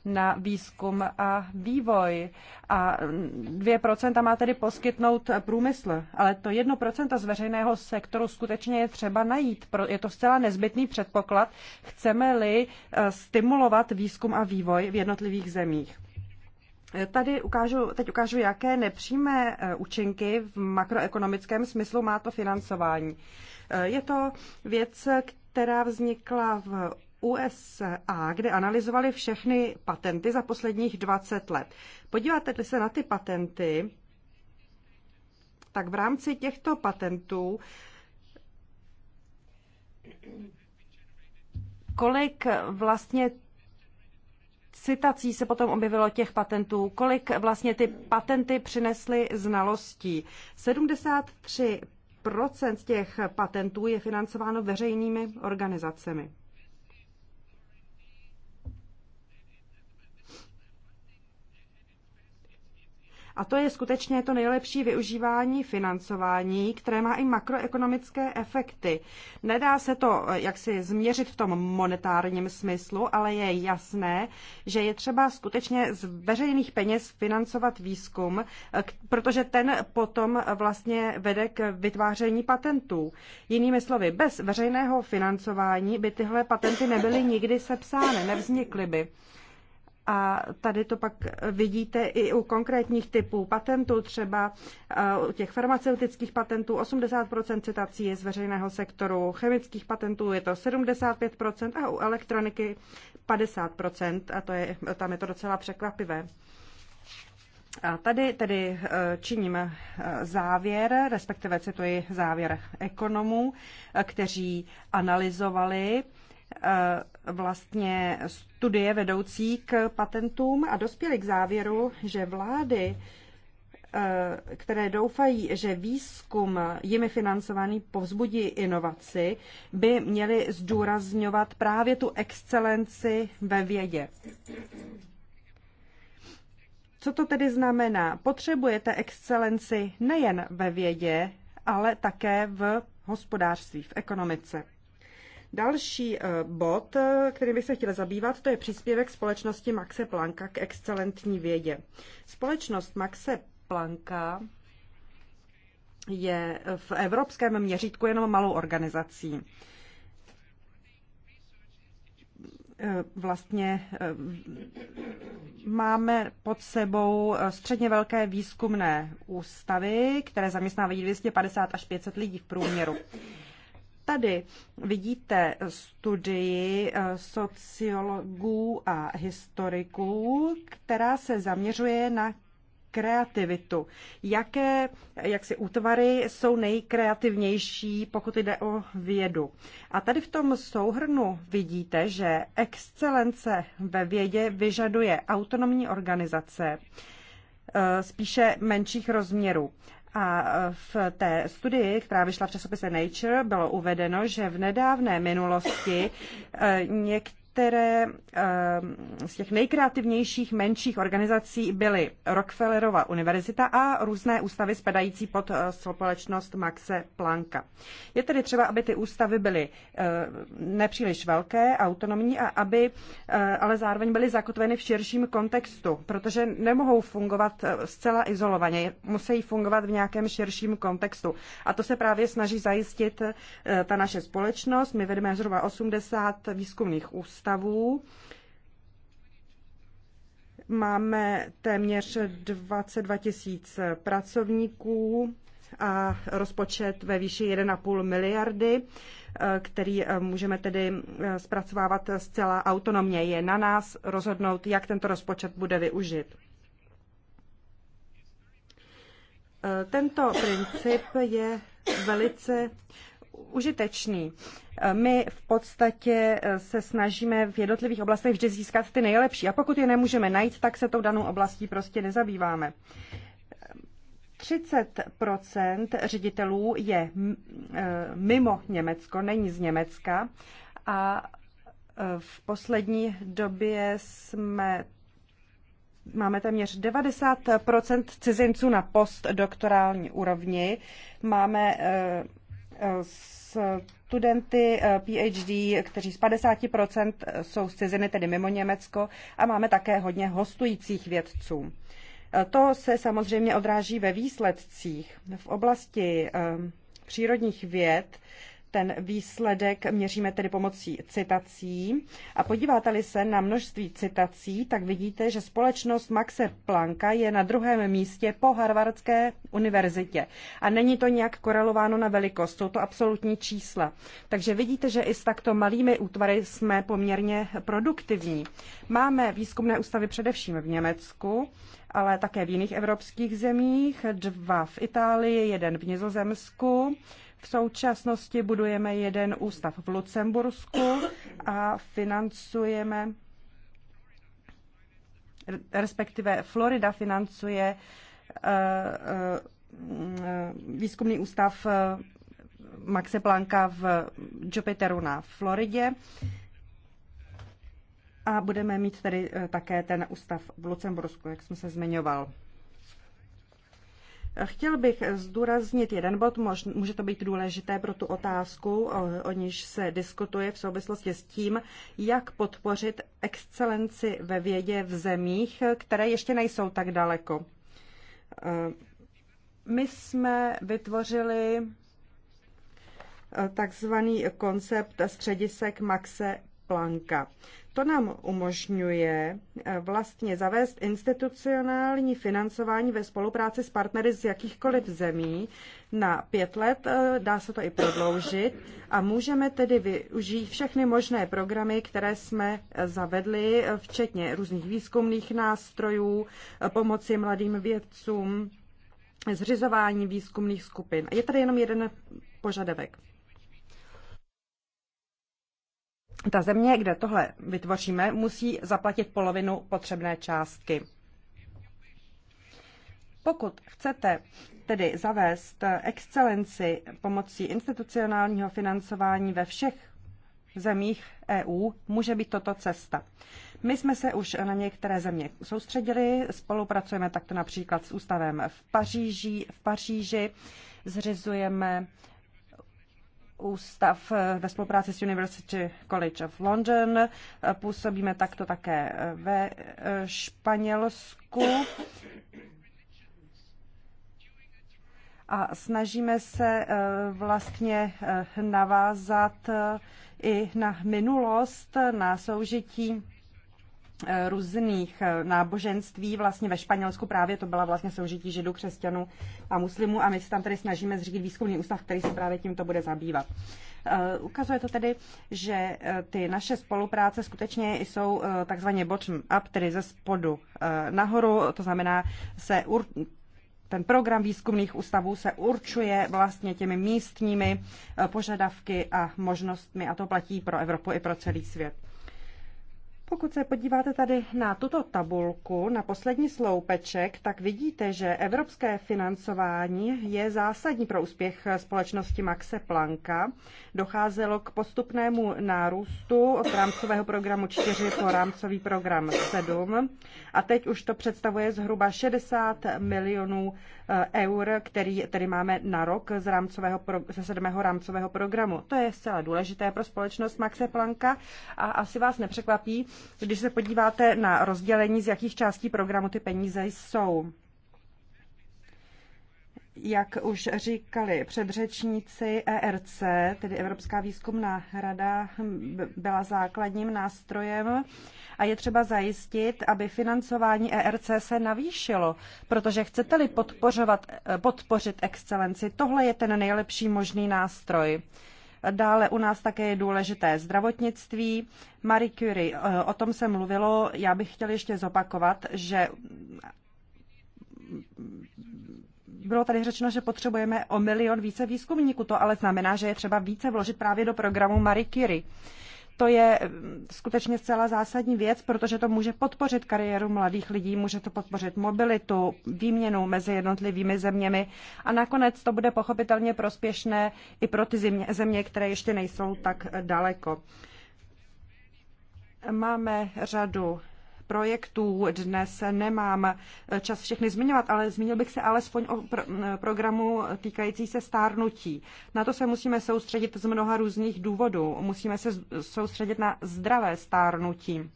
na výzkum a vývoj. A 2 má tedy poskytnout průmysl. Ale to 1 z veřejného sektoru skutečně je třeba najít. Je to zcela nezbytný předpoklad, chceme-li eh, stimulovat výzkum a vývoj v jednotlivých zemích. Tady ukážu, teď ukážu, jaké nepřímé eh, účinky v makroekonomickém smyslu má to financování. Eh, je to věc, která vznikla v USA, kde analyzovali všechny patenty za posledních 20 let. podíváte se na ty patenty, tak v rámci těchto patentů kolik vlastně citací se potom objevilo těch patentů, kolik vlastně ty patenty přinesly znalostí. 73% těch patentů je financováno veřejnými organizacemi. A to je skutečně to nejlepší využívání financování, které má i makroekonomické efekty. Nedá se to eh, jaksi změřit v tom monetárním smyslu, ale je jasné, že je třeba skutečně z veřejných peněz financovat výzkum, eh, protože ten potom eh, vlastně vede k vytváření patentů. Jinými slovy, bez veřejného financování by tyhle patenty nebyly nikdy sepsány, nevznikly by. A tady to pak vidíte i u konkrétních typů patentů, třeba eh, u těch farmaceutických patentů 80% citací je z veřejného sektoru, u chemických patentů je to 75% a u elektroniky 50%, a to je, tam je to docela překvapivé. A tady tedy eh, činím eh, závěr, respektive cituji závěr ekonomů, kteří analyzovali Eh, vlastně studie vedoucí k patentům a dospěli k závěru, že vlády, eh, které doufají, že výzkum jimi financovaný povzbudí inovaci, by měly zdůrazňovat právě tu excelenci ve vědě. Co to tedy znamená? Potřebujete excelenci nejen ve vědě, ale také v hospodářství, v ekonomice. Další eh, bod, eh, který bych se chtěla zabývat, to je příspěvek společnosti Maxe Planka k excelentní vědě. Společnost Maxe Planka je v evropském měřítku jenom malou organizací. Eh, vlastně máme pod sebou středně velké výzkumné ústavy, které zaměstnávají 250 až 500 lidí v průměru. Tady vidíte studii eh, sociologů a historiků, která se zaměřuje na kreativitu. Jaké jak si útvary jsou nejkreativnější, pokud jde o vědu? A tady v tom souhrnu vidíte, že excelence ve vědě vyžaduje autonomní organizace, eh, spíše menších rozměrů. A v té studii, která vyšla v časopise Nature, bylo uvedeno, že v nedávné minulosti eh, někteří některé ehm, z těch nejkreativnějších menších organizací byly Rockefellerova univerzita a různé ústavy spadající pod eh, společnost Maxe Planka. Je tedy třeba, aby ty ústavy byly eh, nepříliš velké, autonomní a aby eh, ale zároveň byly zakotveny v širším kontextu, protože nemohou fungovat zcela izolovaně, musí fungovat v nějakém širším kontextu. A to se právě snaží zajistit ta naše společnost. My vedeme zhruba 80 výzkumných ústavů stavů. Máme téměř 22 tisíc pracovníků a rozpočet ve výši 1,5 miliardy, eh, který eh, můžeme tedy eh, zpracovávat zcela autonomně. Je na nás rozhodnout, jak tento rozpočet bude využit. Tento princip je velice užitečný. Eh, my v podstatě eh, se snažíme v jednotlivých oblastech vždy získat ty nejlepší a pokud je nemůžeme najít, tak se tou danou oblastí prostě nezabýváme. 30 ředitelů je eh, mimo Německo, není z Německa a v poslední době jsme máme téměř 90 cizinců na postdoktorální úrovni. Máme studenty eh, PhD, kteří z 50% jsou z ciziny, tedy mimo Německo, a máme také hodně hostujících vědců. Eh, to se samozřejmě odráží ve výsledcích. V oblasti eh, přírodních věd ten výsledek měříme tedy pomocí citací. A podíváte-li se na množství citací, tak vidíte, že společnost Maxe Plancka je na druhém místě po Harvardské univerzitě. A není to nějak korelováno na velikost, jsou to absolutní čísla. Takže vidíte, že i s takto malými útvary jsme poměrně produktivní. Máme výzkumné ústavy především v Německu, ale také v jiných evropských zemích, dva v Itálii, jeden v Nizozemsku v současnosti budujeme jeden ústav v Lucembursku a financujeme, respektive Florida financuje eh, eh, výzkumný ústav eh, Maxe Plancka v Jupiteru na Floridě. A budeme mít tedy také ten ústav v Lucembursku, jak jsem se zmiňoval. Chtěl bych zdůraznit jeden bod, může to být důležité pro tu otázku, o, o níž se diskutuje v souvislosti s tím, jak podpořit excelenci ve vědě v zemích, které ještě nejsou tak daleko. E, my jsme vytvořili e, takzvaný koncept středisek Maxe Planka. To nám umožňuje eh, vlastně zavést institucionální financování ve spolupráci s partnery z jakýchkoliv zemí na pět let, eh, dá se to i prodloužit a můžeme tedy využít všechny možné programy, které jsme eh, zavedli, včetně různých výzkumných nástrojů, pomoci mladým vědcům, zřizování výzkumných skupin. Je tady jenom jeden požadavek. ta země, kde tohle vytvoříme, musí zaplatit polovinu potřebné částky. Pokud chcete tedy zavést excelenci pomocí institucionálního financování ve všech zemích EU, může být toto cesta. My jsme se už na některé země soustředili, spolupracujeme takto například s ústavem v Paříži, v Paříži zřizujeme ústav eh, ve spolupráci s University College of London. Eh, působíme takto také eh, ve Španělsku. A snažíme se vlastně navázat i na minulost, na soužití Eh, různých eh, náboženství. Vlastně ve Španělsku právě to byla vlastně soužití židů, křesťanů a muslimů a my se tam tady snažíme zřídit výzkumný ústav, který se právě tímto bude zabývat. Eh, ukazuje to tedy, že ty naše spolupráce skutečně jsou takzvaně bottom up, tedy ze spodu nahoru, to znamená se ur ten program výzkumných ústavů se určuje vlastně těmi místními požadavky a možnostmi a to platí pro Evropu i pro celý svět. Pokud se podíváte tady na tuto tabulku, na poslední sloupeček, tak vidíte, že evropské financování je zásadní pro úspěch společnosti Maxe Planka. Docházelo k postupnému nárůstu od rámcového programu 4 po rámcový program 7 a teď už to představuje zhruba 60 milionů eh, eur, který tedy máme na rok z, rámcového, ze sedmého rámcového programu. To je zcela důležité pro společnost Maxe Planka a asi vás nepřekvapí, když se podíváte na rozdělení, z jakých částí programu ty peníze jsou. Jak už říkali předřečníci ERC, tedy Evropská výzkumná rada, byla základním nástrojem a je třeba zajistit, aby financování ERC se navýšilo, protože chcete-li podpořit excelenci, tohle je ten nejlepší možný nástroj. Dále u nás také je důležité zdravotnictví. Marie Curie, eh, o tom se mluvilo, já bych chtěla ještě zopakovat, že bylo tady řečeno, že potřebujeme o milion více výzkumníků. To ale znamená, že je třeba více vložit právě do programu Marie Curie to je mm, skutečně zcela zásadní věc, protože to může podpořit kariéru mladých lidí, může to podpořit mobilitu, výměnu mezi jednotlivými zeměmi a nakonec to bude pochopitelně prospěšné i pro ty země, země které ještě nejsou tak daleko. Máme řadu projektů. Dnes nemám čas všechny zmiňovat, ale zmínil bych se alespoň o pro- programu týkající se stárnutí. Na to se musíme soustředit z mnoha různých důvodů. Musíme se soustředit na zdravé stárnutí.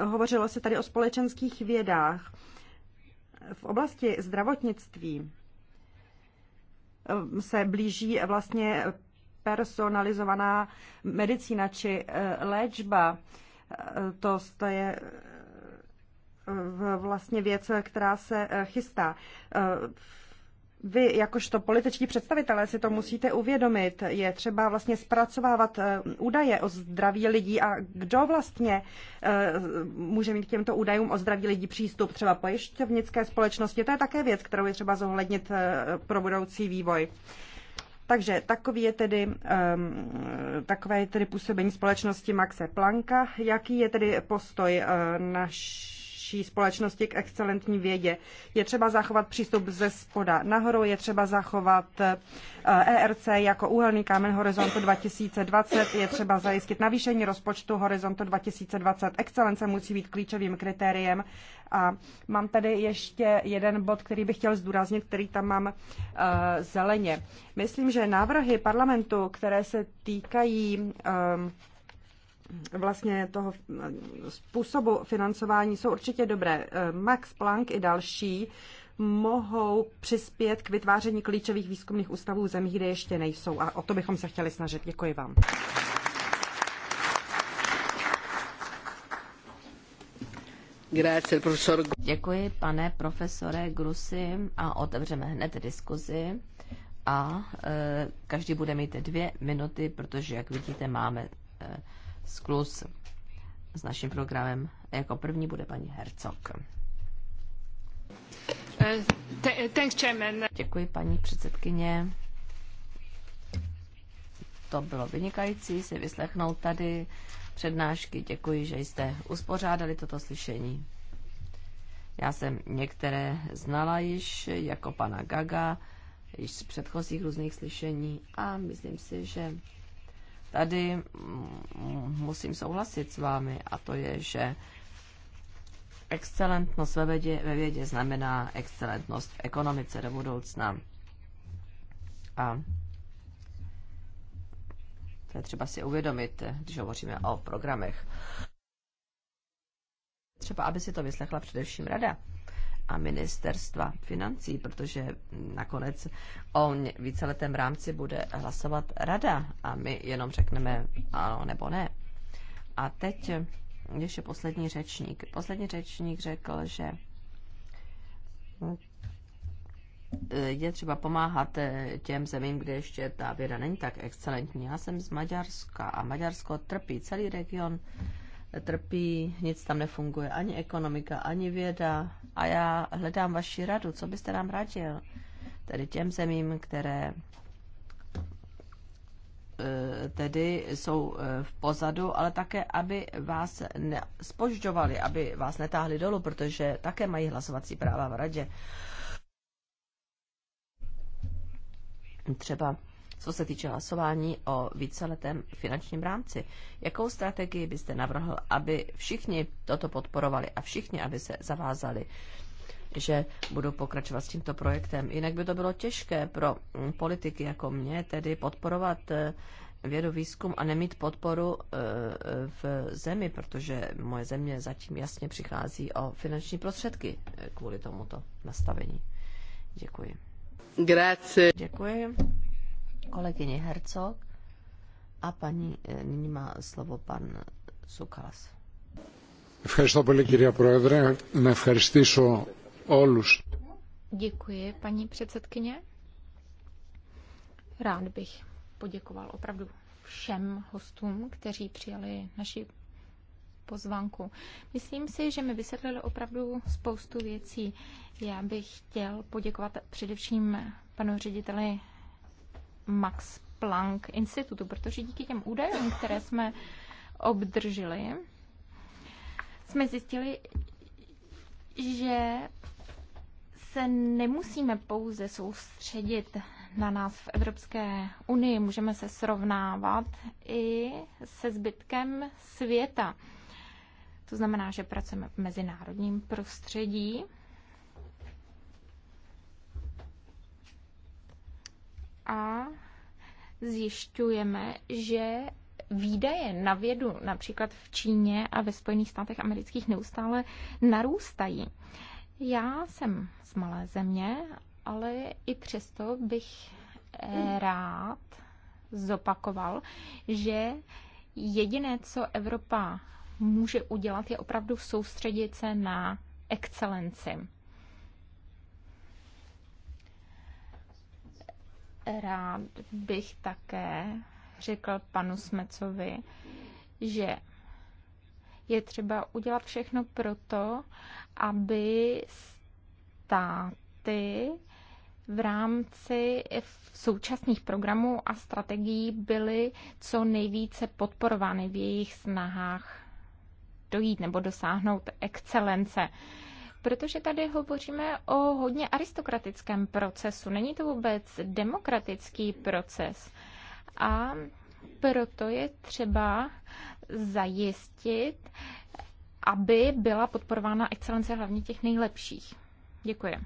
Hovořilo se tady o společenských vědách. V oblasti zdravotnictví ehm, se blíží vlastně personalizovaná medicína či eh, léčba. To je vlastně věc, která se eh, chystá. Eh, vy, jakožto političtí představitelé, si to musíte uvědomit. Je třeba vlastně zpracovávat eh, údaje o zdraví lidí a kdo vlastně může mít k těmto údajům o zdraví lidí přístup, třeba pojišťovnické společnosti. To je také věc, kterou je třeba zohlednit pro budoucí vývoj. Takže takový je tedy, ehm, takové je tedy působení společnosti Maxe Planka. Jaký je tedy postoj eh, naš? naší společnosti k excelentní vědě. Je třeba zachovat přístup ze spoda nahoru, je třeba zachovat ERC eh, e jako úhelný kámen horizontu 2020, je třeba zajistit navýšení rozpočtu horizontu 2020. Excelence musí být klíčovým kritériem a mám tady ještě jeden bod, který bych chtěl zdůraznit, který tam mám uh, zeleně. Myslím, že návrhy parlamentu, které se týkají um, vlastně toho způsobu financování jsou určitě dobré. Max Planck i další mohou přispět k vytváření klíčových výzkumných ústavů zemí, kde ještě nejsou. A o to bychom se chtěli snažit. Děkuji vám. Děkuji, pane profesore Grusy, a otevřeme hned diskuzi. A e, každý bude mít dvě minuty, protože, jak vidíte, máme e, sklus s naším programem. Jako první bude paní Hercog. Thanks, Chairman. Děkuji, paní předsedkyně. To bylo vynikající si vyslechnout tady přednášky. Děkuji, že jste uspořádali toto slyšení. Já jsem některé znala již, jako pana Gaga, již z předchozích různých slyšení a myslím si, že tady musím souhlasit s vámi a to je, že excelentnost ve vědě, ve vědě znamená excelentnost v ekonomice do budoucna. A to je třeba si uvědomit, když hovoříme o programech. Třeba, aby si to vyslechla především rada a ministerstva financí, protože nakonec o víceletém rámci bude hlasovat rada a my jenom řekneme ano nebo ne. A teď ještě poslední řečník. Poslední řečník řekl, že je třeba pomáhat eh, těm zemím, kde ještě ta věda není tak excelentní. Já jsem z Maďarska a Maďarsko trpí, celý region trpí, nic tam nefunguje, ani ekonomika, ani věda. A já hledám vaši radu, co byste nám radil? Tedy těm zemím, které eh, tedy jsou eh, v pozadu, ale také, aby vás spožďovali, aby vás netáhli dolů, protože také mají hlasovací práva v radě. Třeba co se týče hlasování o víceletém finančním rámci. Jakou strategii byste navrhl, aby všichni toto podporovali a všichni, aby se zavázali? že budou pokračovat s tímto projektem. Jinak by to bylo těžké pro politiky jako mě, tedy podporovat eh, vědu, výzkum a nemít podporu eh, v zemi, protože moje země zatím jasně přichází o finanční prostředky eh, kvůli tomuto nastavení. Děkuji. Grazie. Děkuji kolegyni Hercog a paní, eh, nyní má slovo pan Sukas. Ευχαριστώ πολύ κυρία Πρόεδρε. Να ευχαριστήσω όλους. Děkuji, paní předsedkyně. Rád bych poděkoval opravdu všem hostům, kteří přijali naši pozvánku. Myslím si, že mi vysvětlili opravdu spoustu věcí. Já bych chtěl poděkovat především panu řediteli Max Planck institutu, protože díky těm údajům, které jsme obdrželi, jsme zjistili, že se nemusíme pouze soustředit na nás v Evropské unii, můžeme se srovnávat i se zbytkem světa. To znamená, že pracujeme v mezinárodním prostředí, a zjišťujeme, že výdaje na vědu například v Číně a ve Spojených státech amerických neustále narůstají. Já jsem z malé země, ale i přesto bych eh, rád zopakoval, že jediné, co Evropa může udělat, je opravdu soustředit se na excelenci. rád bych také řekl panu Smecovi, že je třeba udělat všechno proto, aby státy v rámci současných programů a strategií byly co nejvíce podporovány v jejich snahách dojít nebo dosáhnout excelence protože tady hovoříme o hodně aristokratickém procesu. Není to vůbec demokratický proces. A proto je třeba zajistit, aby byla podporována excelence hlavně těch nejlepších. Děkuji.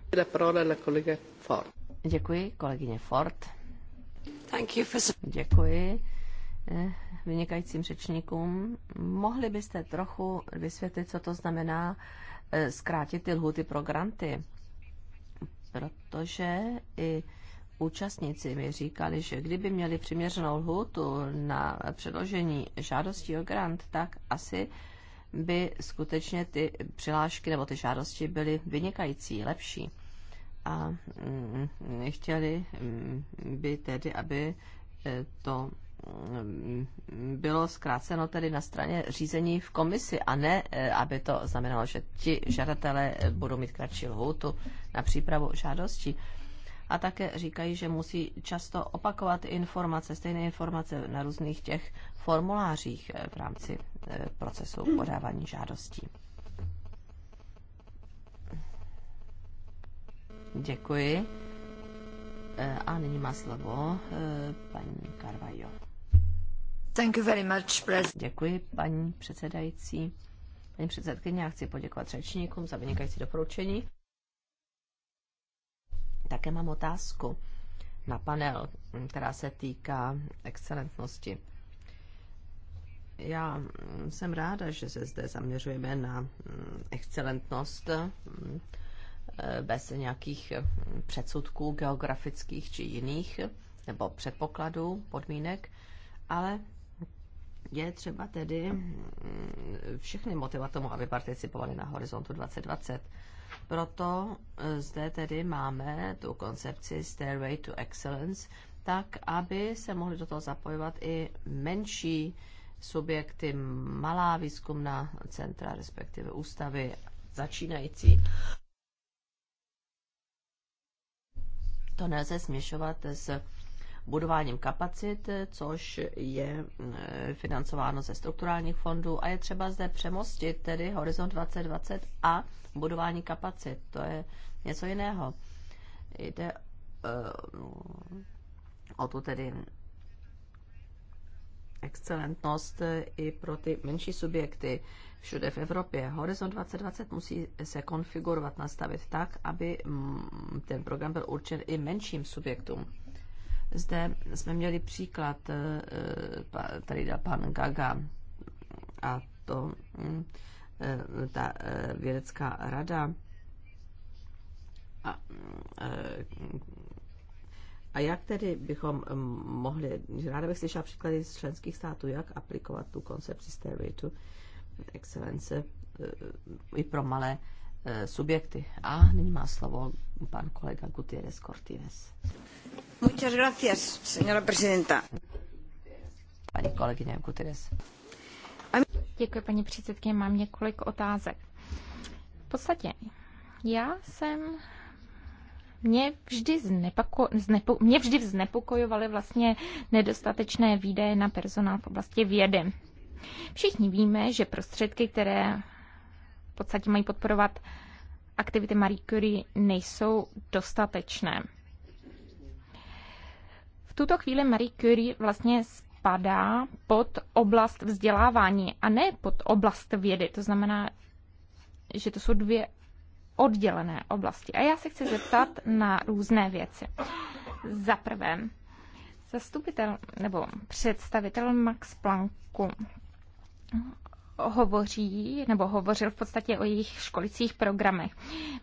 Děkuji, kolegyně Ford. Thank you for... Děkuji eh, vynikajícím řečníkům. Mohli byste trochu vysvětlit, co to znamená Eh, zkrátit ty lhuty pro granty, protože i účastníci mi říkali, že kdyby měli přiměřenou lhutu na předložení žádostí o grant, tak asi by skutečně ty přihlášky nebo ty žádosti byly vynikající, lepší. A mm, chtěli mm, by tedy, aby eh, to bylo zkráceno tedy na straně řízení v komisi a ne, eh, aby to znamenalo, že ti žadatelé budou mít kratší lhoutu na přípravu žádostí. A také říkají, že musí často opakovat informace, stejné informace na různých těch formulářích eh, v rámci eh, procesu podávání žádostí. Děkuji. A nyní má slovo paní Carvajo. Thank you very much, Děkuji, paní předsedající. Paní předsedkyně, já chci poděkovat řečníkům za vynikající doporučení. Také mám otázku na panel, která se týká excelentnosti. Já jsem ráda, že se zde zaměřujeme na mm, excelentnost mm, eh, bez nějakých mm, předsudků geografických či jiných, nebo předpokladů, podmínek, ale je třeba tedy mm, všechny motivovat tomu, aby participovali na Horizontu 2020. Proto e, zde tedy máme tu koncepci Stairway to Excellence, tak aby se mohly do toho zapojovat i menší subjekty, malá výzkumná centra, respektive ústavy začínající. To nelze směšovat s budováním kapacit, což je mm, financováno ze strukturálních fondů a je třeba zde přemostit tedy Horizon 2020 a budování kapacit. To je něco jiného. Jde eh, o tu tedy excelentnost eh, i pro ty menší subjekty všude v Evropě. Horizon 2020 musí se konfigurovat, nastavit tak, aby mm, ten program byl určen i menším subjektům. Zde jsme měli příklad, eh, tady dal pan Gaga, a to mm, eh, ta eh, vědecká rada. A, a jak tedy bychom mohli, ráda bych slyšela příklady z členských států, jak aplikovat tu koncepci Stairway to Excellence i pro malé Eh, subjekty. A nyní má slovo pan kolega Gutierrez Cortines. Muchas gracias, señora presidenta. Pani kolegyně Gutierrez. Děkuji, paní předsedkyně. Mám několik otázek. V podstatě já jsem mě vždy, znepoko, znepo, mě vždy znepokojovaly vlastně nedostatečné výdaje na personál v oblasti vědy. Všichni víme, že prostředky, které v podstatě mají podporovat aktivity Marie Curie, nejsou dostatečné. V tuto chvíli Marie Curie vlastně spadá pod oblast vzdělávání a ne pod oblast vědy. To znamená, že to jsou dvě oddělené oblasti. A já se chci zeptat na různé věci. Za prvé, zastupitel nebo představitel Max Plancku hovoří nebo hovořil v podstatě o jejich školicích programech.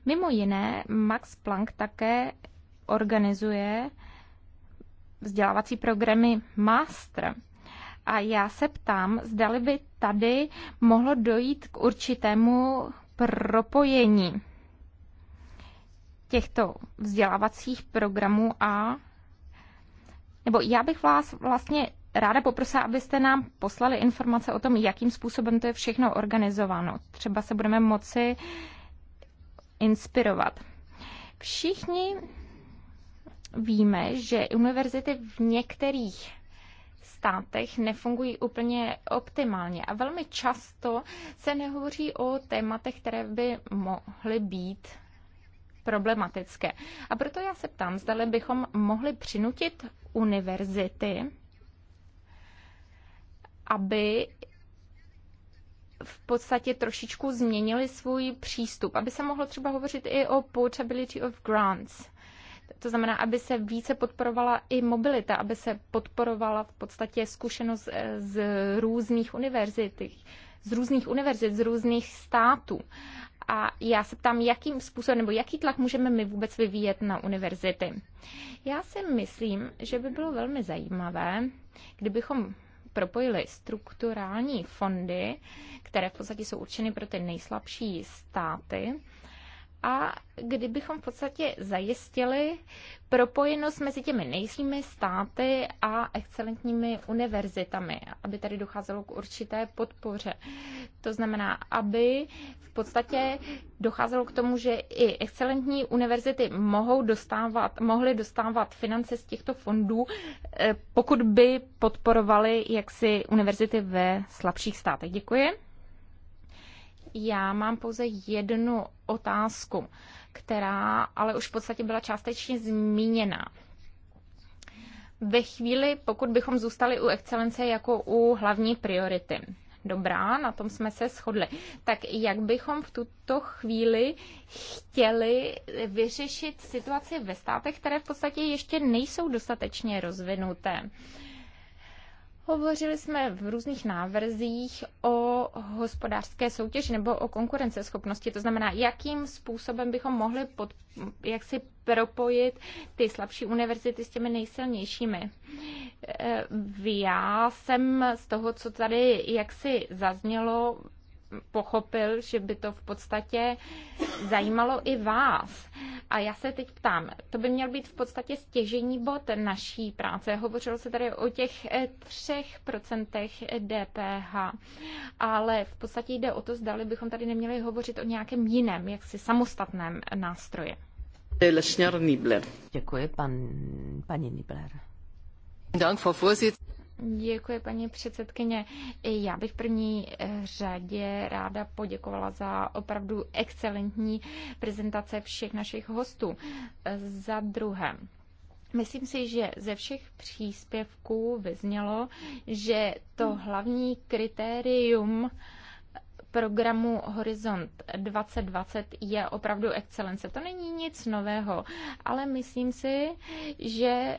Mimo jiné Max Planck také organizuje vzdělávací programy Master. A já se ptám, zdali by tady mohlo dojít k určitému propojení těchto vzdělávacích programů a nebo já bych vás vlastně ráda poprosila, abyste nám poslali informace o tom, jakým způsobem to je všechno organizováno. Třeba se budeme moci inspirovat. Všichni víme, že univerzity v některých státech nefungují úplně optimálně a velmi často se nehovoří o tématech, které by mohly být problematické. A proto já se ptám, zda bychom mohli přinutit univerzity, aby v podstatě trošičku změnili svůj přístup, aby se mohlo třeba hovořit i o portability of grants. To znamená, aby se více podporovala i mobilita, aby se podporovala v podstatě zkušenost eh, z různých univerzit, z různých univerzit, z různých států. A já se ptám, jakým způsobem nebo jaký tlak můžeme my vůbec vyvíjet na univerzity. Já si myslím, že by bylo velmi zajímavé, kdybychom propojili strukturální fondy, které v podstatě jsou určeny pro ty nejslabší státy, a kdybychom v podstatě zajistili propojenost mezi těmi nejsými státy a excelentními univerzitami, aby tady docházelo k určité podpoře. To znamená, aby v podstatě docházelo k tomu, že i excelentní univerzity mohou dostávat, mohly dostávat finance z těchto fondů, eh, pokud by podporovaly jaksi univerzity ve slabších státech. Děkuji. Já mám pouze jednu otázku, která ale už v podstatě byla částečně zmíněna. Ve chvíli, pokud bychom zůstali u excelence jako u hlavní priority, dobrá, na tom jsme se shodli. Tak jak bychom v tuto chvíli chtěli vyřešit situaci ve státech, které v podstatě ještě nejsou dostatečně rozvinuté? Uh, Hovořili jsme v různých návrzích o hospodářské soutěži nebo o konkurenceschopnosti, to znamená, jakým způsobem bychom mohli pod, jak si propojit ty slabší univerzity s těmi nejsilnějšími. E, já jsem z toho, co tady jaksi zaznělo, pochopil, že by to v podstatě zajímalo i vás. A já se teď ptám, to by měl být v podstatě stěžení bod naší práce. Hovořilo se tady o těch eh, třech procentech DPH, ale v podstatě jde o to, zdali bychom tady neměli hovořit o nějakém jiném, jaksi samostatném nástroji. Děkuji, pan, paní Nibler. Děkuji, paní předsedkyně. Já bych v první eh, řadě ráda poděkovala za opravdu excelentní prezentace všech našich hostů. Eh, za druhé, Myslím si, že ze všech příspěvků vyznělo, že to hlavní kritérium eh, programu Horizont 2020 je opravdu excelence. To není nic nového, ale myslím si, že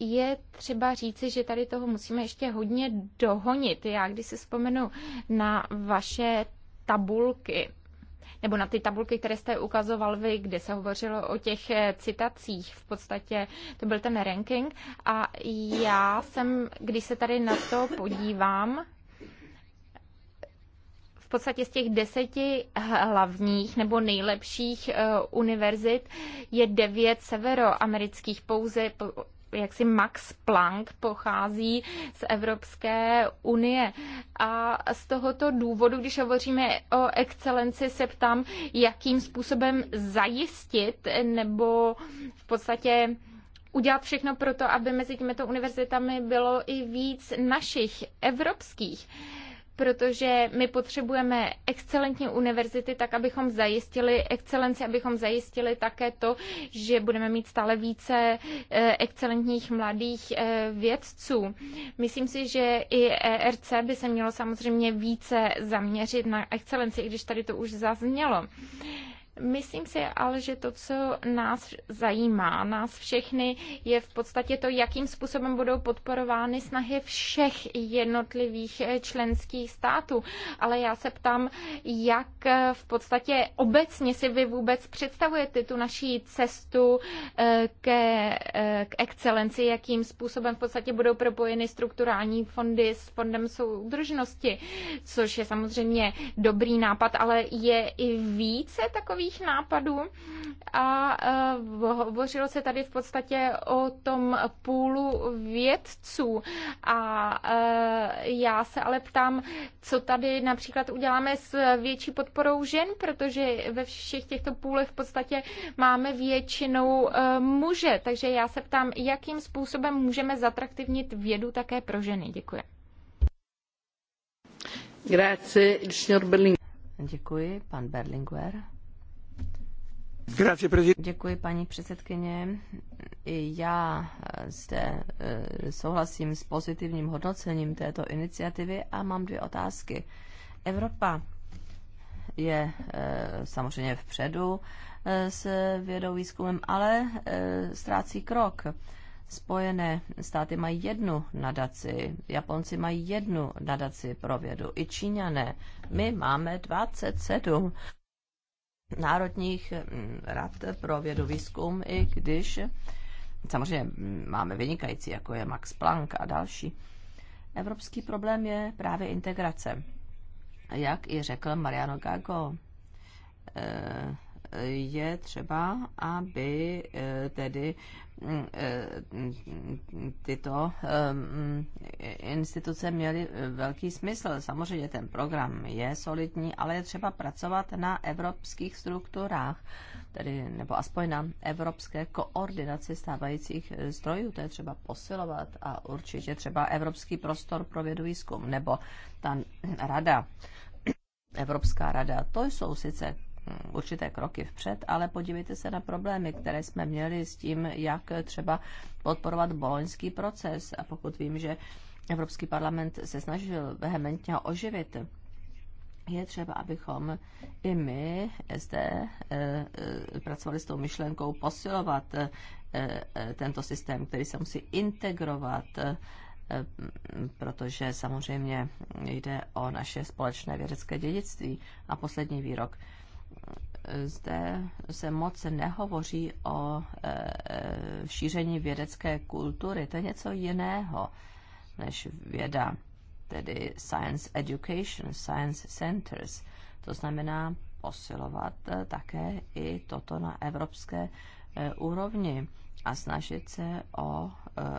je třeba říci, že tady toho musíme ještě hodně dohonit. Já když si vzpomenu na vaše tabulky, nebo na ty tabulky, které jste ukazoval vy, kde se hovořilo o těch eh, citacích, v podstatě to byl ten ranking. A já jsem, když se tady na to podívám, v podstatě z těch deseti hlavních nebo nejlepších eh, univerzit je devět severoamerických, pouze jaksi Max Planck pochází z Evropské unie. A z tohoto důvodu, když hovoříme o excelenci, se ptám, jakým způsobem zajistit nebo v podstatě udělat všechno pro to, aby mezi těmito univerzitami bylo i víc našich evropských protože my potřebujeme excelentní univerzity, tak abychom zajistili excelenci, abychom zajistili také to, že budeme mít stále více eh, excelentních mladých eh, vědců. Myslím si, že i ERC by se mělo samozřejmě více zaměřit na excelenci, i když tady to už zaznělo. Myslím si ale, že to, co nás zajímá, nás všechny, je v podstatě to, jakým způsobem budou podporovány snahy všech jednotlivých eh, členských států. Ale já se ptám, jak eh, v podstatě obecně si vy vůbec představujete tu naší cestu eh, ke, k excelenci, jakým způsobem v podstatě budou propojeny strukturální fondy s fondem soudržnosti, což je samozřejmě dobrý nápad, ale je i více takových nových nápadů a e, hovořilo se tady v podstatě o tom půlu vědců. A e, já se ale ptám, co tady například uděláme s větší podporou žen, protože ve všech těchto půlech v podstatě máme většinou e, muže. Takže já se ptám, jakým způsobem můžeme zatraktivnit vědu také pro ženy. Děkuji. Grazie, il signor Berlinguer. Děkuji, pan Berlinguer. Děkuji, paní předsedkyně. I já eh, zde eh, souhlasím s pozitivním hodnocením této iniciativy a mám dvě otázky. Evropa je eh, samozřejmě vpředu s vědou výzkumem, ale ztrácí krok. Spojené státy mají jednu nadaci, Japonci mají jednu nadaci pro vědu, i Číňané. My máme 27 národních eh, rad pro vědu výzkum, i když mm, samozřejmě mm, máme vynikající, jako je Max Planck a další. Evropský problém je právě integrace. Jak i řekl Mariano Gago, eh, je třeba, aby eh, tedy mm, eh, tyto eh, mm, instituce měly velký smysl. Samozřejmě ten program je solidní, ale je třeba pracovat na evropských strukturách, tedy nebo aspoň na evropské koordinaci stávajících zdrojů. To je třeba posilovat a určitě třeba Evropský prostor pro vědu výzkum nebo ta rada Evropská rada. To jsou sice určité kroky vpřed, ale podívejte se na problémy, které jsme měli s tím, jak třeba podporovat boloňský proces. A pokud vím, že Evropský parlament se snažil vehementně ho oživit, je třeba, abychom i my zde eh, eh, pracovali s tou myšlenkou posilovat eh, tento systém, který se musí integrovat, protože samozřejmě jde o naše společné vědecké dědictví. A poslední výrok zde se moc nehovoří o e, e, šíření vědecké kultury. To je něco jiného než věda, tedy science education, science centers. To znamená posilovat e, také i toto na evropské úrovni a snažit se o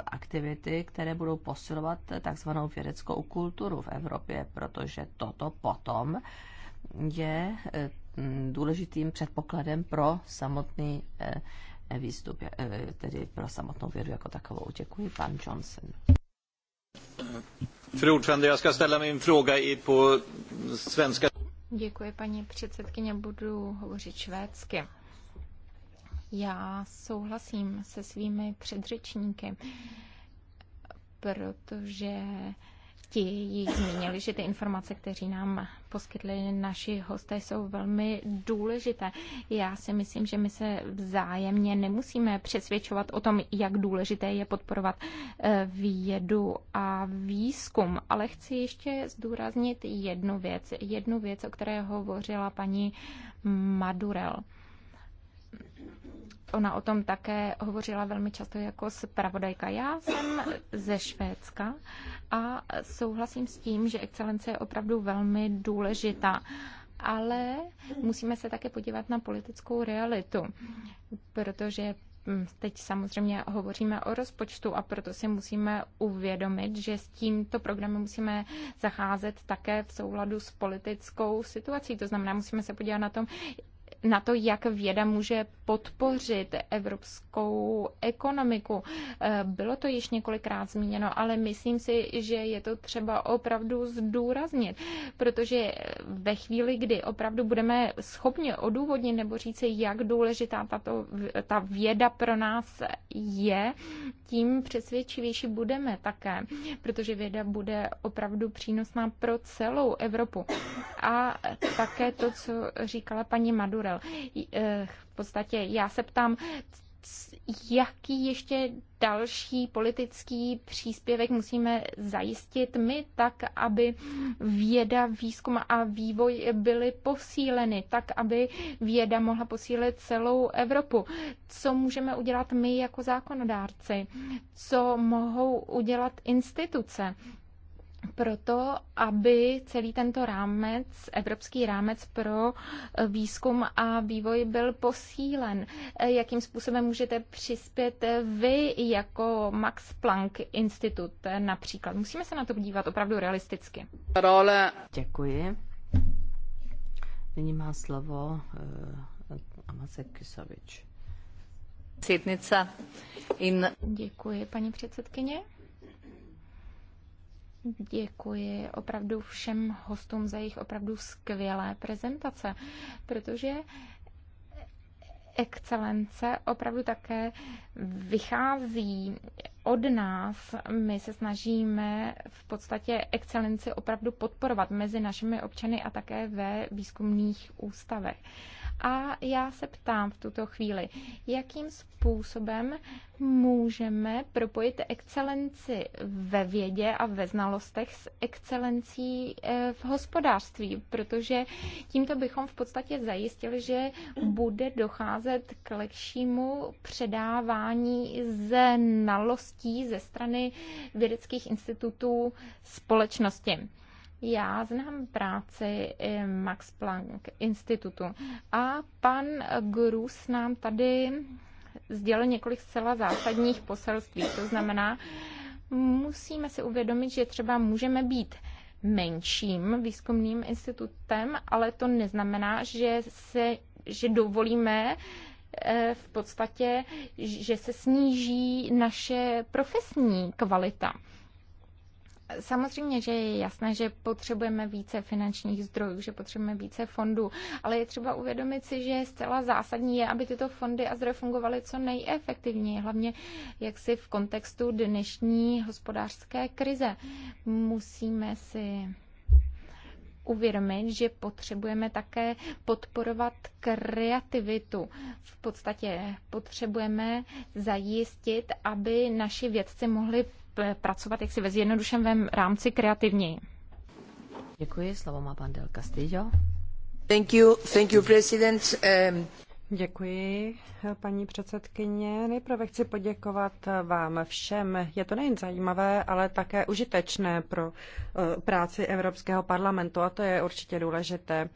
aktivity, které budou posilovat takzvanou vědeckou kulturu v Evropě, protože toto potom je Mm, důležitým předpokladem pro samotný eh, eh, výstup, eh, tedy pro samotnou vědu jako takovou. Děkuji, pan Johnson. Děkuji, paní předsedkyně, budu hovořit švédsky. Já souhlasím se svými předřečníky, protože ti již zmínili, že ty informace, které nám poskytli naši hosté, jsou velmi důležité. Já si myslím, že my se vzájemně nemusíme přesvědčovat o tom, jak důležité je podporovat eh, vědu a výzkum. Ale chci ještě zdůraznit jednu věc. Jednu věc, o které hovořila paní Madurel. Ona o tom také hovořila velmi často jako zpravodajka. Já jsem ze Švédska a souhlasím s tím, že excelence je opravdu velmi důležitá. Ale musíme se také podívat na politickou realitu, protože hm, teď samozřejmě hovoříme o rozpočtu a proto si musíme uvědomit, že s tímto programem musíme zacházet také v souladu s politickou situací. To znamená, musíme se podívat na tom, na to, jak věda může podpořit evropskou ekonomiku. Eh, bylo to již několikrát zmíněno, ale myslím si, že je to třeba opravdu zdůraznit, protože ve chvíli, kdy opravdu budeme schopni odůvodnit nebo říci, jak důležitá tato, ta věda pro nás je, tím přesvědčivější budeme také, protože věda bude opravdu přínosná pro celou Evropu. A také to, co říkala paní Madura, model. Eh, v podstatě já se ptám, jaký ještě další politický příspěvek musíme zajistit my, tak aby věda, výzkum a vývoj byly posíleny, tak aby věda mohla posílit celou Evropu. Co můžeme udělat my jako zákonodárci? Co mohou udělat instituce? proto, aby celý tento rámec, evropský rámec pro eh, výzkum a vývoj byl posílen. Eh, jakým způsobem můžete přispět eh, vy jako Max Planck Institut například? Musíme se na to dívat opravdu realisticky. Role. Děkuji. Nyní má slovo uh, Amacek Kisovič. Děkuji, paní předsedkyně. Děkuji opravdu všem hostům za jejich opravdu skvělé prezentace, protože excelence opravdu také vychází od nás. My se snažíme v podstatě excelenci opravdu podporovat mezi našimi občany a také ve výzkumných ústavech. A já se ptám v tuto chvíli, jakým způsobem můžeme propojit excelenci ve vědě a ve znalostech s excelencí eh, v hospodářství, protože tímto bychom v podstatě zajistili, že bude docházet k lepšímu předávání znalostí ze strany vědeckých institutů společnosti. Já znám práci Max Planck institutu a pan Grus nám tady sdělil několik zcela zásadních poselství. To znamená, musíme si uvědomit, že třeba můžeme být menším výzkumným institutem, ale to neznamená, že, se, že dovolíme eh, v podstatě, že se sníží naše profesní kvalita. Samozřejmě, že je jasné, že potřebujeme více finančních zdrojů, že potřebujeme více fondů, ale je třeba uvědomit si, že zcela zásadní je, aby tyto fondy a zdroje fungovaly co nejefektivněji, hlavně jak si v kontextu dnešní hospodářské krize. Musíme si uvědomit, že potřebujeme také podporovat kreativitu. V podstatě potřebujeme zajistit, aby naši vědci mohli pracovat jaksi ve zjednodušeném rámci kreativněji. Děkuji, slovo má pan Del Castillo. Thank you, thank you, president. Um... Děkuji, paní předsedkyně. Nejprve chci poděkovat vám všem. Je to nejen zajímavé, ale také užitečné pro eh, práci Evropského parlamentu a to je určitě důležité.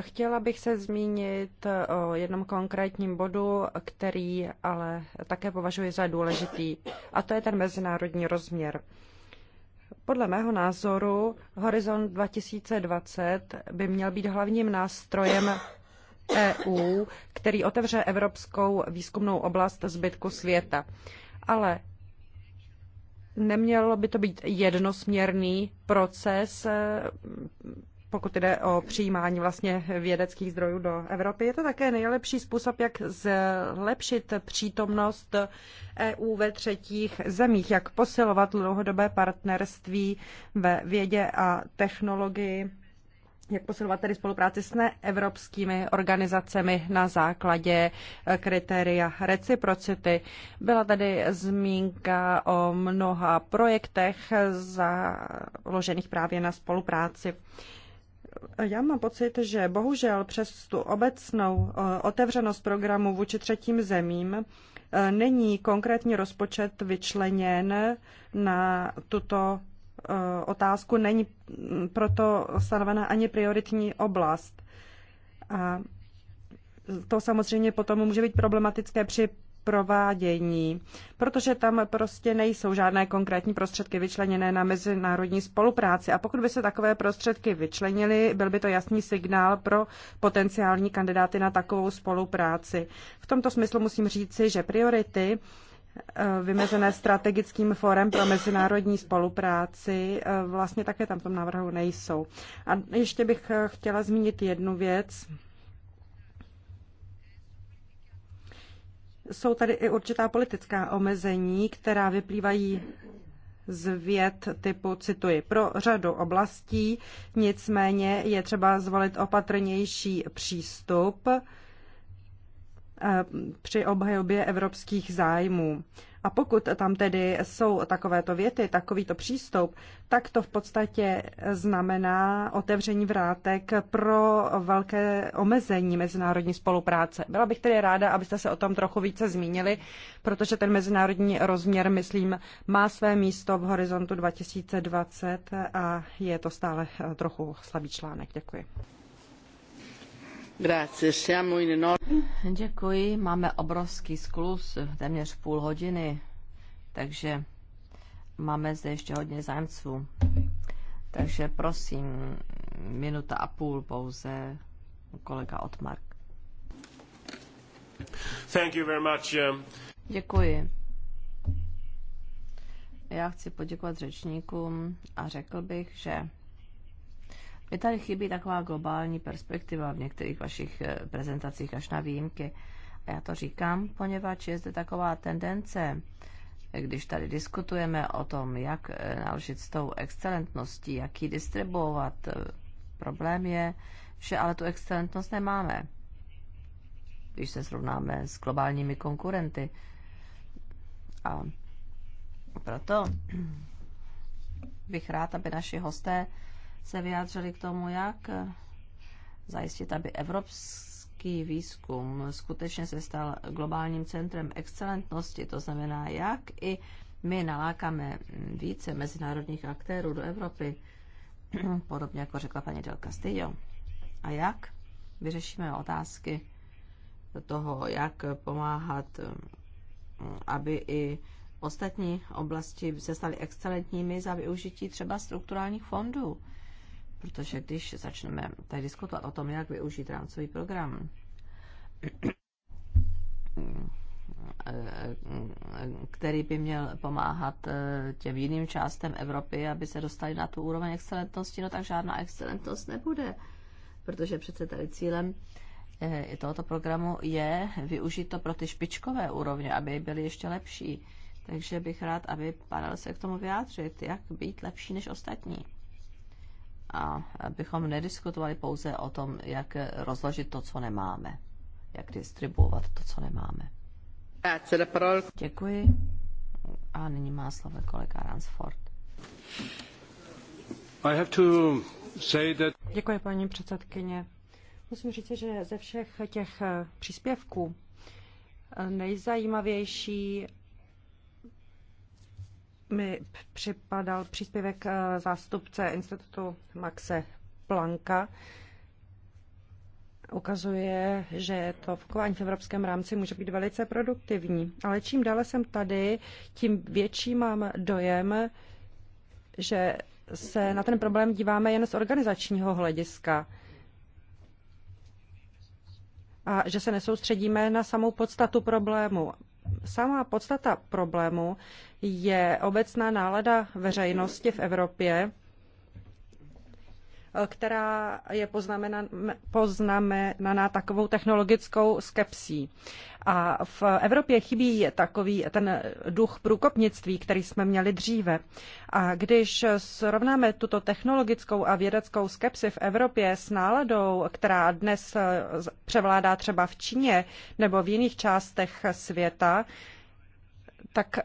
Chtěla bych se zmínit eh, o jednom konkrétním bodu, který ale také považuji za důležitý, a to je ten mezinárodní rozměr. Podle mého názoru Horizont 2020 by měl být hlavním nástrojem EU, který otevře evropskou výzkumnou oblast zbytku světa. Ale nemělo by to být jednosměrný proces, e, pokud jde o přijímání vlastně vědeckých zdrojů do Evropy. Je to také nejlepší způsob, jak zlepšit přítomnost EU ve třetích zemích, jak posilovat dlouhodobé partnerství ve vědě a technologii jak posilovat tedy spolupráci s neevropskými organizacemi na základě eh, kritéria reciprocity. Byla tady zmínka o mnoha projektech založených právě na spolupráci. Já mám pocit, že bohužel přes tu obecnou eh, otevřenost programu vůči třetím zemím eh, není konkrétní rozpočet vyčleněn na tuto Eh, otázku, není proto stanovena ani prioritní oblast. A to samozřejmě potom může být problematické při provádění, protože tam prostě nejsou žádné konkrétní prostředky vyčleněné na mezinárodní spolupráci. A pokud by se takové prostředky vyčlenily, byl by to jasný signál pro potenciální kandidáty na takovou spolupráci. V tomto smyslu musím říci, že priority Eh, vymezené strategickým fórem pro mezinárodní spolupráci, eh, vlastně také tam v tom návrhu nejsou. A ještě bych eh, chtěla zmínit jednu věc. Jsou tady i určitá politická omezení, která vyplývají z věd typu, cituji, pro řadu oblastí, nicméně je třeba zvolit opatrnější přístup, Eh, při obhajobě evropských zájmů. A pokud tam tedy jsou takovéto věty, takovýto přístup, tak to v podstatě znamená otevření vrátek pro velké omezení mezinárodní spolupráce. Byla bych tedy ráda, abyste se o tom trochu více zmínili, protože ten mezinárodní rozměr, myslím, má své místo v horizontu 2020 a je to stále eh, trochu slabý článek. Děkuji. Děkuji, máme obrovský sklus, téměř půl hodiny, takže máme zde ještě hodně zájemců. Takže prosím, minuta a půl pouze kolega Otmark. Thank you very much. Um, Děkuji. Já chci poděkovat řečníkům a řekl bych, že mě tady chybí taková globální perspektiva v některých vašich eh, prezentacích až na výjimky. A já to říkám, poněvadž je zde taková tendence, když tady diskutujeme o tom, jak eh, naložit s tou excelentností, jak ji distribuovat, eh, problém je, že ale tu excelentnost nemáme. Když se srovnáme s globálními konkurenty. A proto bych rád, aby naši hosté se vyjádřili k tomu, jak eh, zajistit, aby evropský výzkum skutečně se stal globálním centrem excelentnosti. To znamená, jak i my nalákáme více mezinárodních aktérů do Evropy, podobně jako řekla paní Del Castillo. A jak vyřešíme otázky toho, jak pomáhat, eh, aby i ostatní oblasti se staly excelentními za využití třeba strukturálních fondů protože když začneme tady diskutovat o tom, jak využít rámcový program, který by měl pomáhat eh, těm jiným částem Evropy, aby se dostali na tu úroveň excelentnosti, no tak žádná excelentnost nebude, protože přece tady cílem eh, tohoto programu je využít to pro ty špičkové úrovně, aby byly ještě lepší. Takže bych rád, aby panel se k tomu vyjádřit, jak být lepší než ostatní a abychom nediskutovali pouze o tom, jak rozložit to, co nemáme, jak distribuovat to, co nemáme. Děkuji. A nyní má slovo kolega Ransford. I have to say that... Děkuji, paní předsedkyně. Musím říct, že ze všech těch příspěvků nejzajímavější mi připadal příspěvek eh, zástupce institutu Maxe Planka. Ukazuje, že to vkování v evropském rámci může být velice produktivní. Ale čím dále jsem tady, tím větší mám dojem, že se na ten problém díváme jen z organizačního hlediska a že se nesoustředíme na samou podstatu problému sama podstata problému je obecná nálada veřejnosti v Evropě která je poznamenaná takovou technologickou skepsí. A v Evropě chybí takový ten duch průkopnictví, který jsme měli dříve. A když srovnáme tuto technologickou a vědeckou skepsi v Evropě s náladou, která dnes eh, převládá třeba v Číně nebo v jiných částech světa, tak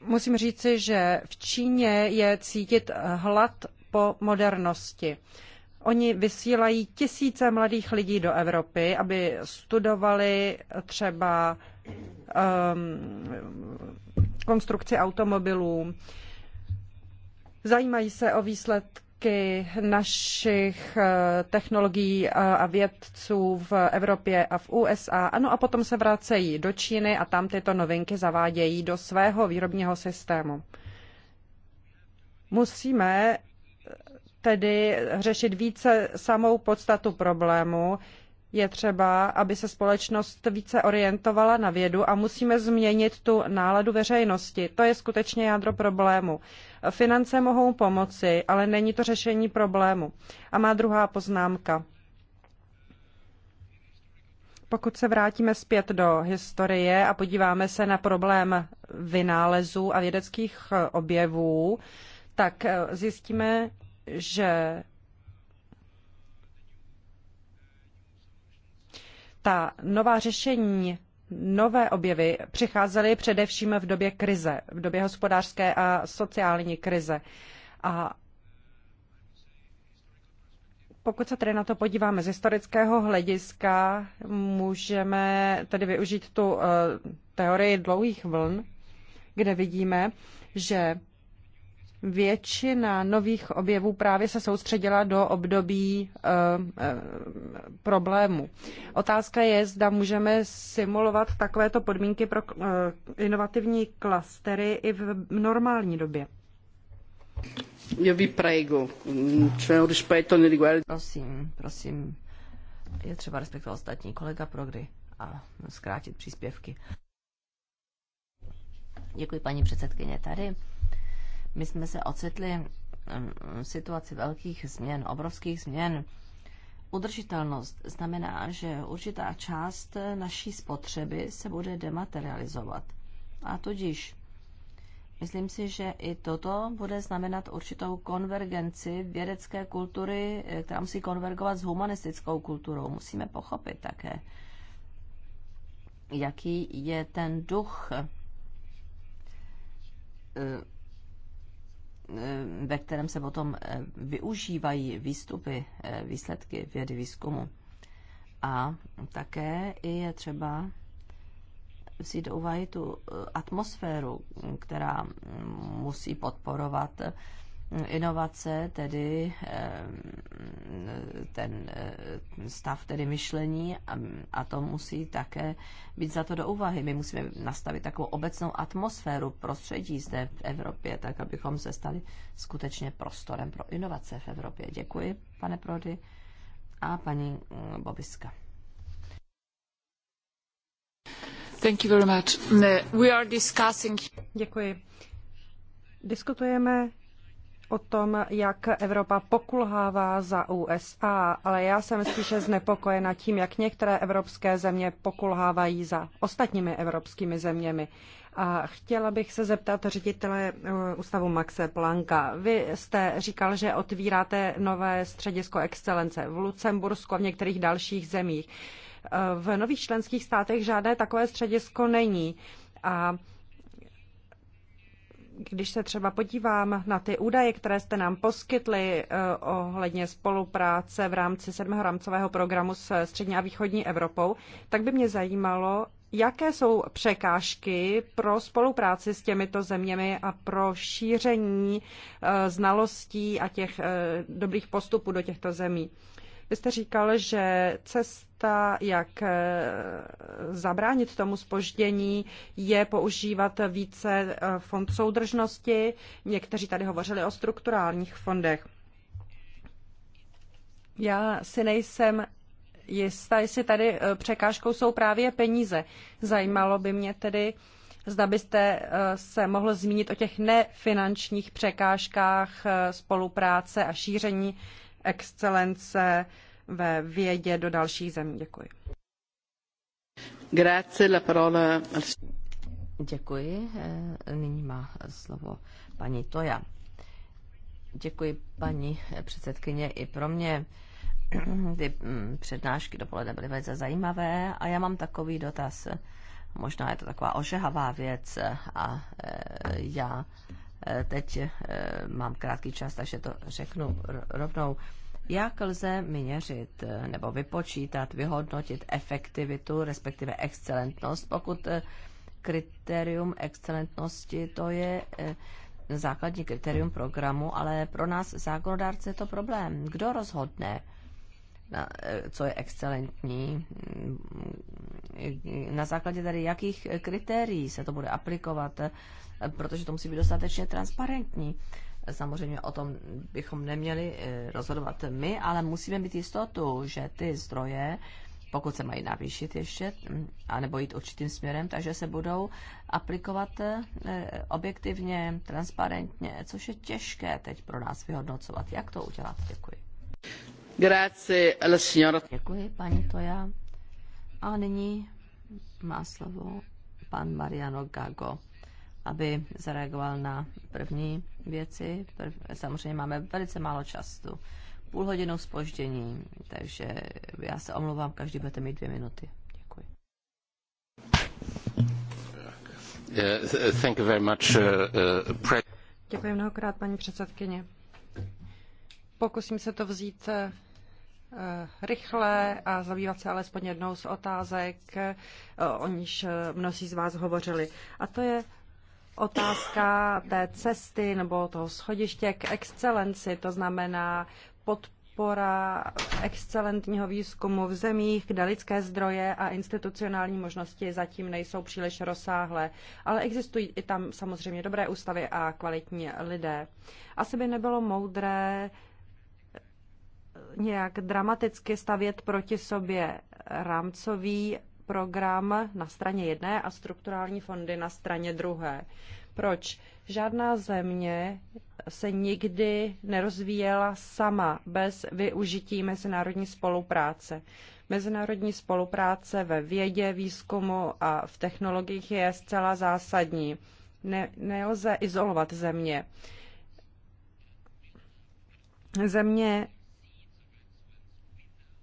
musím říci, že v Číně je cítit hlad po modernosti. Oni vysílají tisíce mladých lidí do Evropy, aby studovali třeba um, konstrukci automobilů. Zajímají se o výsledky našich eh, technologií eh, a vědců v Evropě a v USA. Ano, a potom se vracejí do Číny a tam tyto novinky zavádějí do svého výrobního systému. Musíme tedy řešit více samou podstatu problému. Je třeba, aby se společnost více orientovala na vědu a musíme změnit tu náladu veřejnosti. To je skutečně jádro problému. Finance mohou pomoci, ale není to řešení problému. A má druhá poznámka. Pokud se vrátíme zpět do historie a podíváme se na problém vynálezů a vědeckých objevů, tak eh, zjistíme, že ta nová řešení, nové objevy přicházely především v době krize, v době hospodářské a sociální krize. A pokud se tedy na to podíváme z historického hlediska, můžeme tedy využít tu eh, teorii dlouhých vln, kde vidíme, že Většina nových objevů právě se soustředila do období e, e, problému. Otázka je, zda můžeme simulovat takovéto podmínky pro e, inovativní klastery i v normální době. Já vi prego, mm, c'è un rispetto Prosím, prosím, je třeba respektovat ostatní kolega Progry a zkrátit příspěvky. Děkuji paní předsedkyně tady my jsme se ocitli v situaci velkých změn, obrovských změn. Udržitelnost znamená, že určitá část naší spotřeby se bude dematerializovat. A tudíž Myslím si, že i toto bude znamenat určitou konvergenci vědecké kultury, eh, která musí konvergovat s humanistickou kulturou. Musíme pochopit také, jaký je ten duch eh, Eh, ve kterém se potom eh, využívají výstupy, eh, výsledky vědy výzkumu. A také je třeba si do tu atmosféru, která mm, musí podporovat inovace, tedy eh, ten eh, stav tedy myšlení a to musí také být za to do úvahy. My musíme nastavit takovou obecnou atmosféru prostředí zde v Evropě, tak abychom se stali skutečně prostorem pro inovace v Evropě. Děkuji, pane Prody a paní mm, Bobiska. Thank you very much. We are discussing... Děkuji. Diskutujeme o tom, jak Evropa pokulhává za USA, ale já jsem spíše znepokojena tím, jak některé evropské země pokulhávají za ostatními evropskými zeměmi. A chtěla bych se zeptat ředitele eh, ústavu Maxe Planka. Vy jste říkal, že otvíráte nové středisko excelence v Lucembursku a v některých dalších zemích. Eh, v nových členských státech žádné takové středisko není. A když se třeba podívám na ty údaje, které jste nám poskytli eh, ohledně spolupráce v rámci sedmého rámcového programu s střední a východní Evropou, tak by mě zajímalo, jaké jsou překážky pro spolupráci s těmito zeměmi a pro šíření eh, znalostí a těch eh, dobrých postupů do těchto zemí. Vy jste říkal, že cesta, jak eh, zabránit tomu spoždění, je používat více eh, fond soudržnosti. Někteří tady hovořili o strukturálních fondech. Já si nejsem jistá, jestli tady eh, překážkou jsou právě peníze. Zajímalo by mě tedy, zda byste se mohl zmínit o těch nefinančních překážkách spolupráce a šíření excelence ve vědě do dalších zemí. Děkuji. Grazie la parola. Děkuji. Eh, nyní má slovo paní Toja. Děkuji, paní předsedkyně, i pro mě. Ty mm, přednášky dopoledne byly velice zajímavé a já mám takový dotaz. Možná je to taková ožehavá věc a eh, já Eh, teď eh, mám krátký čas, takže to řeknu rovnou. Jak lze měřit eh, nebo vypočítat, vyhodnotit efektivitu, respektive excelentnost, pokud kritérium excelentnosti to je základní kritérium programu, ale pro nás zákonodárce je to problém. Kdo rozhodne? Eh, co je excelentní, na základě tady jakých kritérií se to bude aplikovat, eh, protože to musí být dostatečně transparentní. Samozřejmě o tom bychom neměli eh, rozhodovat my, ale musíme mít jistotu, že ty zdroje, pokud se mají navýšit ještě, hm, anebo jít určitým směrem, takže se budou aplikovat objektivně, transparentně, což je těžké teď pro nás vyhodnocovat. Jak to udělat? Děkuji. Děkuji, paní Toja. A nyní má slovo pan Mariano Gago, aby zareagoval na první věci. Prv, samozřejmě máme velice málo času, půl hodinu spoždění, takže já se omlouvám, každý budete mít dvě minuty. Děkuji. Eh, eh, thank you very much, eh, Děkuji mnohokrát, paní předsedkyně. Pokusím se to vzít eh, eh, rychle a zabývat se alespoň jednou z otázek, eh, o níž mnozí z vás hovořili. A to je otázka té cesty nebo toho schodiště k excelenci, to znamená podpora excelentního výzkumu v zemích, kde lidské zdroje a institucionální možnosti zatím nejsou příliš rozsáhlé. Ale existují i tam samozřejmě dobré ústavy a kvalitní lidé. Asi by nebylo moudré nějak dramaticky stavět proti sobě rámcový program na straně jedné a strukturální fondy na straně druhé. Proč? Žádná země se nikdy nerozvíjela sama bez využití mezinárodní spolupráce. Mezinárodní spolupráce ve vědě, výzkumu a v technologiích je zcela zásadní. Ne, nelze izolovat země. Země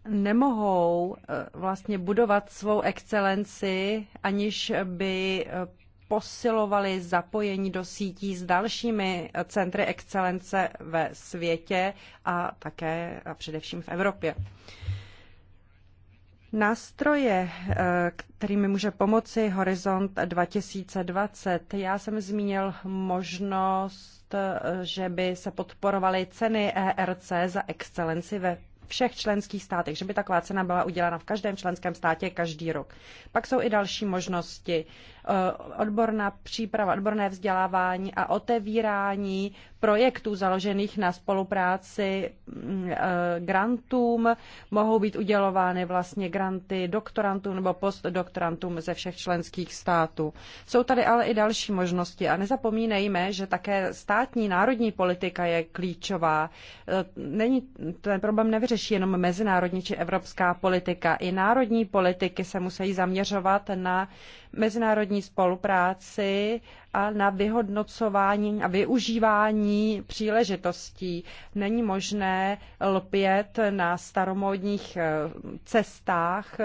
nemohou eh, vlastně budovat svou excelenci, aniž by eh, posilovali zapojení do sítí s dalšími eh, centry excelence ve světě a také a především v Evropě. Nástroje, kterými může pomoci Horizont 2020, já jsem zmínil možnost, že by se podporovaly ceny ERC za excelenci ve všech členských státech, že by taková cena byla udělena v každém členském státě každý rok. Pak jsou i další možnosti Eh, odborná příprava, odborné vzdělávání a otevírání projektů založených na spolupráci mm, eh, grantům. Mohou být udělovány vlastně granty doktorantům nebo postdoktorantům ze všech členských států. Jsou tady ale i další možnosti a nezapomínejme, že také státní národní politika je klíčová. Eh, není, ten problém nevyřeší jenom mezinárodní či evropská politika. I národní politiky se musí zaměřovat na mezinárodní spolupráci a na vyhodnocování a využívání příležitostí. Není možné lpět na staromódních eh, cestách,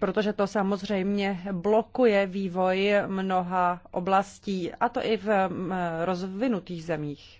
protože to samozřejmě blokuje vývoj mnoha oblastí, a to i v mm, eh, rozvinutých zemích.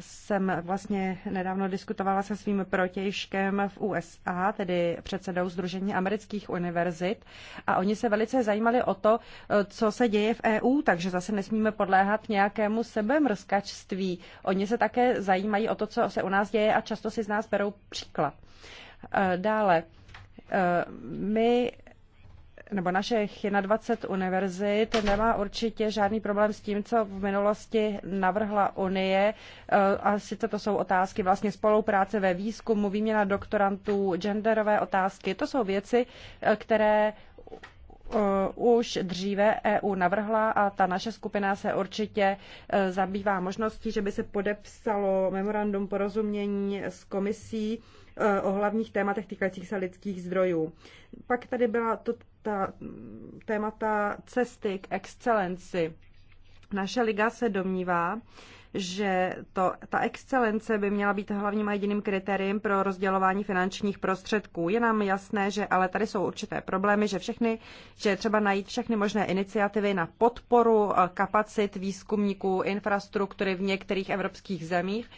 jsem vlastně nedávno diskutovala se svým protějškem v USA, tedy předsedou Združení amerických univerzit, a oni se velice zajímali o to, co se děje v EU, takže zase nesmíme podléhat nějakému sebemrzkačství. Oni se také zajímají o to, co se u nás děje a často si z nás berou příklad. E, dále, e, my nebo našich 21 univerzit nemá určitě žádný problém s tím, co v minulosti navrhla Unie. Eh, a sice to jsou otázky vlastně spolupráce ve výzkumu, výměna doktorantů, genderové otázky. To jsou věci, eh, které eh, už dříve EU navrhla a ta naše skupina se určitě zabývá možností, že by se podepsalo memorandum porozumění s komisí o hlavních tématech týkajících se lidských zdrojů. Pak tady byla to ta témata cesty k excelenci. Naše liga se domnívá, že to, ta excelence by měla být hlavním a jediným kritériem pro rozdělování finančních prostředků. Je nám jasné, že ale tady jsou určité problémy, že všechny, že je třeba najít všechny možné iniciativy na podporu eh, kapacit výzkumníků infrastruktury v některých evropských zemích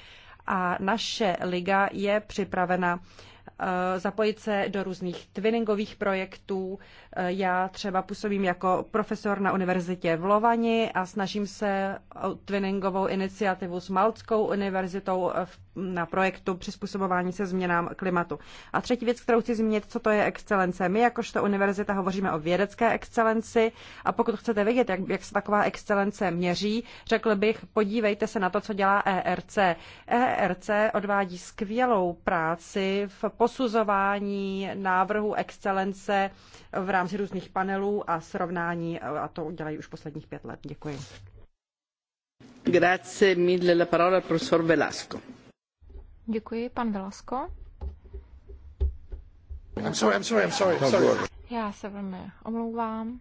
a naše liga je připravena eh, zapojit se do různých twinningových projektů, já třeba působím jako profesor na univerzitě v Lovani a snažím se o twinningovou iniciativu s Malckou univerzitou eh, na projektu přizpůsobování se změnám klimatu. A třetí věc, kterou chci zmínit, co to je excelence. My jakožto univerzita hovoříme o vědecké excelenci a pokud chcete vědět, jak, jak se taková excelence měří, řekl bych, podívejte se na to, co dělá ERC. ERC odvádí skvělou práci v posuzování návrhu excelence v rámci rámci různých panelů a srovnání a to udělají už posledních pět let. Děkuji. Grazie mille la parola professor Velasco. Děkuji, pan Velasco. I'm sorry, I'm sorry, I'm sorry, sorry. Já se velmi omlouvám.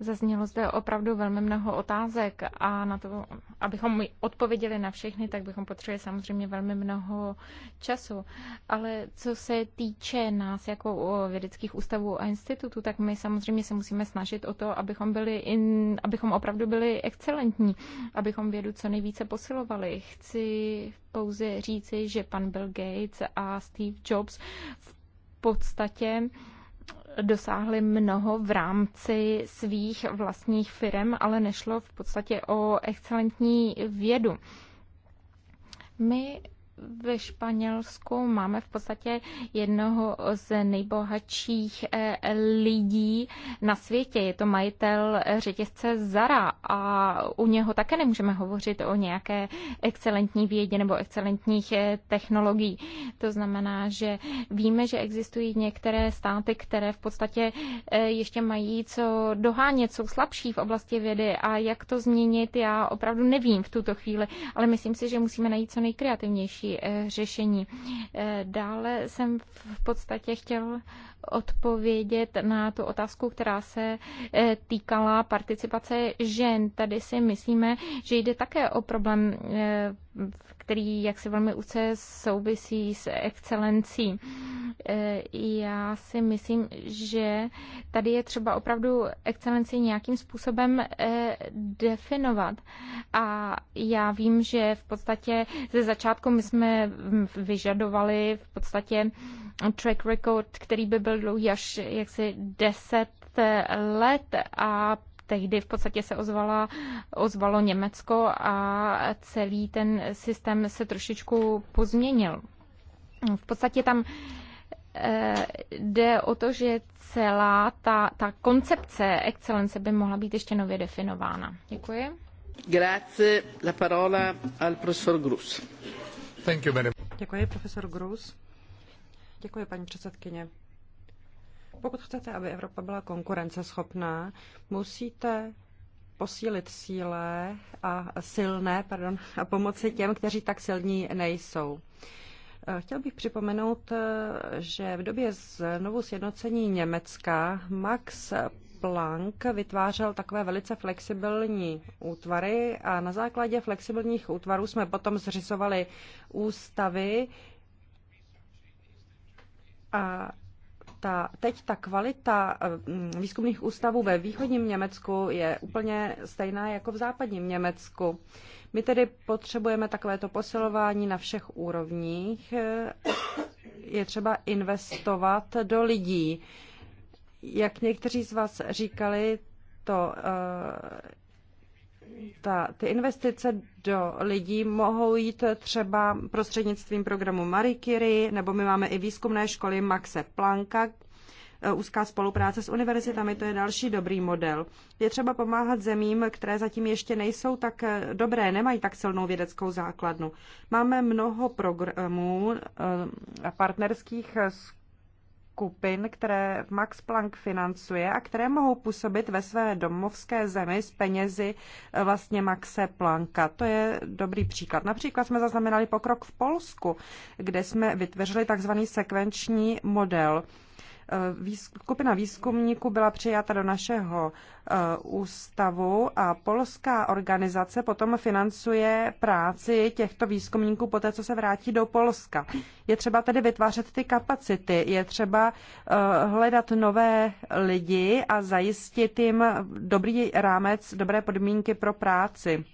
Zaznělo zde opravdu velmi mnoho otázek a na to, abychom odpověděli na všechny, tak bychom potřebovali samozřejmě velmi mnoho času. Ale co se týče nás jako vědeckých ústavů a institutů, tak my samozřejmě se musíme snažit o to, abychom, byli in, abychom opravdu byli excelentní, abychom vědu co nejvíce posilovali. Chci pouze říci, že pan Bill Gates a Steve Jobs v podstatě uh, dosáhli mnoho v rámci svých vlastních firm, ale nešlo v podstatě o excelentní vědu. My ve Španělsku máme v podstatě jednoho z nejbohatších eh, lidí na světě. Je to majitel eh, řetězce Zara a u něho také nemůžeme hovořit o nějaké excelentní vědě nebo excelentních eh, technologií. To znamená, že víme, že existují některé státy, které v podstatě ještě mají co dohánět, jsou slabší v oblasti vědy a jak to změnit, já opravdu nevím v tuto chvíli, ale myslím si, že musíme najít co nejkreativnější Eh, řešení. Eh, dále jsem v podstatě chtěl odpovědět na tu otázku, která se eh, týkala participace žen. Tady si myslíme, že jde také o problém, eh, který jak se velmi úce souvisí s excelencí. Eh, já si myslím, že tady je třeba opravdu excelenci nějakým způsobem definovat. A já vím, že v podstatě ze začátku my jsme vyžadovali v podstatě track record, který by byl dlouhý až jaksi deset let a tehdy v podstatě se ozvala, ozvalo Německo a celý ten systém se trošičku pozměnil. V podstatě tam eh, jde o to, že celá ta, ta koncepce excelence by mohla být ještě nově definována. Děkuji. Grazie. La parola al professor Grus. Thank you, Děkuji, profesor Grus. Děkuji, paní předsedkyně. Pokud chcete, aby Evropa byla konkurenceschopná, musíte posílit síle a silné pardon, a pomoci těm, kteří tak silní nejsou. Chtěl bych připomenout, že v době znovu sjednocení Německa Max Planck vytvářel takové velice flexibilní útvary a na základě flexibilních útvarů jsme potom zřizovali ústavy a ta, teď ta kvalita eh, výzkumných ústavů ve východním Německu je úplně stejná jako v západním Německu. My tedy potřebujeme takovéto posilování na všech úrovních. Je třeba investovat do lidí. Jak někteří z vás říkali, to eh, ta, ty investice do lidí mohou jít třeba prostřednictvím programu Marie Curie, nebo my máme i výzkumné školy Maxe Planka. Eh, úzká spolupráce s univerzitami, to je další dobrý model. Je třeba pomáhat zemím, které zatím ještě nejsou tak eh, dobré, nemají tak silnou vědeckou základnu. Máme mnoho programů eh, a partnerských skupin, skupin, které Max Planck financuje a které mohou působit ve své domovské zemi s penězi eh, vlastně Maxe Plancka. To je dobrý příklad. Například jsme zaznamenali pokrok v Polsku, kde jsme vytvořili takzvaný sekvenční model Eh, skupina výzkumníků byla přijata do našeho eh, ústavu a polská organizace potom financuje práci těchto výzkumníků po té, co se vrátí do Polska. Je třeba tedy vytvářet ty kapacity, je třeba eh, hledat nové lidi a zajistit jim dobrý rámec, dobré podmínky pro práci.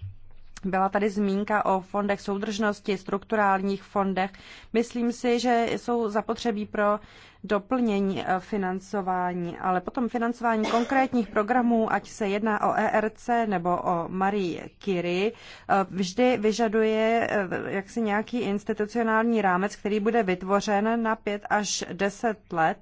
Byla tady zmínka o fondech soudržnosti, strukturálních fondech. Myslím si, že jsou zapotřebí pro doplnění eh, financování, ale potom financování konkrétních programů, ať se jedná o ERC nebo o Marie Curie, eh, vždy vyžaduje eh, jaksi nějaký institucionální rámec, který bude vytvořen na 5 až 10 let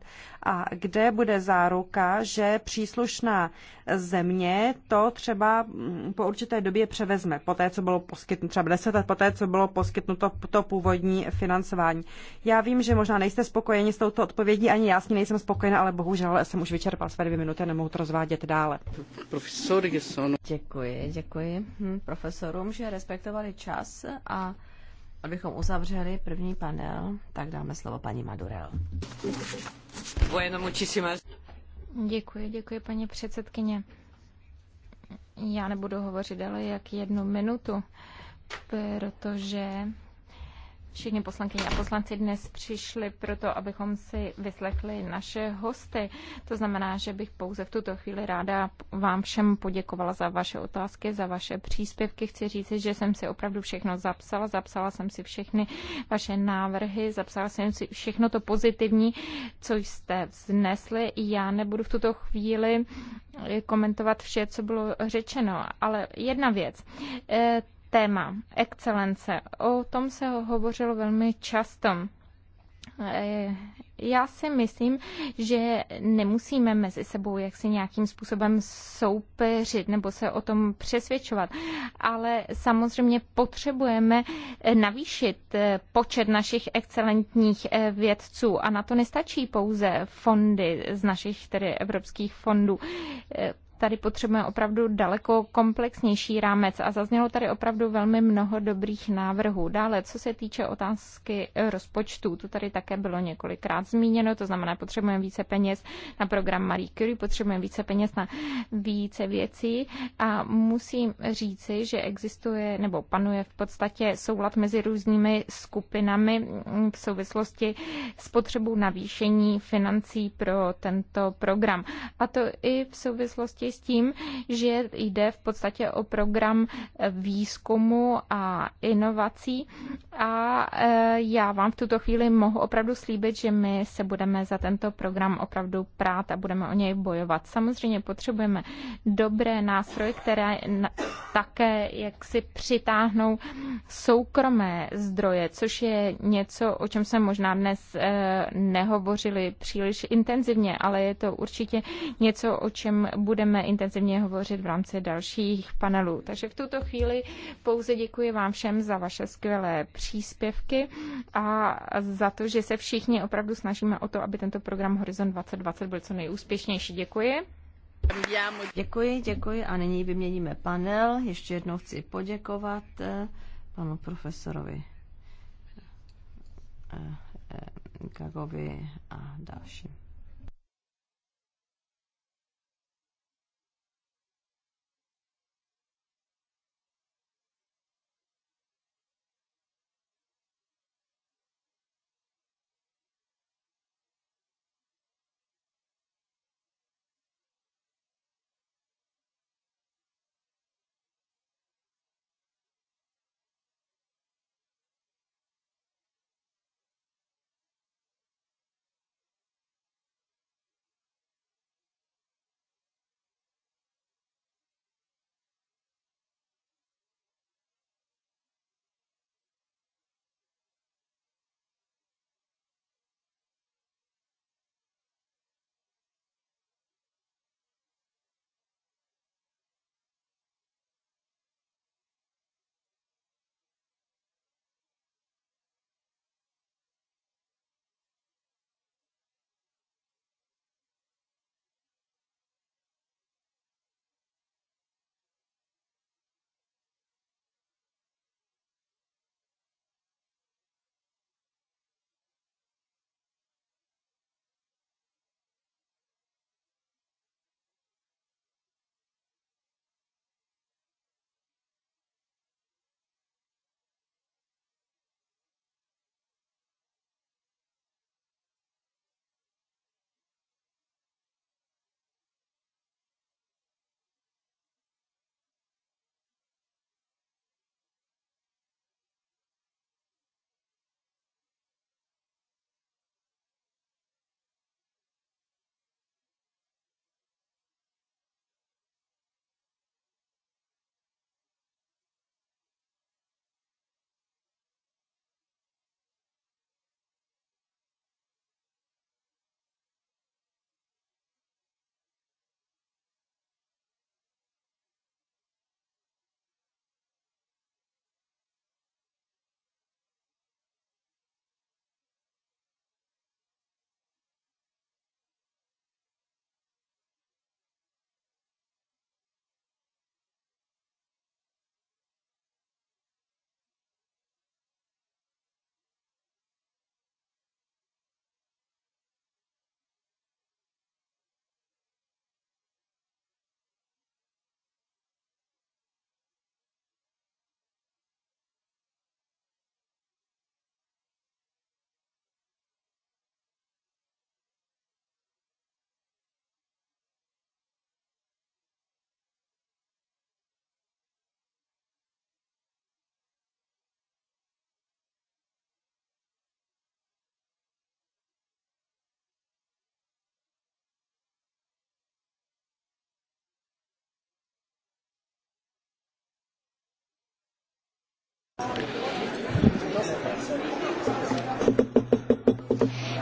a kde bude záruka, že příslušná země to třeba mm, po určité době převezme, po té, co bylo poskytnuto, třeba 10 let po té, co bylo poskytnuto to původní financování. Já vím, že možná nejste spokojeni s touto odpovědí, odpovědí, ani já s ní nejsem spokojena, ale bohužel jsem už vyčerpal své dvě minuty a nemohu to rozvádět dále. Děkuji, děkuji hm, profesorům, že respektovali čas a abychom uzavřeli první panel, tak dáme slovo paní Madurel. Děkuji, děkuji paní předsedkyně. Já nebudu hovořit ale jak jednu minutu, protože všichni poslankyně a poslanci dnes přišli proto, abychom si vyslechli naše hosty. To znamená, že bych pouze v tuto chvíli ráda vám všem poděkovala za vaše otázky, za vaše příspěvky. Chci říct, že jsem si opravdu všechno zapsala. Zapsala jsem si všechny vaše návrhy, zapsala jsem si všechno to pozitivní, co jste vznesli. Já nebudu v tuto chvíli eh, komentovat vše, co bylo řečeno, ale jedna věc eh, téma excelence. O tom se hovořilo velmi často. E, já si myslím, že nemusíme mezi sebou jaksi nějakým způsobem soupeřit nebo se o tom přesvědčovat, ale samozřejmě potřebujeme e, navýšit e, počet našich excelentních vědců a na to nestačí pouze fondy z našich tedy evropských fondů tady potřebujeme opravdu daleko komplexnější rámec a zaznělo tady opravdu velmi mnoho dobrých návrhů. Dále, co se týče otázky eh, rozpočtu, to tady také bylo několikrát zmíněno, to znamená, potřebujeme více peněz na program Marie Curie, potřebujeme více peněz na více věcí a musím říci, že existuje nebo panuje v podstatě soulad mezi různými skupinami mm, v souvislosti s potřebou navýšení financí pro tento program. A to i v souvislosti s tím, že jde v podstatě o program výzkumu a inovací. A e, já vám v tuto chvíli mohu opravdu slíbit, že my se budeme za tento program opravdu prát a budeme o něj bojovat. Samozřejmě potřebujeme dobré nástroje, které také jak si přitáhnou soukromé zdroje, což je něco, o čem jsme možná dnes e, nehovořili příliš intenzivně, ale je to určitě něco, o čem budeme intenzivně hovořit v rámci dalších panelů. Takže v tuto chvíli pouze děkuji vám všem za vaše skvělé příspěvky a za to, že se všichni opravdu snažíme o to, aby tento program Horizon 2020 byl co nejúspěšnější. Děkuji. Děkuji, děkuji a nyní vyměníme panel. Ještě jednou chci poděkovat eh, panu profesorovi eh, eh, Gagovi a dalším.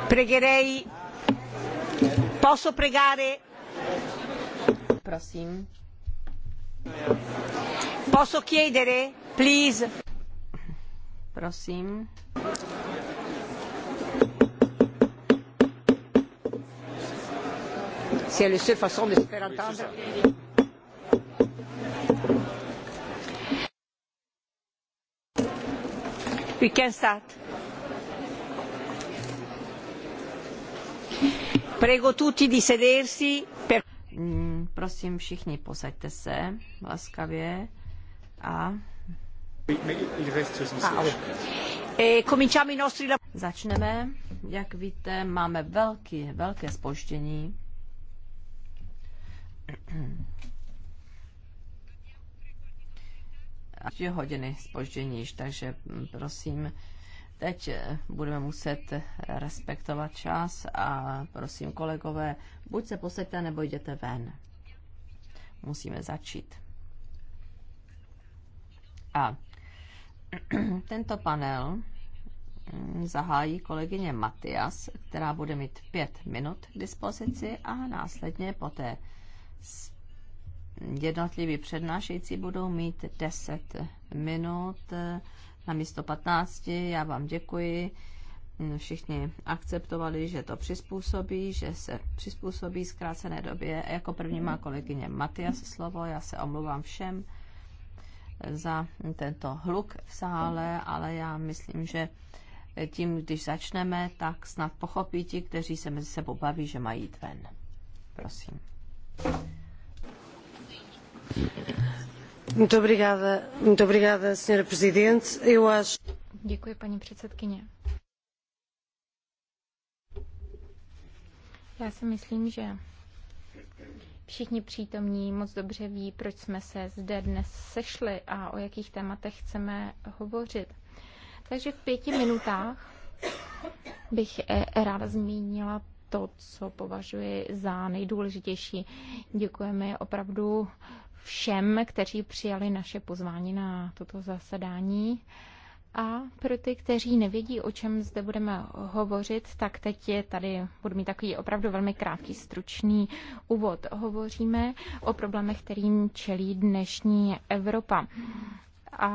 Pregherei. Posso pregare? Prosím. Posso chiedere, please? Prosím. C'est la seule façon de se faire entendre. We can start. Prego tutti di sedersi. Per... Mm, prosím všichni, posaďte se laskavě a ah, e, Začneme. Jak víte, máme velký, velké spoždění. a dvě hodiny spoždění, takže mm, prosím, teď eh, budeme muset respektovat čas a prosím kolegové, buď se posaďte, nebo jděte ven. Musíme začít. A tento panel mm, zahájí kolegyně Matias, která bude mít pět minut k dispozici a následně poté jednotliví přednášející budou mít 10 minut na místo 15. Já vám děkuji. Všichni akceptovali, že to přizpůsobí, že se přizpůsobí zkrácené době. Jako první má kolegyně Matias slovo. Já se omluvám všem za tento hluk v sále, ale já myslím, že tím, když začneme, tak snad pochopí ti, kteří se mezi sebou baví, že mají jít ven. Prosím. Děkuji, paní předsedkyně. Já si myslím, že všichni přítomní moc dobře ví, proč jsme se zde dnes sešli a o jakých tématech chceme hovořit. Takže v pěti minutách bych e, ráda zmínila to, co považuji za nejdůležitější. Děkujeme opravdu všem, kteří přijali naše pozvání na toto zasedání. A pro ty, kteří nevědí, o čem zde budeme hovořit, tak teď je tady, budu mít takový opravdu velmi krátký, stručný úvod. Hovoříme o problémech, kterým čelí dnešní Evropa a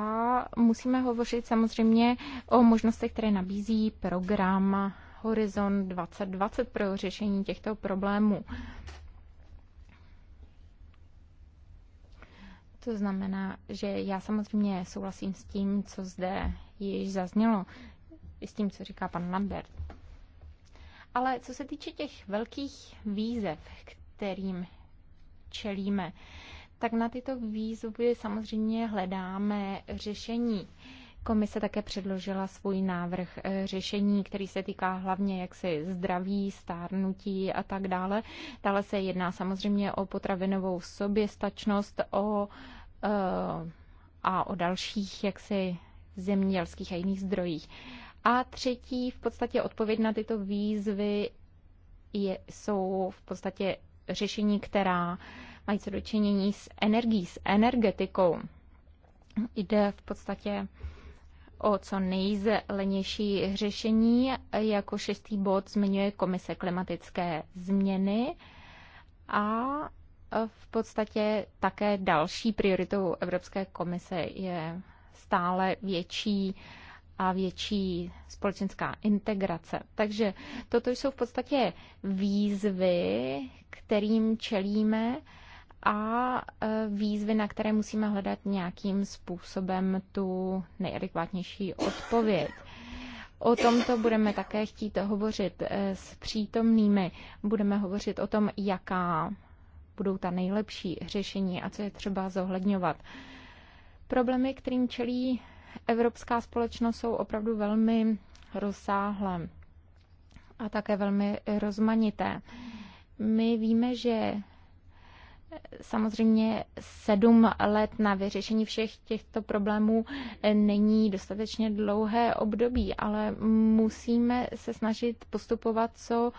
musíme hovořit samozřejmě o možnostech, které nabízí program Horizon 2020 pro řešení těchto problémů. To znamená, že já samozřejmě souhlasím s tím, co zde již zaznělo, i s tím, co říká pan Lambert. Ale co se týče těch velkých výzev, kterým čelíme, tak na tyto výzvy samozřejmě hledáme řešení. Komise také předložila svůj návrh eh, řešení, který se týká hlavně jaksi zdraví, stárnutí a tak dále. Dále se jedná samozřejmě o potravinovou soběstačnost o, eh, a o dalších jaksi zemědělských a jiných zdrojích. A třetí v podstatě odpověď na tyto výzvy je, jsou v podstatě řešení, která mají co dočinění s energií, s energetikou. Jde v podstatě o co nejzelenější řešení. Jako šestý bod zmiňuje Komise klimatické změny a v podstatě také další prioritou Evropské komise je stále větší a větší společenská integrace. Takže toto jsou v podstatě výzvy, kterým čelíme a e, výzvy, na které musíme hledat nějakým způsobem tu nejadekvátnější odpověď. O tomto budeme také chtít hovořit e, s přítomnými. Budeme hovořit o tom, jaká budou ta nejlepší řešení a co je třeba zohledňovat. Problémy, kterým čelí evropská společnost, jsou opravdu velmi rozsáhlé a také velmi rozmanité. My víme, že Samozřejmě sedm let na vyřešení všech těchto problémů není dostatečně dlouhé období, ale musíme se snažit postupovat co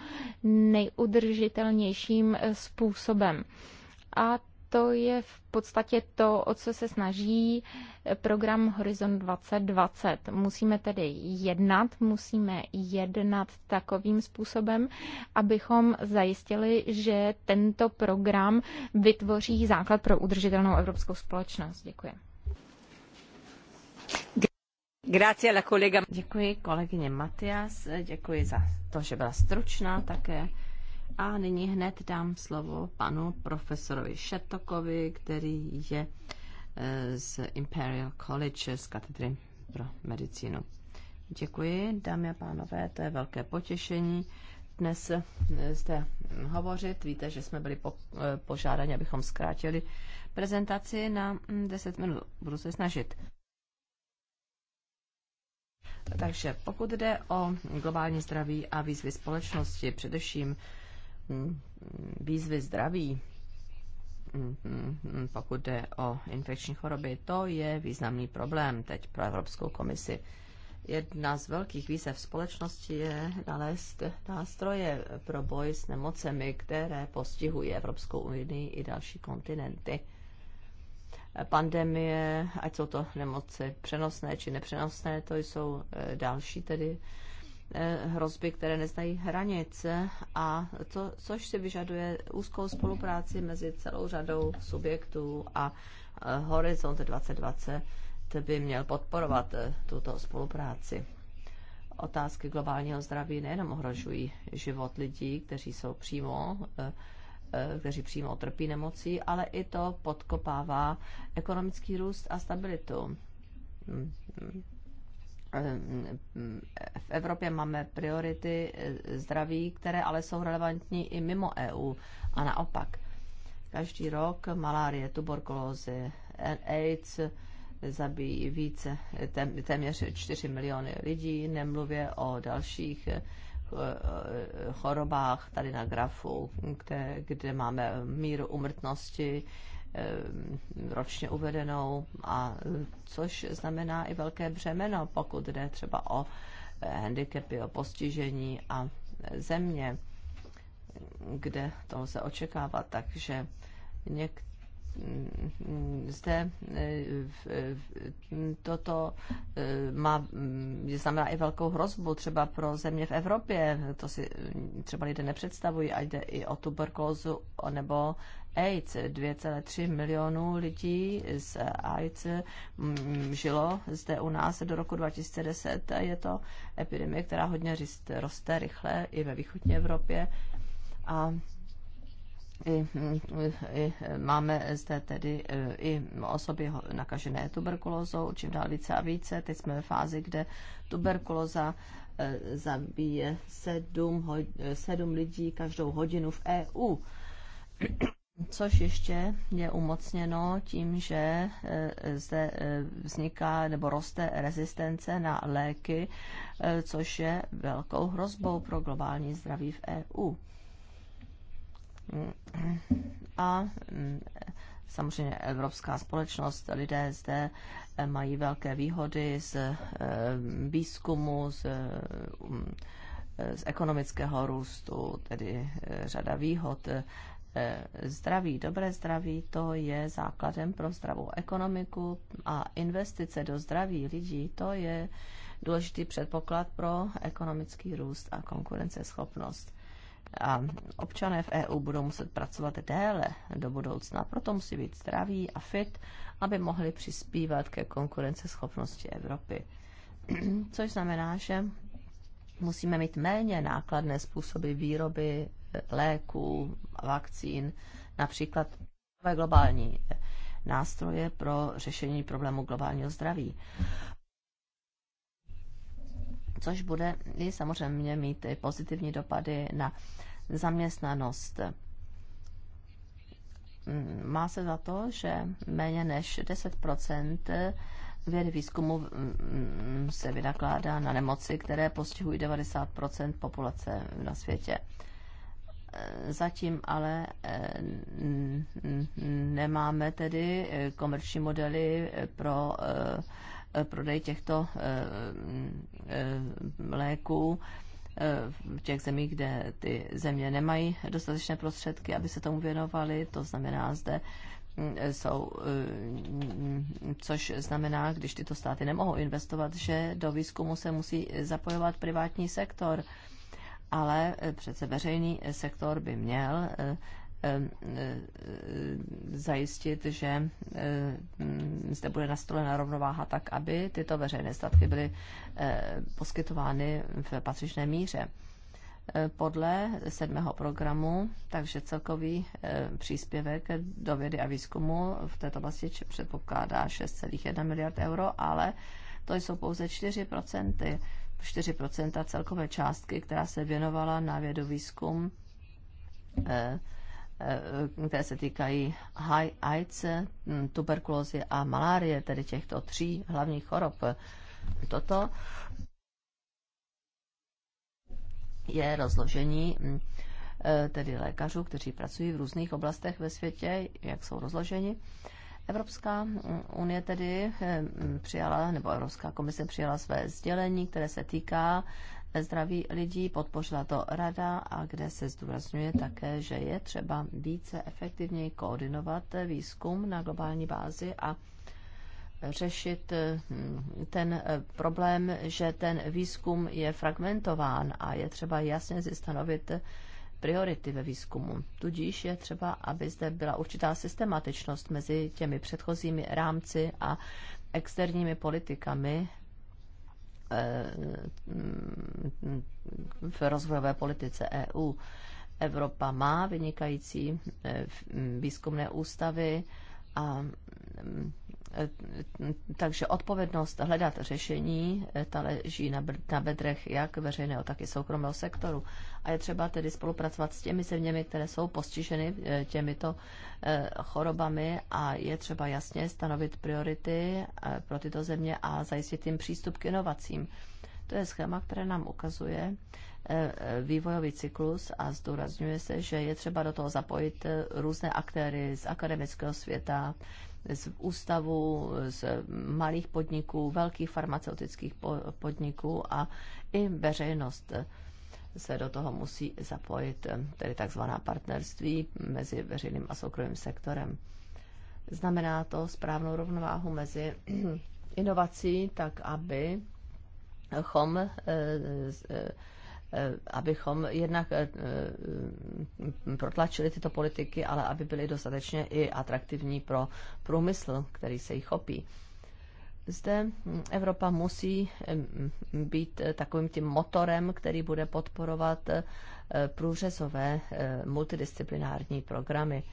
nejudržitelnějším způsobem. A to je v podstatě to, o co se snaží program Horizon 2020. Musíme tedy jednat, musíme jednat takovým způsobem, abychom zajistili, že tento program vytvoří základ pro udržitelnou evropskou společnost. Děkuji. Děkuji kolegyně Matias, děkuji za to, že byla stručná také. A nyní hned dám slovo panu profesorovi Šetokovi, který je eh, z Imperial College z katedry pro medicínu. Děkuji, dámy a pánové, to je velké potěšení dnes eh, zde hovořit. Víte, že jsme byli po, eh, požádáni, abychom zkrátili prezentaci na 10 hm, minut. Budu se snažit. Takže pokud jde o globální zdraví a výzvy společnosti, především Mm, výzvy zdraví, mm, mm, pokud jde o infekční choroby, to je významný problém teď pro Evropskou komisi. Jedna z velkých výzev společnosti je nalézt nástroje pro boj s nemocemi, které postihují Evropskou unii i další kontinenty. Pandemie, ať jsou to nemoci přenosné či nepřenosné, to jsou eh, další tedy Eh, hrozby, které neznají hranice a to, což si vyžaduje úzkou spolupráci mezi celou řadou subjektů a eh, Horizont 2020 by měl podporovat eh, tuto spolupráci. Otázky globálního zdraví nejenom ohrožují život lidí, kteří jsou přímo kteří přímo trpí nemocí, ale i to podkopává ekonomický růst a stabilitu hmm, hmm v Evropě máme priority eh, zdraví, které ale jsou relevantní i mimo EU a naopak. Každý rok malárie, tuberkulózy, AIDS zabíjí více, téměř 4 miliony lidí, nemluvě o dalších eh, eh, chorobách tady na grafu, kde, kde máme míru umrtnosti Eh, ročně uvedenou, a eh, což znamená i velké břemeno, pokud jde třeba o eh, handicapy, o postižení a země, kde to se očekávat. Takže něk, mm, zde toto má, mm, znamená i velkou hrozbu třeba pro země v Evropě. To si mm, třeba lidé nepředstavují, ať jde i o tuberkulózu nebo AIDS. 2,3 milionů lidí z AIDS mm, žilo zde u nás do roku 2010. Je to epidemie, která hodně roste rychle i ve východní Evropě. A i, i, máme zde tedy e, i osoby nakažené tuberkulózou, čím dál více a více. Teď jsme ve fázi, kde tuberkulóza e, zabije sedm, sedm lidí každou hodinu v EU. Což ještě je umocněno tím, že eh, zde eh, vzniká nebo roste rezistence na léky, eh, což je velkou hrozbou pro globální zdraví v EU. Mm. A mm, samozřejmě evropská společnost, lidé zde mají velké výhody z výzkumu, z mm, z ekonomického růstu, tedy řada výhod. Eh, zdraví, dobré zdraví, to je základem pro zdravou ekonomiku a investice do zdraví lidí, to je důležitý předpoklad pro ekonomický růst a konkurenceschopnost. A občané v EU budou muset pracovat déle do budoucna, proto musí být zdraví a fit, aby mohli přispívat ke konkurenceschopnosti Evropy. Což znamená, že musíme mít méně nákladné způsoby výroby léků, vakcín, například nové globální nástroje pro řešení problému globálního zdraví. Což bude i samozřejmě mít pozitivní dopady na zaměstnanost. Má se za to, že méně než 10 vědy výzkumu mm, mm, se vynakládá na nemoci, které postihují 90 populace na světě zatím ale eh, nemáme tedy eh, komerční modely eh, pro prodej těchto léků v těch zemích, kde ty země nemají dostatečné prostředky, aby se tomu věnovali. To znamená, zde mm, jsou, mm, což znamená, když tyto státy nemohou investovat, že do výzkumu se musí zapojovat privátní sektor ale eh, přece veřejný eh, sektor by měl eh, zajistit, že mm, zde bude nastolena rovnováha tak, aby tyto veřejné statky byly poskytovány v patřičné míře podle sedmého programu, takže celkový příspěvek do vědy a výzkumu v této oblasti předpokládá 6,1 miliard euro, ale to jsou pouze 4 4% celkové částky, která se věnovala na vědovýzkum, eh, eh, eh, které se týkají AIDS, hm, tuberkulózy a malárie, tedy těchto tří hlavních chorob. Toto je rozložení hm, tedy lékařů, kteří pracují v různých oblastech ve světě, jak jsou rozloženi. Evropská unie tedy eh, přijala, nebo Evropská komise přijala své sdělení, které se týká eh, zdraví lidí, podpořila to rada a kde se zdůrazňuje také, že je třeba více efektivněji koordinovat eh, výzkum na globální bázi a řešit ten problém, že ten výzkum je fragmentován a je třeba jasně si stanovit priority ve výzkumu. Tudíž je třeba, aby zde byla určitá systematičnost mezi těmi předchozími rámci a externími politikami eh, v rozvojové politice EU. Evropa má vynikající eh, výzkumné ústavy a Eh, takže odpovědnost hledat řešení, eh, ta leží na, na bedrech jak veřejného, tak i soukromého sektoru. A je třeba tedy spolupracovat s těmi zeměmi, které jsou postiženy eh, těmito chorobami a je třeba jasně stanovit priority pro tyto země a zajistit jim přístup k inovacím. To je schéma, které nám ukazuje vývojový cyklus a zdůrazňuje se, že je třeba do toho zapojit různé aktéry z akademického světa, z ústavů, z malých podniků, velkých farmaceutických podniků a i veřejnost se do toho musí zapojit, tedy takzvaná partnerství mezi veřejným a soukromým sektorem. Znamená to správnou rovnováhu mezi inovací, tak aby chom eh, eh, Eh, abychom jednak eh, eh, protlačili tyto politiky, ale aby byly dostatečně i atraktivní pro průmysl, který se jich chopí. Zde Evropa musí být takovým tím motorem, který bude podporovat průřezové multidisciplinární programy.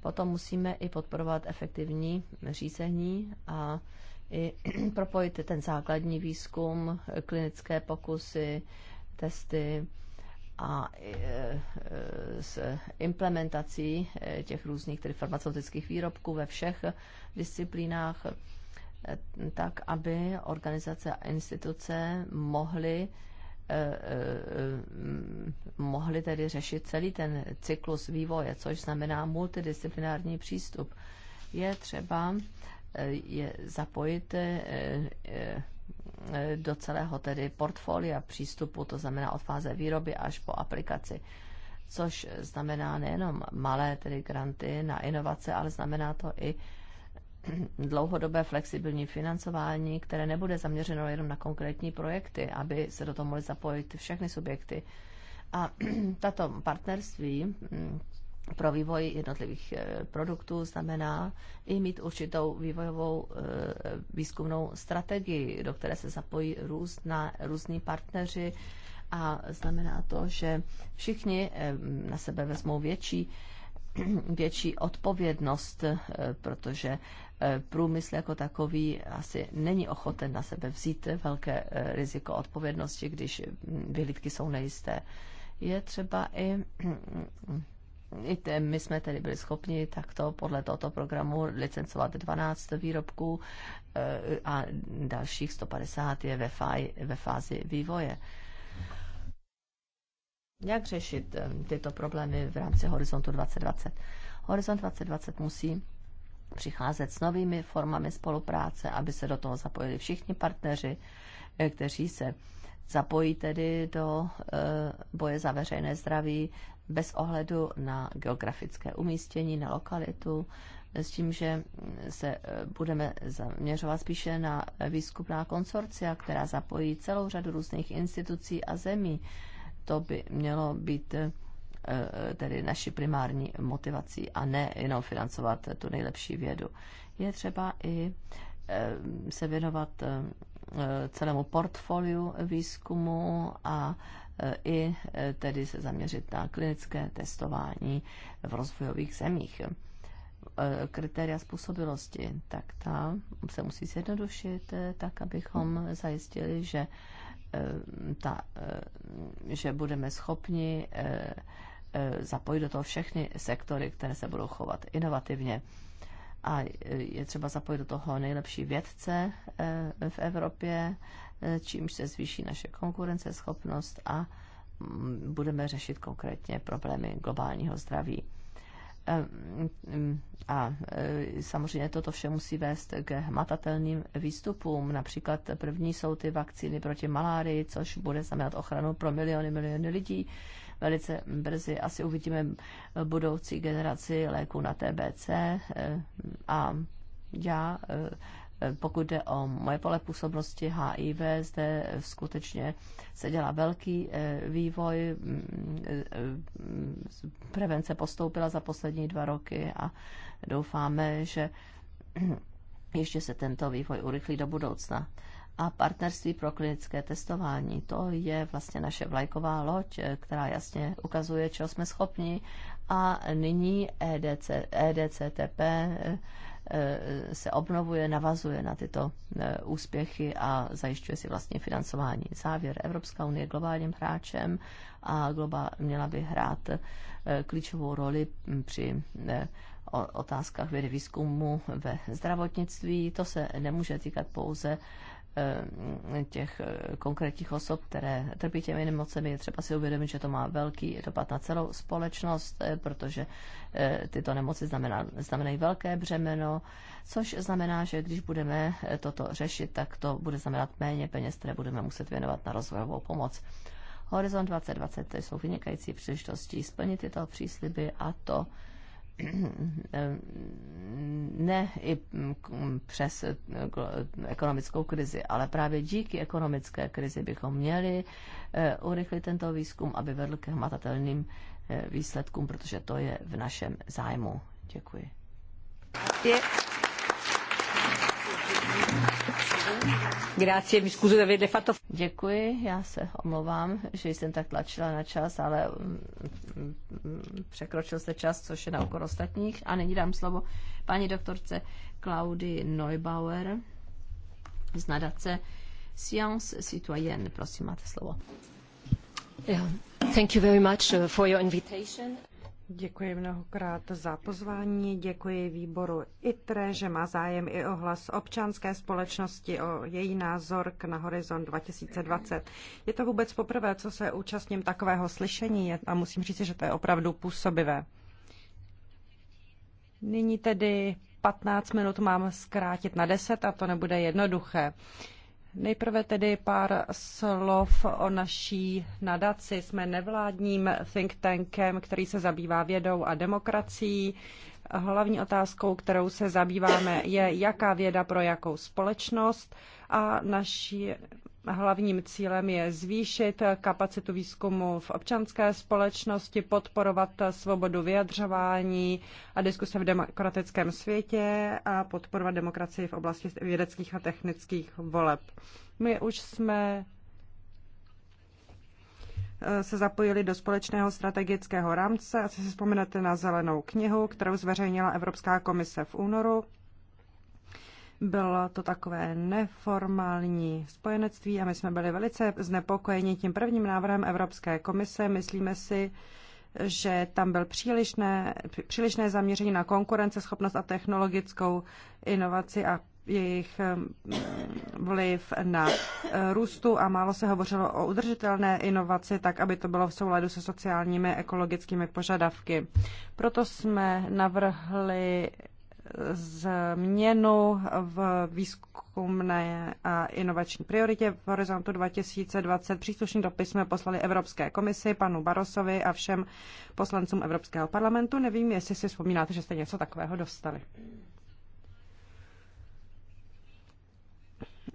Potom musíme i podporovat efektivní řízení a i propojit ten základní výzkum, klinické pokusy, testy a e, e, s implementací e, těch různých tedy farmaceutických výrobků ve všech disciplínách, tak aby organizace a instituce mohly mohli tedy řešit celý ten cyklus vývoje, což znamená multidisciplinární přístup. Je třeba je zapojit do celého tedy portfolia přístupu, to znamená od fáze výroby až po aplikaci. Což znamená nejenom malé tedy granty na inovace, ale znamená to i dlouhodobé flexibilní financování, které nebude zaměřeno jenom na konkrétní projekty, aby se do toho mohly zapojit všechny subjekty. A tato partnerství pro vývoj jednotlivých eh, produktů znamená i mít určitou vývojovou eh, výzkumnou strategii, do které se zapojí různá, různí partneři a znamená to, že všichni eh, na sebe vezmou větší větší odpovědnost, protože průmysl jako takový asi není ochoten na sebe vzít velké riziko odpovědnosti, když mm, vyhlídky jsou nejisté. Je třeba i my jsme tedy byli schopni takto podle tohoto programu licencovat 12 výrobků eh, a dalších 150 je ve, fáj, ve fázi vývoje. Jak řešit eh, tyto problémy v rámci Horizontu 2020? Horizont 2020 musí přicházet s novými formami spolupráce, aby se do toho zapojili všichni partneři, eh, kteří se zapojí tedy do e, boje za veřejné zdraví bez ohledu na geografické umístění, na lokalitu, s tím, že se e, budeme zaměřovat spíše na výzkumná konsorcia, která zapojí celou řadu různých institucí a zemí. To by mělo být e, tedy naši primární motivací a ne jenom financovat tu nejlepší vědu. Je třeba i se věnovat Eh, celému portfoliu výzkumu a eh, i eh, tedy se zaměřit na klinické testování v rozvojových zemích. Kritéria způsobilosti, tak ta se musí zjednodušit, tak abychom zajistili, že, ta, že budeme schopni zapojit do toho všechny sektory, které se budou chovat inovativně a je třeba zapojit do toho nejlepší vědce eh, v Evropě, eh, čímž se zvýší naše konkurenceschopnost a mm, budeme řešit konkrétně problémy globálního zdraví. Eh, mm, a samozřejmě toto vše musí vést k hmatatelným výstupům. Například první jsou ty vakcíny proti malárii, což bude znamenat ochranu pro miliony, miliony lidí velice brzy asi uvidíme budoucí generaci léku na TBC eh, a já eh, eh, pokud jde o moje pole působnosti HIV, zde skutečně se dělá velký vývoj. Mm, prevence postoupila za poslední dva roky a doufáme, že ještě se tento vývoj urychlí do budoucna a partnerství pro klinické testování. To je vlastně naše vlajková loď, která jasně ukazuje, čeho jsme schopni. A nyní EDC, EDCTP e, e, se obnovuje, navazuje na tyto e, úspěchy a zajišťuje si vlastně financování. Závěr. Evropská unie je globálním hráčem a Globa měla by hrát klíčovou roli při otázkách vědy výzkumu ve zdravotnictví. To se nemůže týkat pouze Eh, těch eh, konkrétních osob, které trpí těmi nemocemi, je třeba si uvědomit, že to má velký dopad na celou společnost, eh, protože tyto nemoci znamená, znamenají velké břemeno, což znamená, že když budeme toto řešit, tak to bude znamenat méně peněz, které budeme muset věnovat na rozvojovou pomoc. Horizont 2020 to jsou vynikající příležitosti splnit tyto přísliby a to ne i přes ekonomickou krizi, ale právě díky ekonomické krizi bychom měli eh, urychlit tento výzkum, aby vedl k hmatatelným eh, výsledkům, protože to je v našem zájmu. Děkuji. Je. Grazie, mi scuso di averle fatto... Děkuji, já se omlouvám, že jsem tak tlačila na čas, ale mm, mm, překročil se čas, což je na okor ostatních. A nyní dám slovo paní doktorce Klaudy Neubauer z nadace Science Citoyenne. Prosím, máte slovo. Yeah. Thank you very much uh, for your invitation. Děkuji mnohokrát za pozvání, děkuji výboru ITRE, že má zájem i o hlas občanské společnosti, o její názor k na Horizont 2020. Je to vůbec poprvé, co se účastním takového slyšení a musím říct, že to je opravdu působivé. Nyní tedy 15 minut mám zkrátit na 10 a to nebude jednoduché. Uh, Nejprve tedy pár slov o naší nadaci. Jsme nevládním think tankem, který se zabývá vědou a demokracií. Hlavní otázkou, kterou se zabýváme, je, jaká věda pro jakou společnost. A naši, Hlavním cílem je zvýšit kapacitu výzkumu v občanské společnosti, podporovat svobodu vyjadřování a diskuse v demokratickém světě a podporovat demokracii v oblasti vědeckých a technických voleb. My už jsme eh, se zapojili do společného strategického rámce. Asi si vzpomenete na zelenou knihu, kterou zveřejnila Evropská komise v únoru bylo to takové neformální spojenectví a my jsme byli velice znepokojeni tím prvním návrhem Evropské komise. Myslíme si, že tam byl přílišné, přílišné zaměření na konkurenceschopnost a technologickou inovaci a jejich mm, vliv na růstu a málo se hovořilo o udržitelné inovaci, tak aby to bylo v souladu se sociálními ekologickými požadavky. Proto jsme navrhli změnu v výzkumné a inovační prioritě v horizontu 2020. Příslušný dopis jsme poslali Evropské komisi, panu Barosovi a všem poslancům Evropského parlamentu. Nevím, jestli si vzpomínáte, že jste něco takového dostali.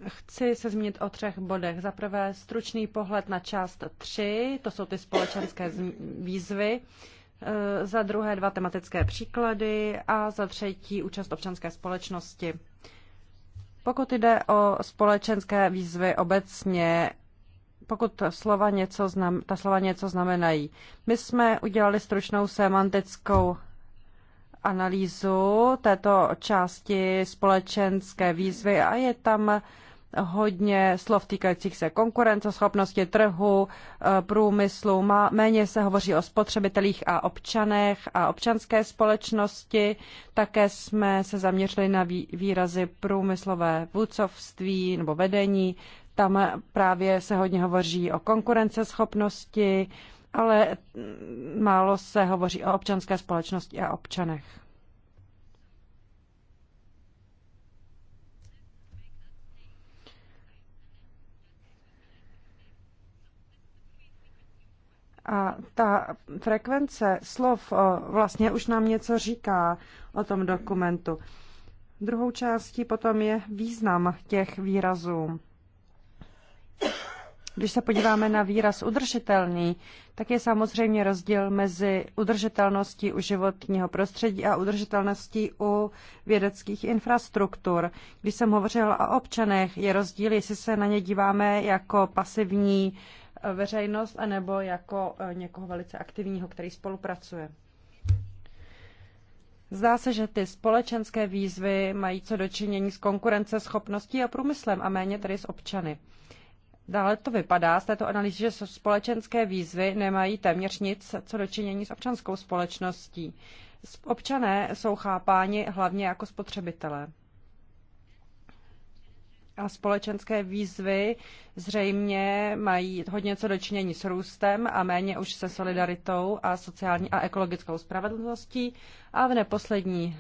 Chci se zmínit o třech bodech. Za prvé stručný pohled na část 3, to jsou ty společenské výzvy. Eh, za druhé dva tematické příklady a za třetí účast občanské společnosti. Pokud jde o společenské výzvy obecně, pokud slova něco znam, ta slova něco znamenají. My jsme udělali stručnou semantickou analýzu této části společenské výzvy a je tam hodně slov týkajících se konkurenceschopnosti trhu, eh, průmyslu, má, méně se hovoří o spotřebitelích a občanech a občanské společnosti. Také jsme se zaměřili na výrazy průmyslové vůdcovství nebo vedení. Tam právě se hodně hovoří o konkurenceschopnosti, ale málo se hovoří o občanské společnosti a občanech. A ta frekvence slov vlastně už nám něco říká o tom dokumentu. Druhou částí potom je význam těch výrazů. Když se podíváme na výraz udržitelný, tak je samozřejmě rozdíl mezi udržitelností u životního prostředí a udržitelností u vědeckých infrastruktur. Když jsem hovořila o občanech, je rozdíl, jestli se na ně díváme jako pasivní veřejnost, anebo jako e, někoho velice aktivního, který spolupracuje. Zdá se, že ty společenské výzvy mají co dočinění s konkurenceschopností a průmyslem a méně tedy s občany. Dále to vypadá z této analýzy, že společenské výzvy nemají téměř nic co dočinění s občanskou společností. Občané jsou chápáni hlavně jako spotřebitelé a společenské výzvy zřejmě mají hodně co dočinění s růstem a méně už se solidaritou a sociální a ekologickou spravedlností. A v neposlední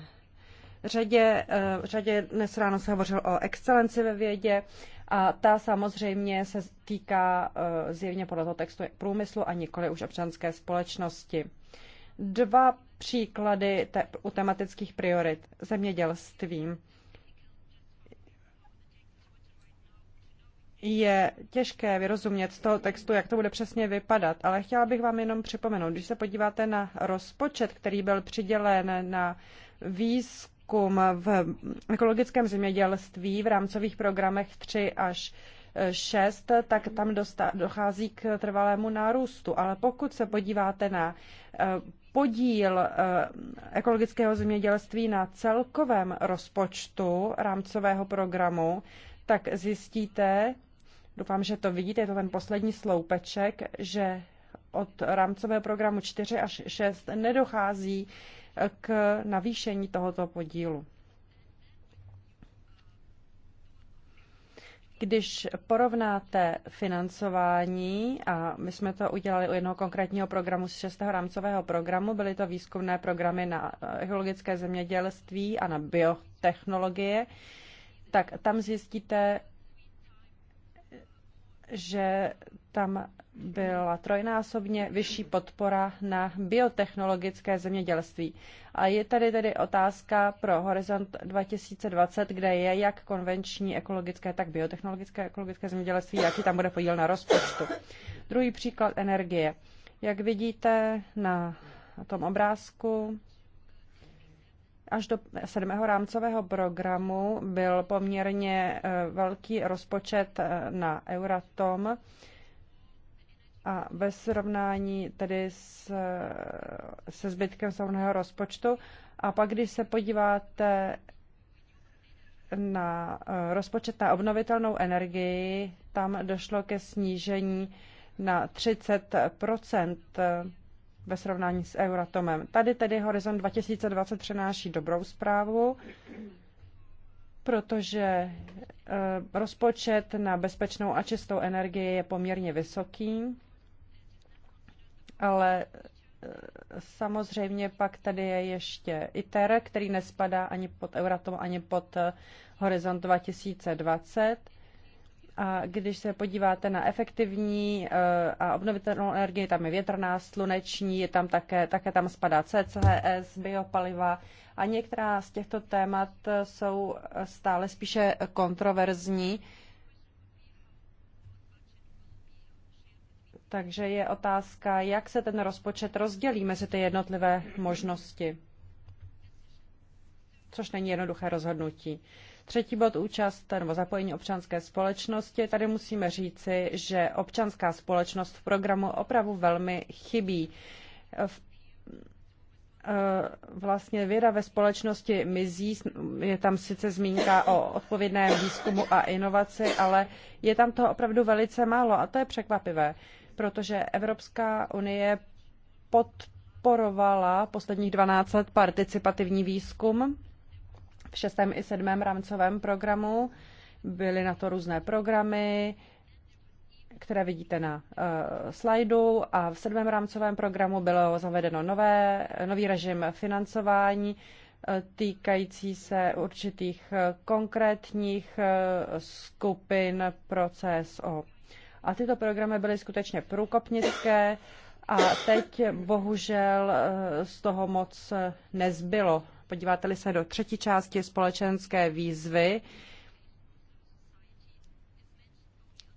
řadě, eh, řadě dnes ráno se hovořil o excelenci ve vědě a ta samozřejmě se týká eh, zjevně podle toho textu průmyslu a nikoli už občanské společnosti. Dva příklady te- u tematických priorit zemědělství. je těžké vyrozumět z toho textu, jak to bude přesně vypadat, ale chtěla bych vám jenom připomenout, když se podíváte na rozpočet, který byl přidělen na výzkum v ekologickém zemědělství v rámcových programech 3 až 6, e, tak tam dochází k trvalému nárůstu. Ale pokud se podíváte na e, podíl e, ekologického zemědělství na celkovém rozpočtu rámcového programu, tak zjistíte, doufám, že to vidíte, je to ten poslední sloupeček, že od rámcového programu 4 až 6 nedochází k navýšení tohoto podílu. Když porovnáte financování, a my jsme to udělali u jednoho konkrétního programu z šestého rámcového programu, byly to výzkumné programy na ekologické zemědělství a na biotechnologie, tak tam zjistíte, že tam byla trojnásobně vyšší podpora na biotechnologické zemědělství. A je tady tedy otázka pro Horizont 2020, kde je jak konvenční ekologické, tak biotechnologické ekologické zemědělství, jaký tam bude podíl na rozpočtu. Druhý příklad energie. Jak vidíte na tom obrázku, Až do sedmého rámcového programu byl poměrně eh, velký rozpočet eh, na Euratom a ve srovnání tedy s, eh, se zbytkem souhrnného rozpočtu. A pak, když se podíváte na rozpočet na obnovitelnou energii, tam došlo ke snížení na 30 ve srovnání s Euratomem. Tady tedy horizont 2020 přenáší dobrou zprávu, protože eh, rozpočet na bezpečnou a čistou energii je poměrně vysoký, ale eh, samozřejmě pak tady je ještě ITER, který nespadá ani pod Euratom, ani pod eh, Horizont 2020 a když se podíváte na efektivní eh, a obnovitelnou energii, tam je větrná, sluneční, je tam také, také tam spadá CCS, biopaliva a některá z těchto témat eh, jsou stále spíše kontroverzní. Takže je otázka, jak se ten rozpočet rozdělí mezi ty jednotlivé možnosti, což není jednoduché rozhodnutí. Třetí bod účast nebo zapojení občanské společnosti. Tady musíme říci, že občanská společnost v programu opravdu velmi chybí. V e, vlastně věda ve společnosti mizí. Je tam sice zmínka o odpovědném výzkumu a inovaci, ale je tam toho opravdu velice málo a to je překvapivé, protože Evropská unie podporovala posledních 12 let participativní výzkum v šestém i sedmém rámcovém programu. Byly na to různé programy, které vidíte na uh, slajdu a v sedmém rámcovém programu bylo zavedeno nové, nový režim financování eh, týkající se určitých eh, konkrétních skupin pro CSO. A tyto programy byly skutečně průkopnické a teď bohužel z toho moc nezbylo Podíváte-li se do třetí části společenské výzvy,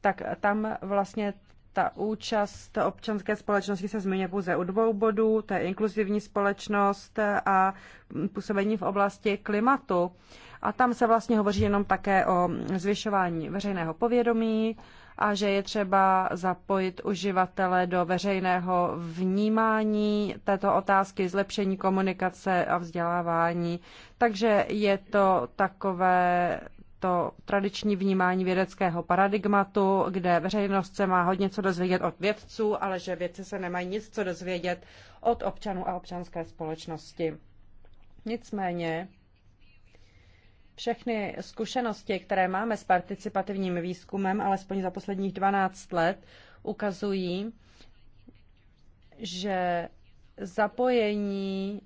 tak tam vlastně ta účast občanské společnosti se zmiňuje pouze u dvou bodů, to je inkluzivní společnost a působení v oblasti klimatu. A tam se vlastně hovoří jenom také o zvyšování veřejného povědomí a že je třeba zapojit uživatele do veřejného vnímání této otázky, zlepšení komunikace a vzdělávání. Takže je to takové to tradiční vnímání vědeckého paradigmatu, kde veřejnost se má hodně co dozvědět od vědců, ale že vědci se nemají nic co dozvědět od občanů a občanské společnosti. Nicméně všechny zkušenosti, které máme s participativním výzkumem, alespoň za posledních 12 let, ukazují, že zapojení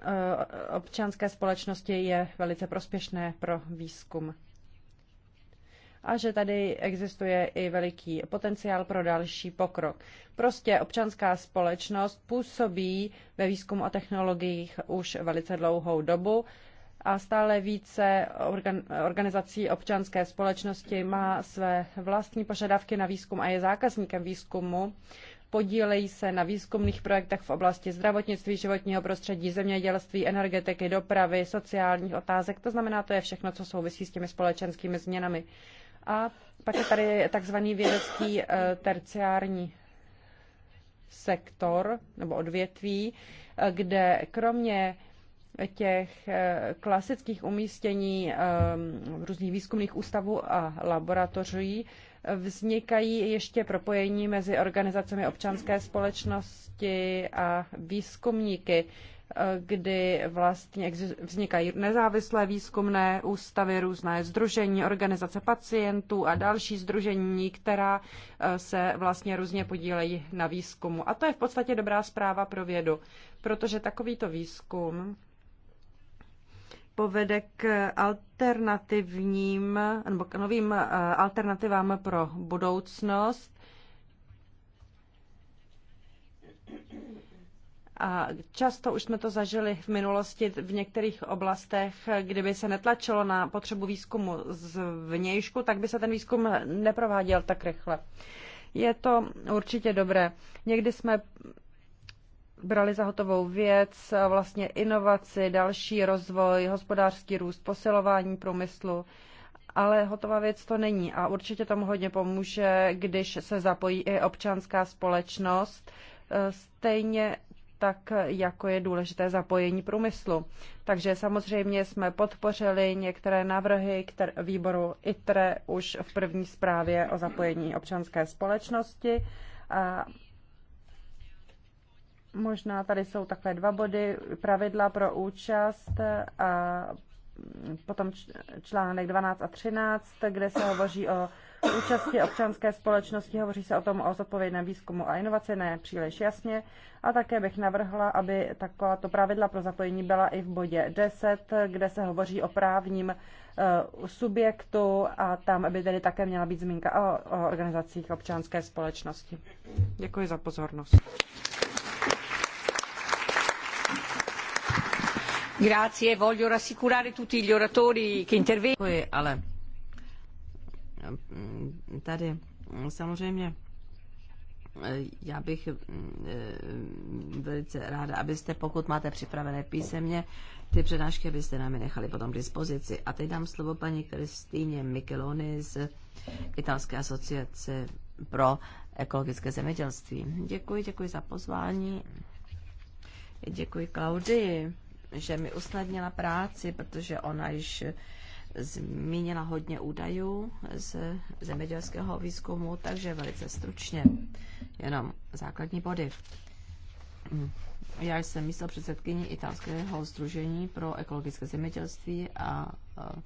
eh, občanské společnosti je velice prospěšné pro výzkum a že tady existuje i veliký potenciál pro další pokrok. Prostě občanská společnost působí ve výzkumu a technologiích už velice dlouhou dobu a stále více organizací občanské společnosti má své vlastní požadavky na výzkum a je zákazníkem výzkumu. Podílejí se na výzkumných projektech v oblasti zdravotnictví, životního prostředí, zemědělství, energetiky, dopravy, sociálních otázek. To znamená, to je všechno, co souvisí s těmi společenskými změnami. A pak je tady takzvaný vědecký eh, terciární sektor nebo odvětví, eh, kde kromě těch eh, klasických umístění v různých výzkumných ústavů a laboratoří vznikají ještě propojení mezi organizacemi občanské společnosti a výzkumníky kdy vlastně vznikají nezávislé výzkumné ústavy, různé združení, organizace pacientů a další združení, která eh, se vlastně různě podílejí na výzkumu. A to je v podstatě dobrá zpráva pro vědu, protože takovýto výzkum povede k alternativním nebo k novým eh, alternativám pro budoucnost A často už jsme to zažili v minulosti v některých oblastech, kdyby se netlačilo na potřebu výzkumu z vnějšku, tak by se ten výzkum neprováděl tak rychle. Je to určitě dobré. Někdy jsme brali za hotovou věc, vlastně inovaci, další rozvoj, hospodářský růst, posilování průmyslu, ale hotová věc to není a určitě tomu hodně pomůže, když se zapojí i občanská společnost, stejně tak jako je důležité zapojení průmyslu. Takže samozřejmě jsme podpořili některé návrhy které výboru ITRE už v první zprávě o zapojení občanské společnosti. A možná tady jsou takové dva body, pravidla pro účast a potom článek 12 a 13, kde se hovoří o účasti občanské společnosti, hovoří se o tom o zodpovědném výzkumu a inovaci, ne příliš jasně. A také bych navrhla, aby takováto pravidla pro zapojení byla i v bodě 10, kde se hovoří o právním eh, subjektu a tam by tedy také měla být zmínka o, o organizacích občanské společnosti. Děkuji za pozornost. Grazie, voglio rassicurare tutti gli oratori che intervengono tady samozřejmě já bych eh, velice ráda, abyste, pokud máte připravené písemně, ty přednášky byste nám je nechali potom k dispozici. A teď dám slovo paní Kristýně Michelony z Italské asociace pro ekologické zemědělství. Děkuji, děkuji za pozvání. Děkuji Klaudii, že mi usnadnila práci, protože ona již zmínila hodně údajů z zemědělského výzkumu, takže velice stručně, jenom základní body. Já jsem místo předsedkyní italského združení pro ekologické zemědělství a eh,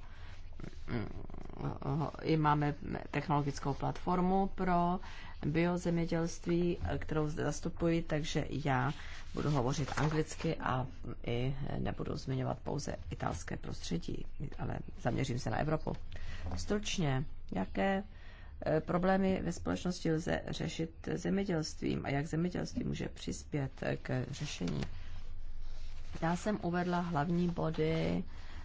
eh, eh, i máme technologickou platformu pro biozemědělství, kterou zde zastupuji, takže já budu hovořit anglicky a i nebudu zmiňovat pouze italské prostředí, ale zaměřím se na Evropu. Stručně, jaké e, problémy ve společnosti lze řešit zemědělstvím a jak zemědělství může přispět k řešení. Já jsem uvedla hlavní body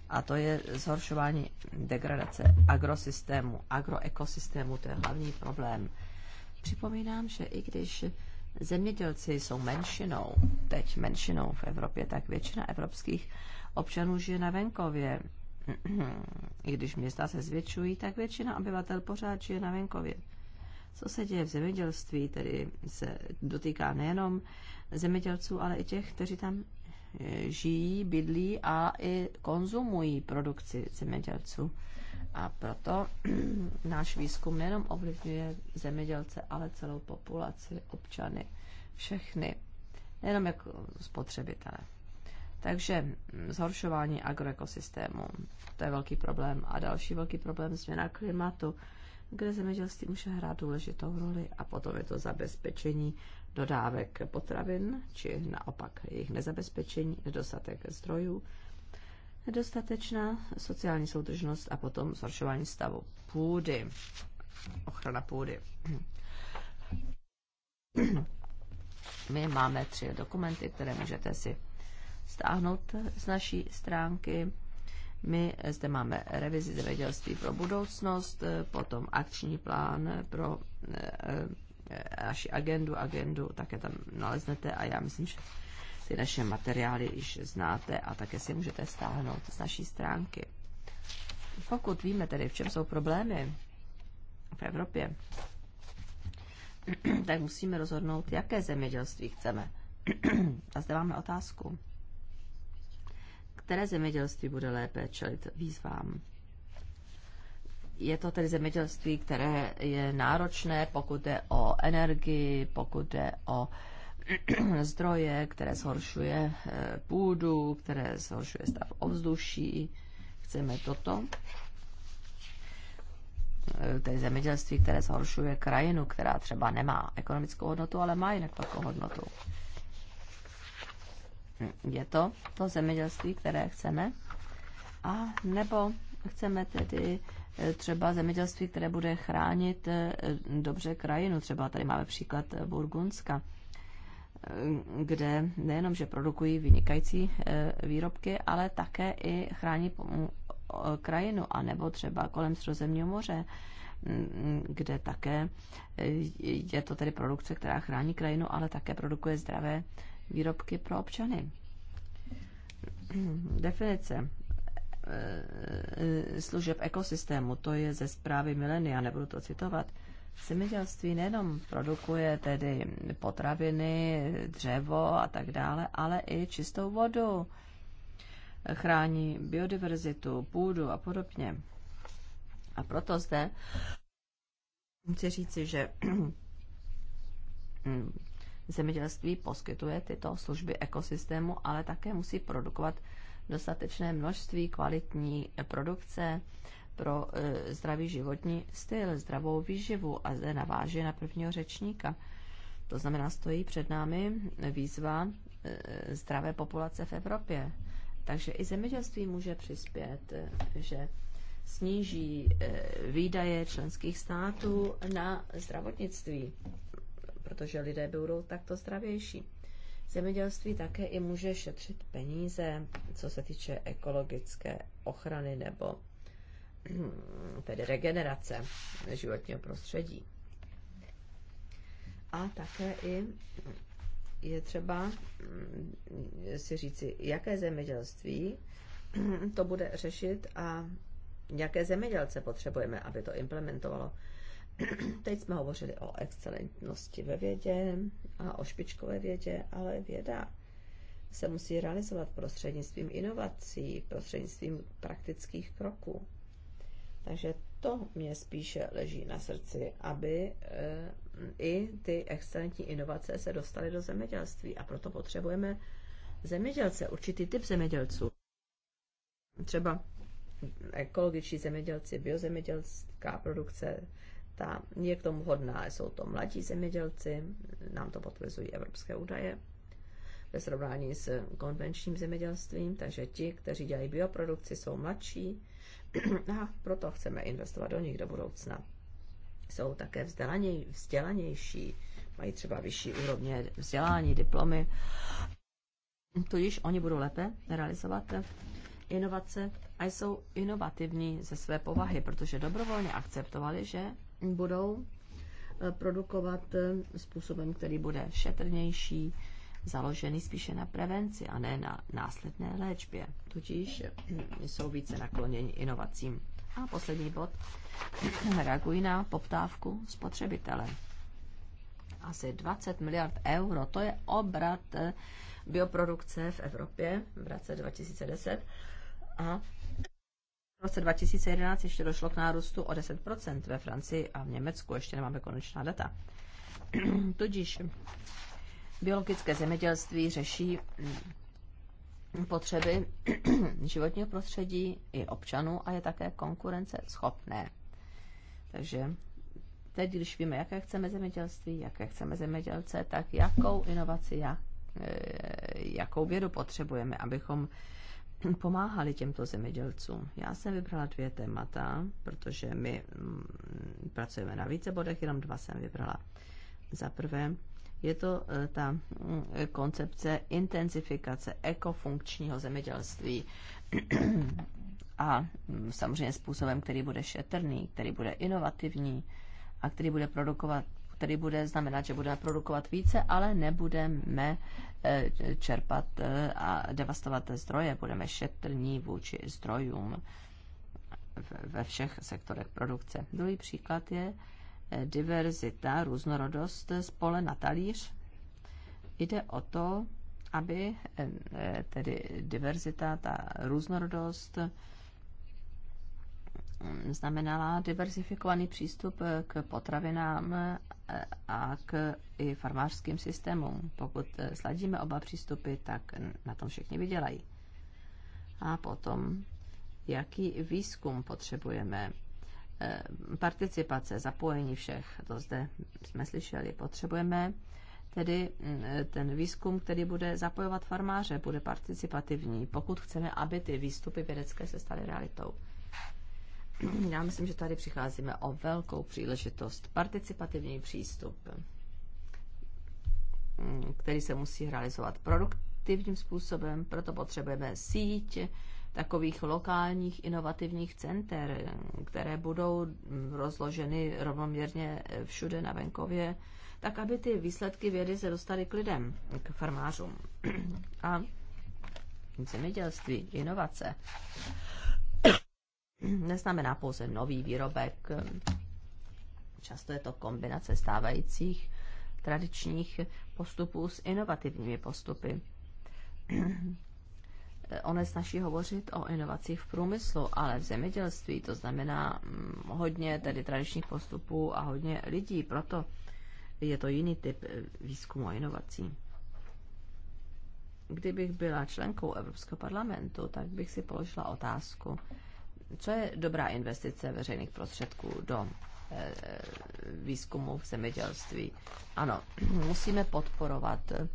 a to je zhoršování degradace agrosystému, agroekosystému, to je hlavní problém Připomínám, že i když zemědělci jsou menšinou, teď menšinou v Evropě, tak většina evropských občanů žije na venkově. I když města se zvětšují, tak většina obyvatel pořád žije na venkově. Co se děje v zemědělství, tedy se dotýká nejenom zemědělců, ale i těch, kteří tam eh, žijí, bydlí a i konzumují produkci zemědělců. A proto náš výzkum nejenom ovlivňuje zemědělce, ale celou populaci, občany, všechny, nejenom jako spotřebitele. Takže zhoršování agroekosystému, to je velký problém. A další velký problém změna klimatu, kde zemědělství může hrát důležitou roli. A potom je to zabezpečení dodávek potravin, či naopak jejich nezabezpečení, nedostatek zdrojů nedostatečná sociální soudržnost a potom zhoršování stavu půdy, ochrana půdy. My máme tři dokumenty, které můžete si stáhnout z naší stránky. My zde máme revizi zemědělství pro budoucnost, potom akční plán pro eh, eh, naši agendu, agendu také tam naleznete a já myslím, že ty naše materiály již znáte a také si můžete stáhnout z naší stránky. Pokud víme tedy, v čem jsou problémy v Evropě, tak musíme rozhodnout, jaké zemědělství chceme. A zde máme otázku. Které zemědělství bude lépe čelit výzvám? Je to tedy zemědělství, které je náročné, pokud jde o energii, pokud jde o uh, zdroje, které zhoršuje eh, půdu, které zhoršuje stav ovzduší. Chceme toto. Eh, to je zemědělství, které zhoršuje krajinu, která třeba nemá ekonomickou hodnotu, ale má jinak takovou hodnotu. Je to to zemědělství, které chceme? A nebo chceme tedy eh, třeba zemědělství, které bude chránit dobře krajinu. Třeba tady máme příklad Burgundska Eh, kde nejenom, že produkují vynikající eh, výrobky, ale také i chrání eh, krajinu, anebo třeba kolem Středozemního moře, mm, kde také je to tedy produkce, která chrání krajinu, ale také produkuje zdravé výrobky pro občany. Definice služeb ekosystému, to je ze zprávy Milenia, nebudu to citovat, Zemědělství nejenom produkuje tedy potraviny, dřevo a tak dále, ale i čistou vodu. Chrání biodiverzitu, půdu a podobně. A proto zde chci říci, že zemědělství poskytuje tyto služby ekosystému, ale také musí produkovat dostatečné množství kvalitní produkce pro e, zdravý životní styl, zdravou výživu a zde naváže na prvního řečníka. To znamená, stojí před námi výzva e, zdravé populace v Evropě. Takže i zemědělství může přispět, e, že sníží výdaje členských států na zdravotnictví, protože lidé budou takto zdravější. Zemědělství také i může šetřit peníze, co se týče ekologické ochrany nebo tedy regenerace životního prostředí. A také i je třeba mm, si říci, jaké zemědělství to bude řešit a jaké zemědělce potřebujeme, aby to implementovalo. Teď jsme hovořili o excelentnosti ve vědě a o špičkové vědě, ale věda se musí realizovat prostřednictvím inovací, prostřednictvím praktických kroků. Takže to mě spíše leží na srdci, aby eh, i ty excelentní inovace se dostaly do zemědělství. A proto potřebujeme zemědělce, určitý typ zemědělců. Třeba ekologičtí zemědělci, biozemědělská produkce, ta je k tomu hodná. Jsou to mladí zemědělci, nám to potvrzují evropské údaje ve srovnání s konvenčním zemědělstvím, takže ti, kteří dělají bioprodukci, jsou mladší, A proto chceme investovat do nich do budoucna. Jsou také vzdělaněj, vzdělanější, mají třeba vyšší úrovně vzdělání, diplomy. Tudíž oni budou lépe realizovat inovace a jsou inovativní ze své povahy, protože dobrovolně akceptovali, že budou eh, produkovat eh, způsobem, který bude šetrnější založený spíše na prevenci a ne na následné léčbě. Tudíž jsou více nakloněni inovacím. A poslední bod. Reagují na poptávku spotřebitele. Asi 20 miliard euro, to je obrat eh, bioprodukce v Evropě v roce 2010. A v roce 2011 ještě došlo k nárůstu o 10% ve Francii a v Německu, ještě nemáme konečná data. Tudíž Biologické zemědělství řeší potřeby životního prostředí i občanů a je také konkurence schopné. Takže teď, když víme, jaké chceme zemědělství, jaké chceme zemědělce, tak jakou inovaci, jak, e, jakou vědu potřebujeme, abychom pomáhali těmto zemědělcům. Já jsem vybrala dvě témata, protože my mm, pracujeme na více bodech, jenom dva jsem vybrala. Za prvé, je to eh, ta mm, koncepce intenzifikace ekofunkčního zemědělství a mm, samozřejmě způsobem, který bude šetrný, který bude inovativní a který bude produkovat který bude znamenat, že budeme produkovat více, ale nebudeme eh, čerpat eh, a devastovat zdroje, budeme šetrní vůči zdrojům ve všech sektorech produkce. Druhý příklad je diverzita, různorodost z pole na talíř. Jde o to, aby eh, tedy diverzita, ta různorodost mm, znamenala diversifikovaný přístup k potravinám eh, a k i farmářským systémům. Pokud eh, sladíme oba přístupy, tak na tom všichni vydělají. A potom, jaký výzkum potřebujeme Eh, participace, zapojení všech, to zde jsme slyšeli, potřebujeme tedy mm, eh, ten výzkum, který bude zapojovat farmáře, bude participativní, pokud chceme, aby ty výstupy vědecké se staly realitou. Já myslím, že tady přicházíme o velkou příležitost. Participativní přístup, mm, který se musí realizovat produktivním způsobem, proto potřebujeme síť takových lokálních inovativních center, které budou rozloženy rovnoměrně všude na venkově, tak aby ty výsledky vědy se dostaly k lidem, k farmářům. A zemědělství, inovace neznamená pouze nový výrobek, často je to kombinace stávajících tradičních postupů s inovativními postupy. One snaží hovořit o inovacích v průmyslu, ale v zemědělství to znamená mm, hodně tedy tradičních postupů a hodně lidí, proto je to jiný typ eh, výzkumu a inovací. Kdybych byla členkou Evropského parlamentu, tak bych si položila otázku, co je dobrá investice veřejných prostředků do eh, výzkumu v zemědělství. Ano, musíme podporovat eh,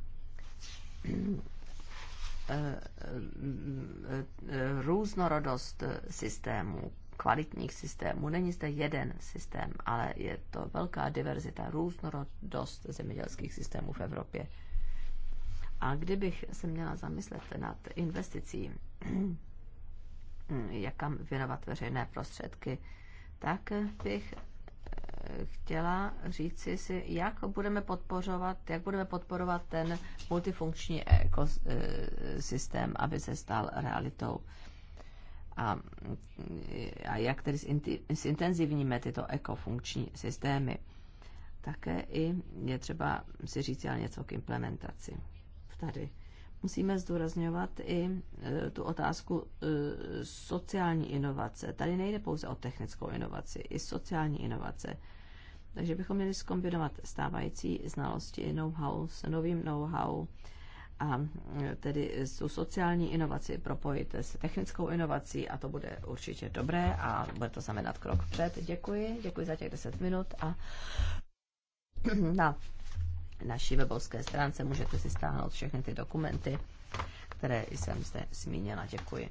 různorodost systémů, kvalitních systémů. Není zde jeden systém, ale je to velká diverzita, různorodost zemědělských systémů v Evropě. A kdybych se měla zamyslet nad investicí, jak kam věnovat veřejné prostředky, tak bych chtěla říci si, jak budeme podporovat, jak budeme podporovat ten multifunkční ekosystém, aby se stal realitou. A, a jak tedy zintenzivníme tyto ekofunkční systémy. Také i je třeba si říct ale něco k implementaci. Tady musíme zdůrazňovat i e, tu otázku e, sociální inovace. Tady nejde pouze o technickou inovaci, i sociální inovace. Takže bychom měli skombinovat stávající znalosti know-how s novým know-how a e, tedy tu sociální inovaci propojit s technickou inovací a to bude určitě dobré a bude to znamenat krok před. Děkuji, děkuji za těch 10 minut a na naší webovské stránce můžete si stáhnout všechny ty dokumenty, které jsem zde zmínila. Děkuji.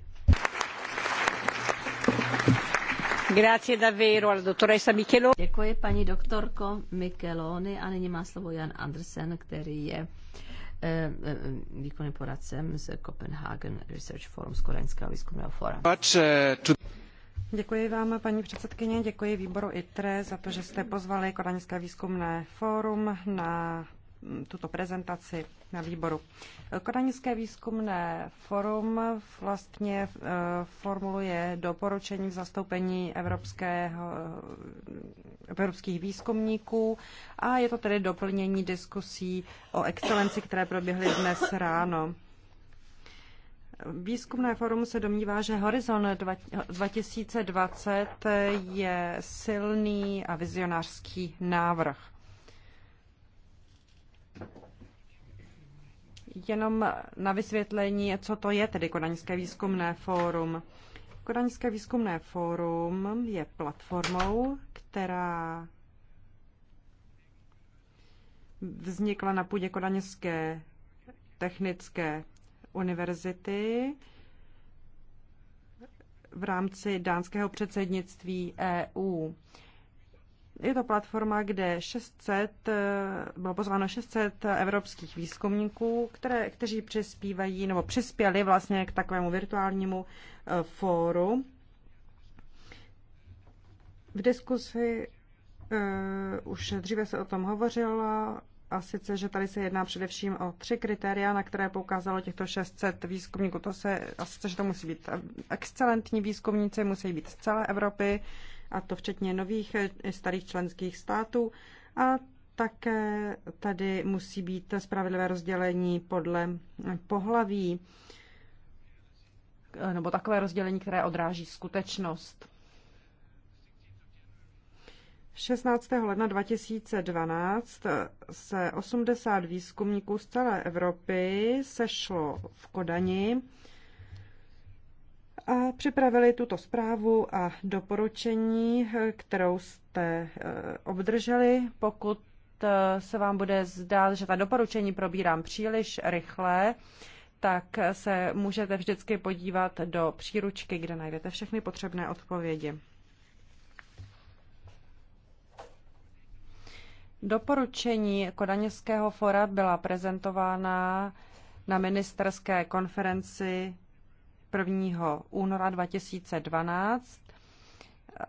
Děkuji paní doktorko Micheloni a nyní má slovo Jan Andersen, který je eh, eh, výkonným poradcem z Copenhagen Research Forum z Koreňského výzkumného fóra. Eh, děkuji vám, paní předsedkyně, děkuji výboru ITRE za to, že jste pozvali Kodaňské výzkumné fórum na tuto prezentaci na výboru. Kodaňské výzkumné forum vlastně eh, formuluje doporučení v zastoupení evropského, eh, evropských výzkumníků a je to tedy doplnění diskusí o excelenci, které proběhly dnes ráno. Výzkumné forum se domnívá, že Horizon 2020 je silný a vizionářský návrh. Jenom na vysvětlení, co to je tedy Kodaňské výzkumné fórum. Kodaňské výzkumné fórum je platformou, která vznikla na půdě Kodaňské technické univerzity v rámci dánského předsednictví EU. Je to platforma, kde 600, bylo pozváno 600 evropských výzkumníků, které, kteří přispívají nebo přispěli vlastně k takovému virtuálnímu eh, fóru. V diskusi uh, už dříve se o tom hovořilo, a sice, že tady se jedná především o tři kritéria, na které poukázalo těchto 600 výzkumníků. To se, a sice, že to musí být eh, excelentní výzkumníci, musí být z celé Evropy, a to včetně nových eh, starých členských států. A také tady musí být spravedlivé rozdělení podle eh, pohlaví, eh, nebo takové rozdělení, které odráží skutečnost. 16. ledna 2012 se 80 výzkumníků z celé Evropy sešlo v Kodani a připravili tuto zprávu a doporučení, kterou jste eh, obdrželi. Pokud eh, se vám bude zdát, že ta doporučení probírám příliš rychle, tak se můžete vždycky podívat do příručky, kde najdete všechny potřebné odpovědi. Doporučení Kodaněského fora byla prezentována na ministerské konferenci 1. února 2012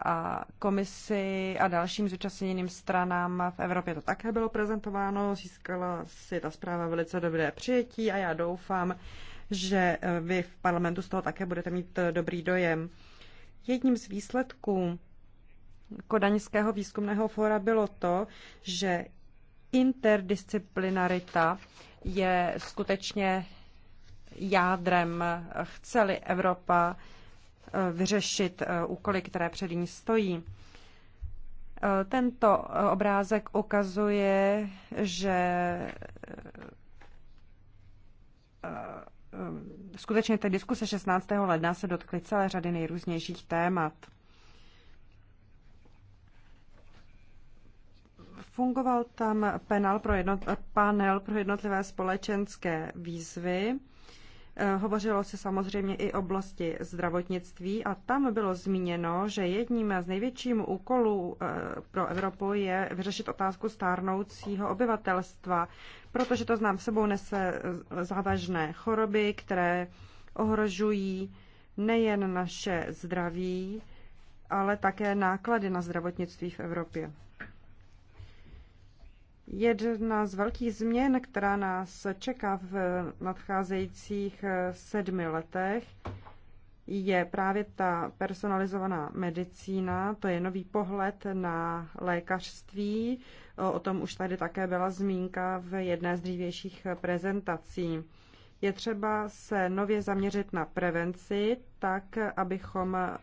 a komisi a dalším zúčastněným stranám v Evropě to také bylo prezentováno. Získala si ta zpráva velice dobré přijetí a já doufám, že vy v parlamentu z toho také budete mít dobrý dojem. Jedním z výsledků Kodaňského výzkumného fóra bylo to, že interdisciplinarita je skutečně jádrem, chceli Evropa eh, vyřešit eh, úkoly, které před ní stojí. Eh, tento obrázek ukazuje, že skutečně ta diskuse 16. ledna se dotkly celé řady nejrůznějších témat. Fungoval tam pro panel pro jednotlivé společenské výzvy Eh, hovořilo se samozřejmě i oblasti zdravotnictví a tam bylo zmíněno, že jedním z největších úkolů eh, pro Evropu je vyřešit otázku stárnoucího obyvatelstva, protože to znám sebou nese eh, závažné choroby, které ohrožují nejen naše zdraví, ale také náklady na zdravotnictví v Evropě. Jedna z velkých změn, která nás čeká v nadcházejících eh, sedmi letech, je právě ta personalizovaná medicína. To je nový pohled na lékařství. O tom už tady také byla zmínka v jedné z dřívějších prezentací. Je třeba se nově zaměřit na prevenci, tak abychom eh,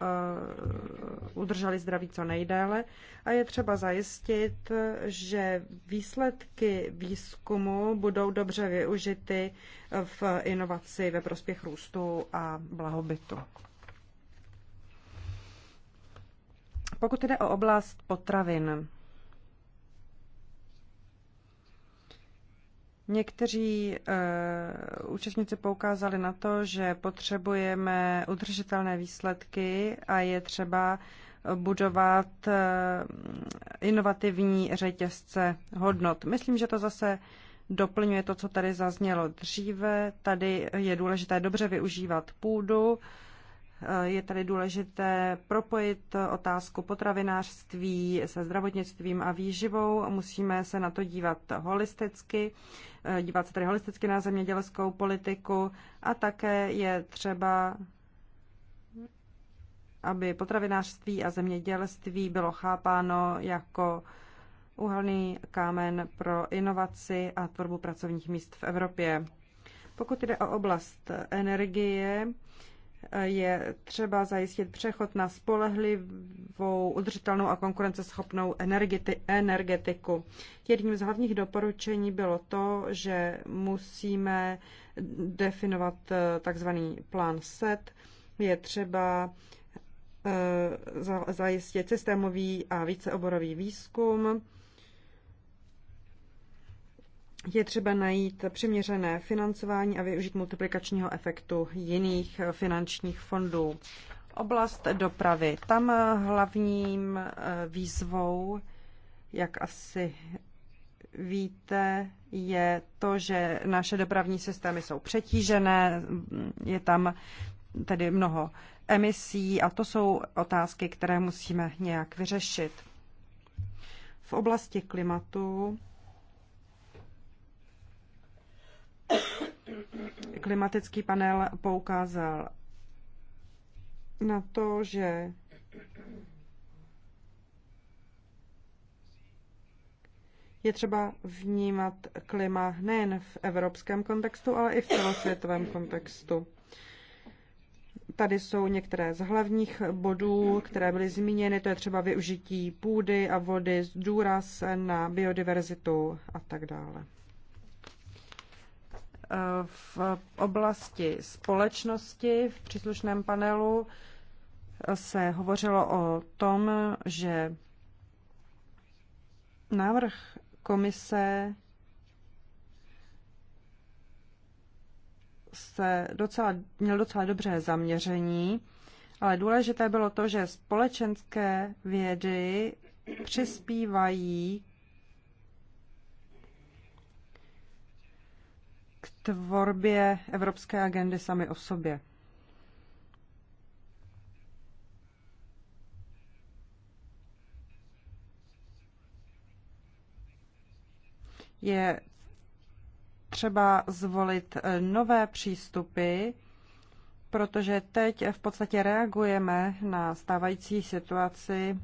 udrželi zdraví co nejdéle. A je třeba zajistit, že výsledky výzkumu budou dobře využity v inovaci ve prospěch růstu a blahobytu. Pokud jde o oblast potravin, Někteří uh, účastníci poukázali na to, že potřebujeme udržitelné výsledky a je třeba budovat uh, inovativní řetězce hodnot. Myslím, že to zase doplňuje to, co tady zaznělo dříve. Tady je důležité dobře využívat půdu, uh, Eh, je tady důležité propojit otázku potravinářství se zdravotnictvím a výživou. Musíme se na to dívat holisticky, eh, dívat se tedy holisticky na zemědělskou politiku a také je třeba aby potravinářství a zemědělství bylo chápáno jako uhelný kámen pro inovaci a tvorbu pracovních míst v Evropě. Pokud jde o oblast energie, je třeba zajistit přechod na spolehlivou, udržitelnou a konkurenceschopnou energetiku. Jedním z hlavních doporučení bylo to, že musíme definovat eh, takzvaný plán SET. Je třeba eh, zajistit systémový a víceoborový výzkum je třeba najít přiměřené financování a využít multiplikačního efektu jiných finančních fondů. Oblast dopravy. Tam hlavním eh, výzvou, jak asi víte, je to, že naše dopravní systémy jsou přetížené, mm, je tam tedy mnoho emisí a to jsou otázky, které musíme nějak vyřešit. V oblasti klimatu Klimatický panel poukázal na to, že je třeba vnímat klima nejen v evropském kontextu, ale i v celosvětovém kontextu. Tady jsou některé z hlavních bodů, které byly zmíněny, to je třeba využití půdy a vody, důraz na biodiverzitu a tak dále v oblasti společnosti v příslušném panelu se hovořilo o tom, že návrh komise se docela, měl docela dobře zaměření, ale důležité bylo to, že společenské vědy přispívají tvorbě evropské agendy sami o sobě. Je třeba zvolit eh, nové přístupy, protože teď v podstatě reagujeme na stávající situaci,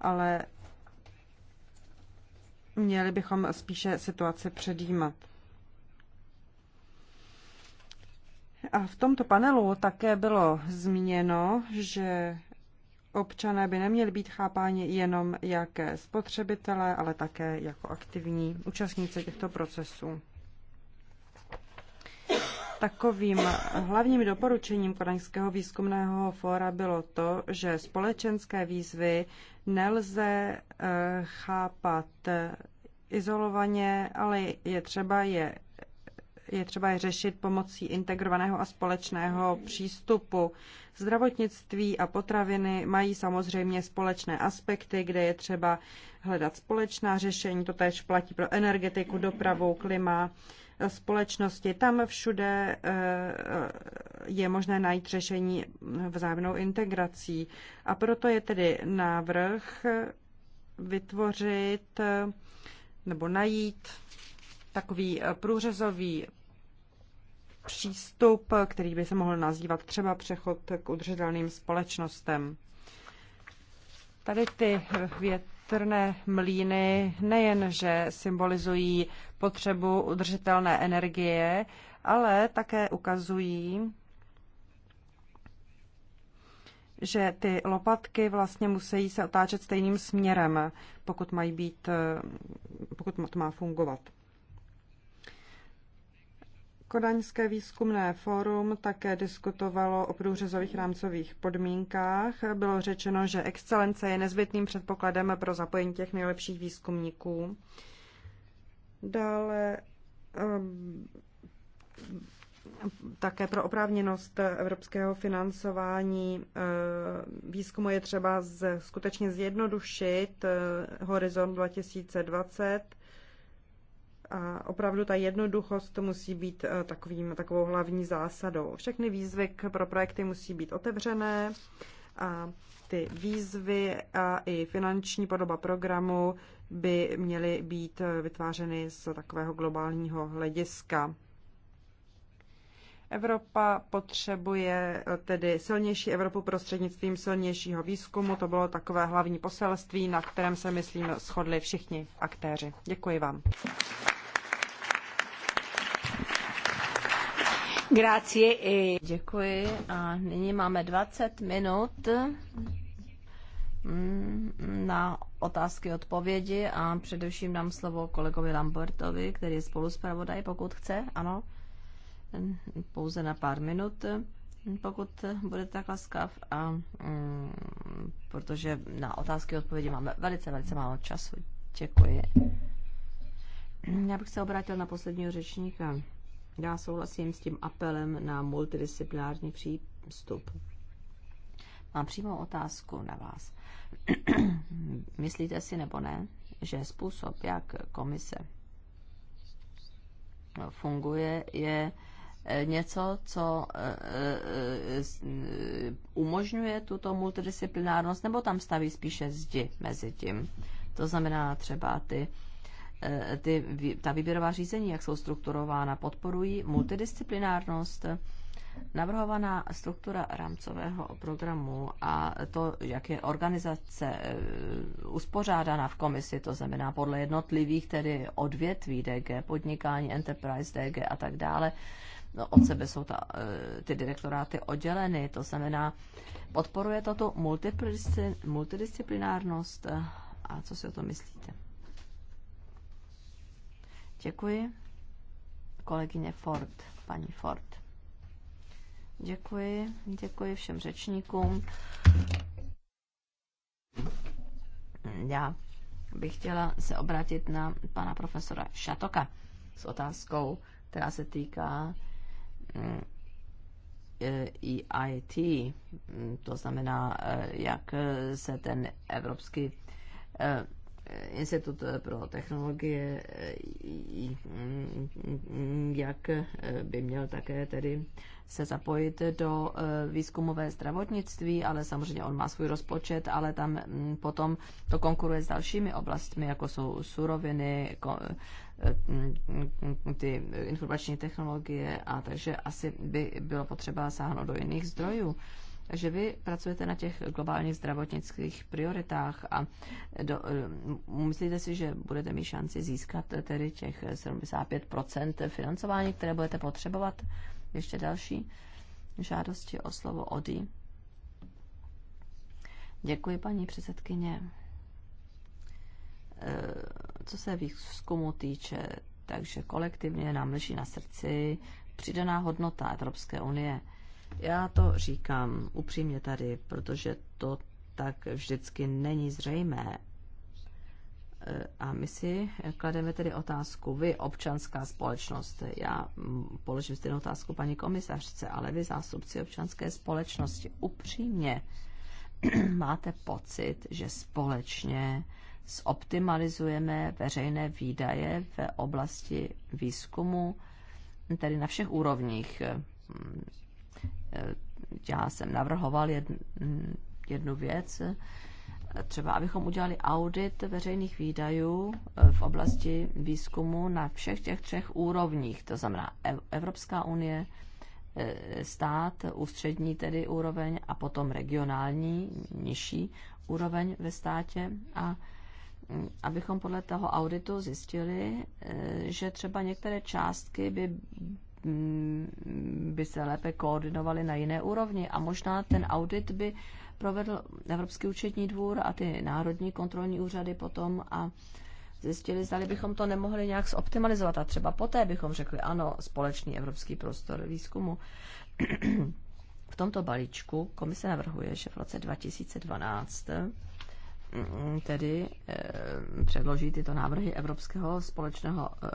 ale měli bychom spíše situaci předjímat. A v tomto panelu také bylo zmíněno, že občané by neměli být chápáni jenom jako spotřebitelé, ale také jako aktivní účastníci těchto procesů. Takovým hlavním doporučením Kodaňského výzkumného fóra bylo to, že společenské výzvy nelze eh, chápat izolovaně, ale je třeba je je třeba je řešit pomocí integrovaného a společného přístupu. Zdravotnictví a potraviny mají samozřejmě společné aspekty, kde je třeba hledat společná řešení. To tež platí pro energetiku, dopravu, klima, společnosti. Tam všude eh, je možné najít řešení vzájemnou integrací. A proto je tedy návrh vytvořit eh, nebo najít takový průřezový přístup, který by se mohl nazývat třeba přechod k udržitelným společnostem. Tady ty větrné mlíny nejen, že symbolizují potřebu udržitelné energie, ale také ukazují, že ty lopatky vlastně musí se otáčet stejným směrem, pokud mají být, pokud to má fungovat. Kodaňské výzkumné fórum také diskutovalo o průřezových rámcových podmínkách. Bylo řečeno, že excelence je nezbytným předpokladem pro zapojení těch nejlepších výzkumníků. Dále ehm, také pro oprávněnost evropského financování ehm, výzkumu je třeba z, skutečně zjednodušit ehm, horizont 2020 a opravdu ta jednoduchost musí být eh, takovým, takovou hlavní zásadou. Všechny výzvy pro projekty musí být otevřené a ty výzvy a i finanční podoba programu by měly být eh, vytvářeny z takového globálního hlediska. Evropa potřebuje eh, tedy silnější Evropu prostřednictvím silnějšího výzkumu. To bylo takové hlavní poselství, na kterém se, myslím, shodli všichni aktéři. Děkuji vám. Grazie. E- Děkuji a nyní máme 20 minut mm, na otázky odpovědi a především dám slovo kolegovi Lambertovi, který je spoluspravodaj, pokud chce, ano, pouze na pár minut, pokud bude tak laskav, a, mm, protože na otázky odpovědi máme velice, velice málo času. Děkuji. Já bych se obrátil na posledního řečníka. Já souhlasím s tím apelem na multidisciplinární přístup. Mám přímou otázku na vás. Myslíte si nebo ne, že způsob, jak komise funguje, je e, něco, co e, e, umožňuje tuto multidisciplinárnost, nebo tam staví spíše zdi mezi tím. To znamená třeba ty Eh, ty, ta výběrová řízení, jak jsou strukturována, podporují multidisciplinárnost, navrhovaná struktura rámcového programu a to, jak je organizace eh, uspořádána v komisi, to znamená podle jednotlivých tedy odvětví DG, podnikání, enterprise DG a tak dále, No, od sebe jsou ta, eh, ty direktoráty odděleny, to znamená, podporuje to tu multidisciplinárnost. A co si o to myslíte? Děkuji. Kolegyně Ford, paní Ford. Děkuji, děkuji všem řečníkům. Já bych chtěla se obrátit na pana profesora Šatoka s otázkou, která se týká mm, EIT, e to znamená, e, jak se ten evropský e, Institut pro technologie, jak by měl také tedy se zapojit do eh, výzkumové zdravotnictví, ale samozřejmě on má svůj rozpočet, ale tam mm, potom to konkuruje s dalšími oblastmi, jako jsou suroviny, eh, ty informační technologie a takže asi by bylo potřeba sáhnout do jiných zdrojů. Takže vy pracujete na těch globálních zdravotnických prioritách a do, eh, myslíte si, že budete mít šanci získat tedy těch 75% financování, které budete potřebovat? Ještě další žádosti o slovo ODI. Děkuji, paní předsedkyně. Eh, co se výzkumu týče, takže kolektivně nám leží na srdci přidaná hodnota Evropské unie – já to říkám upřímně tady, protože to tak vždycky není zřejmé. E, a my si klademe tedy otázku, vy, občanská společnost, já položím stejnou otázku paní komisařce, ale vy, zástupci občanské společnosti, upřímně máte pocit, že společně zoptimalizujeme veřejné výdaje v oblasti výzkumu, tedy na všech úrovních, já jsem navrhoval jednu věc, třeba abychom udělali audit veřejných výdajů eh, v oblasti výzkumu na všech těch třech úrovních, to znamená Evropská unie, eh, stát, ústřední tedy úroveň a potom regionální, nižší úroveň ve státě a hm, abychom podle toho auditu zjistili, eh, že třeba některé částky by Mm, by se lépe koordinovaly na jiné úrovni a možná ten audit by provedl Evropský účetní dvůr a ty národní kontrolní úřady potom a zjistili, zda bychom to nemohli nějak zoptimalizovat a třeba poté bychom řekli ano, společný evropský prostor výzkumu. v tomto balíčku komise navrhuje, že v roce 2012 Mm, tedy eh, předloží tyto návrhy Evropského společného eh,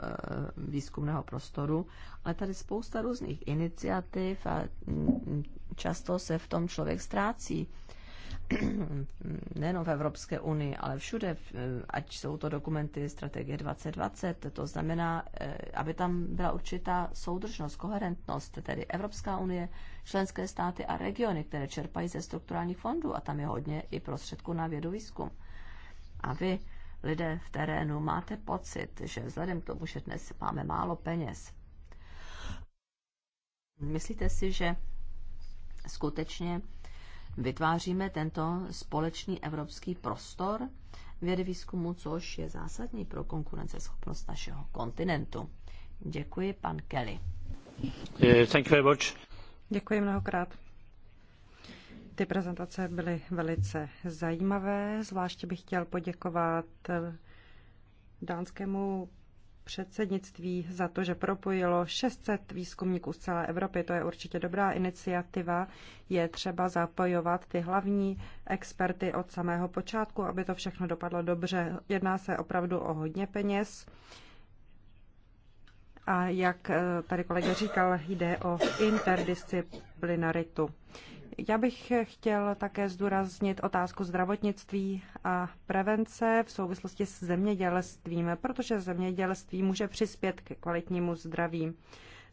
výzkumného prostoru, ale tady spousta různých iniciativ a mm, často se v tom člověk ztrácí. nejenom v Evropské unii, ale všude, ať jsou to dokumenty strategie 2020, to znamená, eh, aby tam byla určitá soudržnost, koherentnost, tedy Evropská unie, členské státy a regiony, které čerpají ze strukturálních fondů a tam je hodně i prostředků na vědu výzkum. A vy, lidé v terénu, máte pocit, že vzhledem k tomu, že dnes máme málo peněz, myslíte si, že skutečně vytváříme tento společný evropský prostor vědy výzkumu, což je zásadní pro konkurenceschopnost našeho kontinentu. Děkuji, pan Kelly. Eh, thank you very much. Děkuji mnohokrát. Ty prezentace byly velice zajímavé, zvláště bych chtěl poděkovat dánskému předsednictví za to, že propojilo 600 výzkumníků z celé Evropy. To je určitě dobrá iniciativa. Je třeba zapojovat ty hlavní experty od samého počátku, aby to všechno dopadlo dobře. Jedná se opravdu o hodně peněz. A jak eh, tady kolega říkal, jde o interdisciplinaritu. Já bych chtěl také zdůraznit otázku zdravotnictví a prevence v souvislosti s zemědělstvím, protože zemědělství může přispět k kvalitnímu zdraví.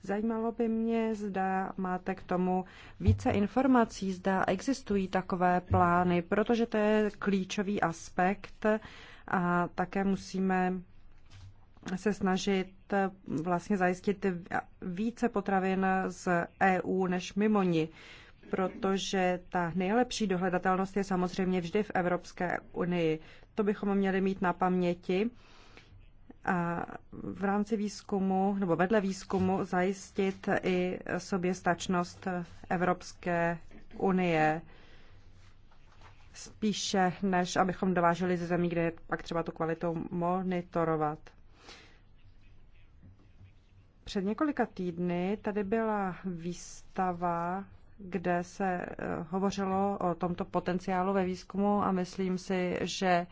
Zajímalo by mě, zda máte k tomu více informací, zda existují takové plány, protože to je klíčový aspekt a také musíme se snažit vlastně zajistit více potravin z EU než mimo ní protože ta nejlepší dohledatelnost je samozřejmě vždy v Evropské unii. To bychom měli mít na paměti a v rámci výzkumu nebo vedle výzkumu zajistit i soběstačnost Evropské unie spíše, než abychom dováželi ze zemí, kde je pak třeba tu kvalitu monitorovat. Před několika týdny tady byla výstava kde se eh, hovořilo o tomto potenciálu ve výzkumu a myslím si, že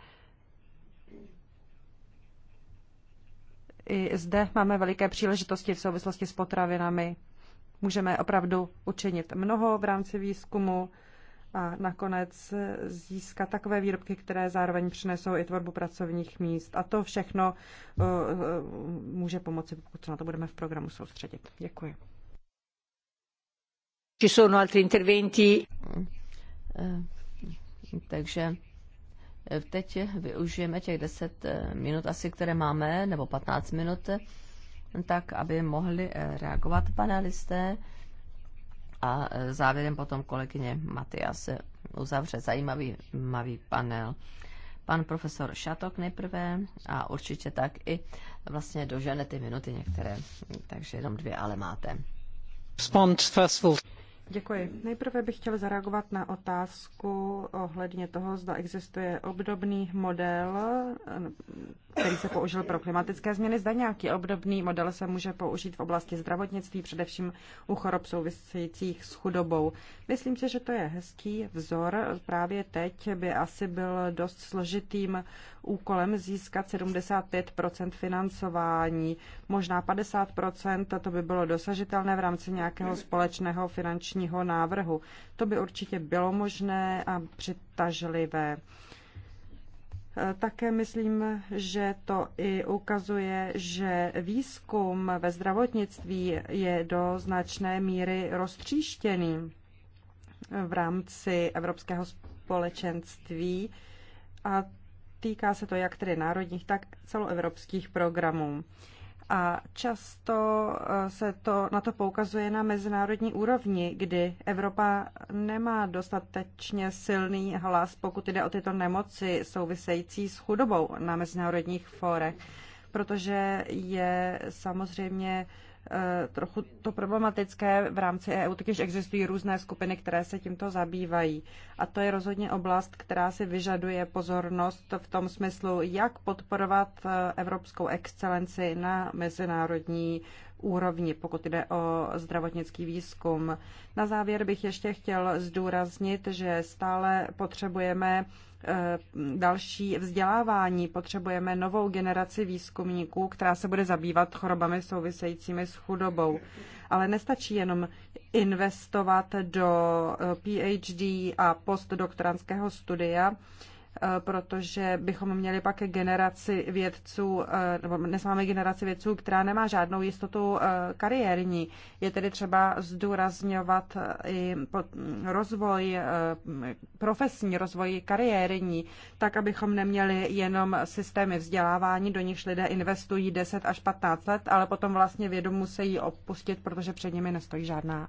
i zde máme veliké příležitosti v souvislosti s potravinami. Můžeme opravdu učinit mnoho v rámci výzkumu a nakonec eh, získat takové výrobky, které zároveň přinesou i tvorbu pracovních míst. A to všechno eh, může pomoci, pokud se na to budeme v programu soustředit. Děkuji sono altri interventi? Eh, takže eh, teď využijeme těch 10 eh, minut asi, které máme, nebo 15 minut, tak, aby mohli reagovat panelisté a závěrem potom kolegyně Matias uzavře zajímavý, mavý panel. Pan profesor Šatok nejprve a určitě tak i vlastně dožene ty minuty některé, takže jenom dvě ale máte. Respond first of all. Děkuji. Nejprve bych chtěl zareagovat na otázku ohledně toho, zda existuje obdobný model, který se použil pro klimatické změny. Zda nějaký obdobný model se může použít v oblasti zdravotnictví, především u chorob souvisejících s chudobou. Myslím si, že to je hezký vzor. Právě teď by asi byl dost složitým úkolem získat 75 financování. Možná 50 to by bylo dosažitelné v rámci nějakého společného finančního návrhu. To by určitě bylo možné a přitažlivé. Také myslím, že to i ukazuje, že výzkum ve zdravotnictví je do značné míry roztříštěný v rámci Evropského společenství a Týká se to jak tedy národních, tak celoevropských programů. A často e, se to, na to poukazuje na mezinárodní úrovni, kdy Evropa nemá dostatečně silný hlas, pokud jde o tyto nemoci související s chudobou na mezinárodních fórech, protože je samozřejmě Eh, trochu to problematické. V rámci EU takže existují různé skupiny, které se tímto zabývají. A to je rozhodně oblast, která si vyžaduje pozornost v tom smyslu, jak podporovat eh, evropskou excelenci na mezinárodní úrovni, pokud jde o zdravotnický výzkum. Na závěr bych ještě chtěl zdůraznit, že stále potřebujeme Eh, další vzdělávání. Potřebujeme novou generaci výzkumníků, která se bude zabývat chorobami souvisejícími s chudobou. Ale nestačí jenom investovat do eh, PhD a postdoktorantského studia, Eh, protože bychom měli pak generaci vědců, eh, nebo dnes máme generaci vědců, která nemá žádnou jistotu eh, kariérní. Je tedy třeba zdůrazňovat i mm, rozvoj, profesní rozvoj kariérní, tak, abychom neměli jenom systémy vzdělávání, do nichž lidé investují 10 až 15 let, ale potom vlastně vědomu musí opustit, protože před nimi nestojí žádná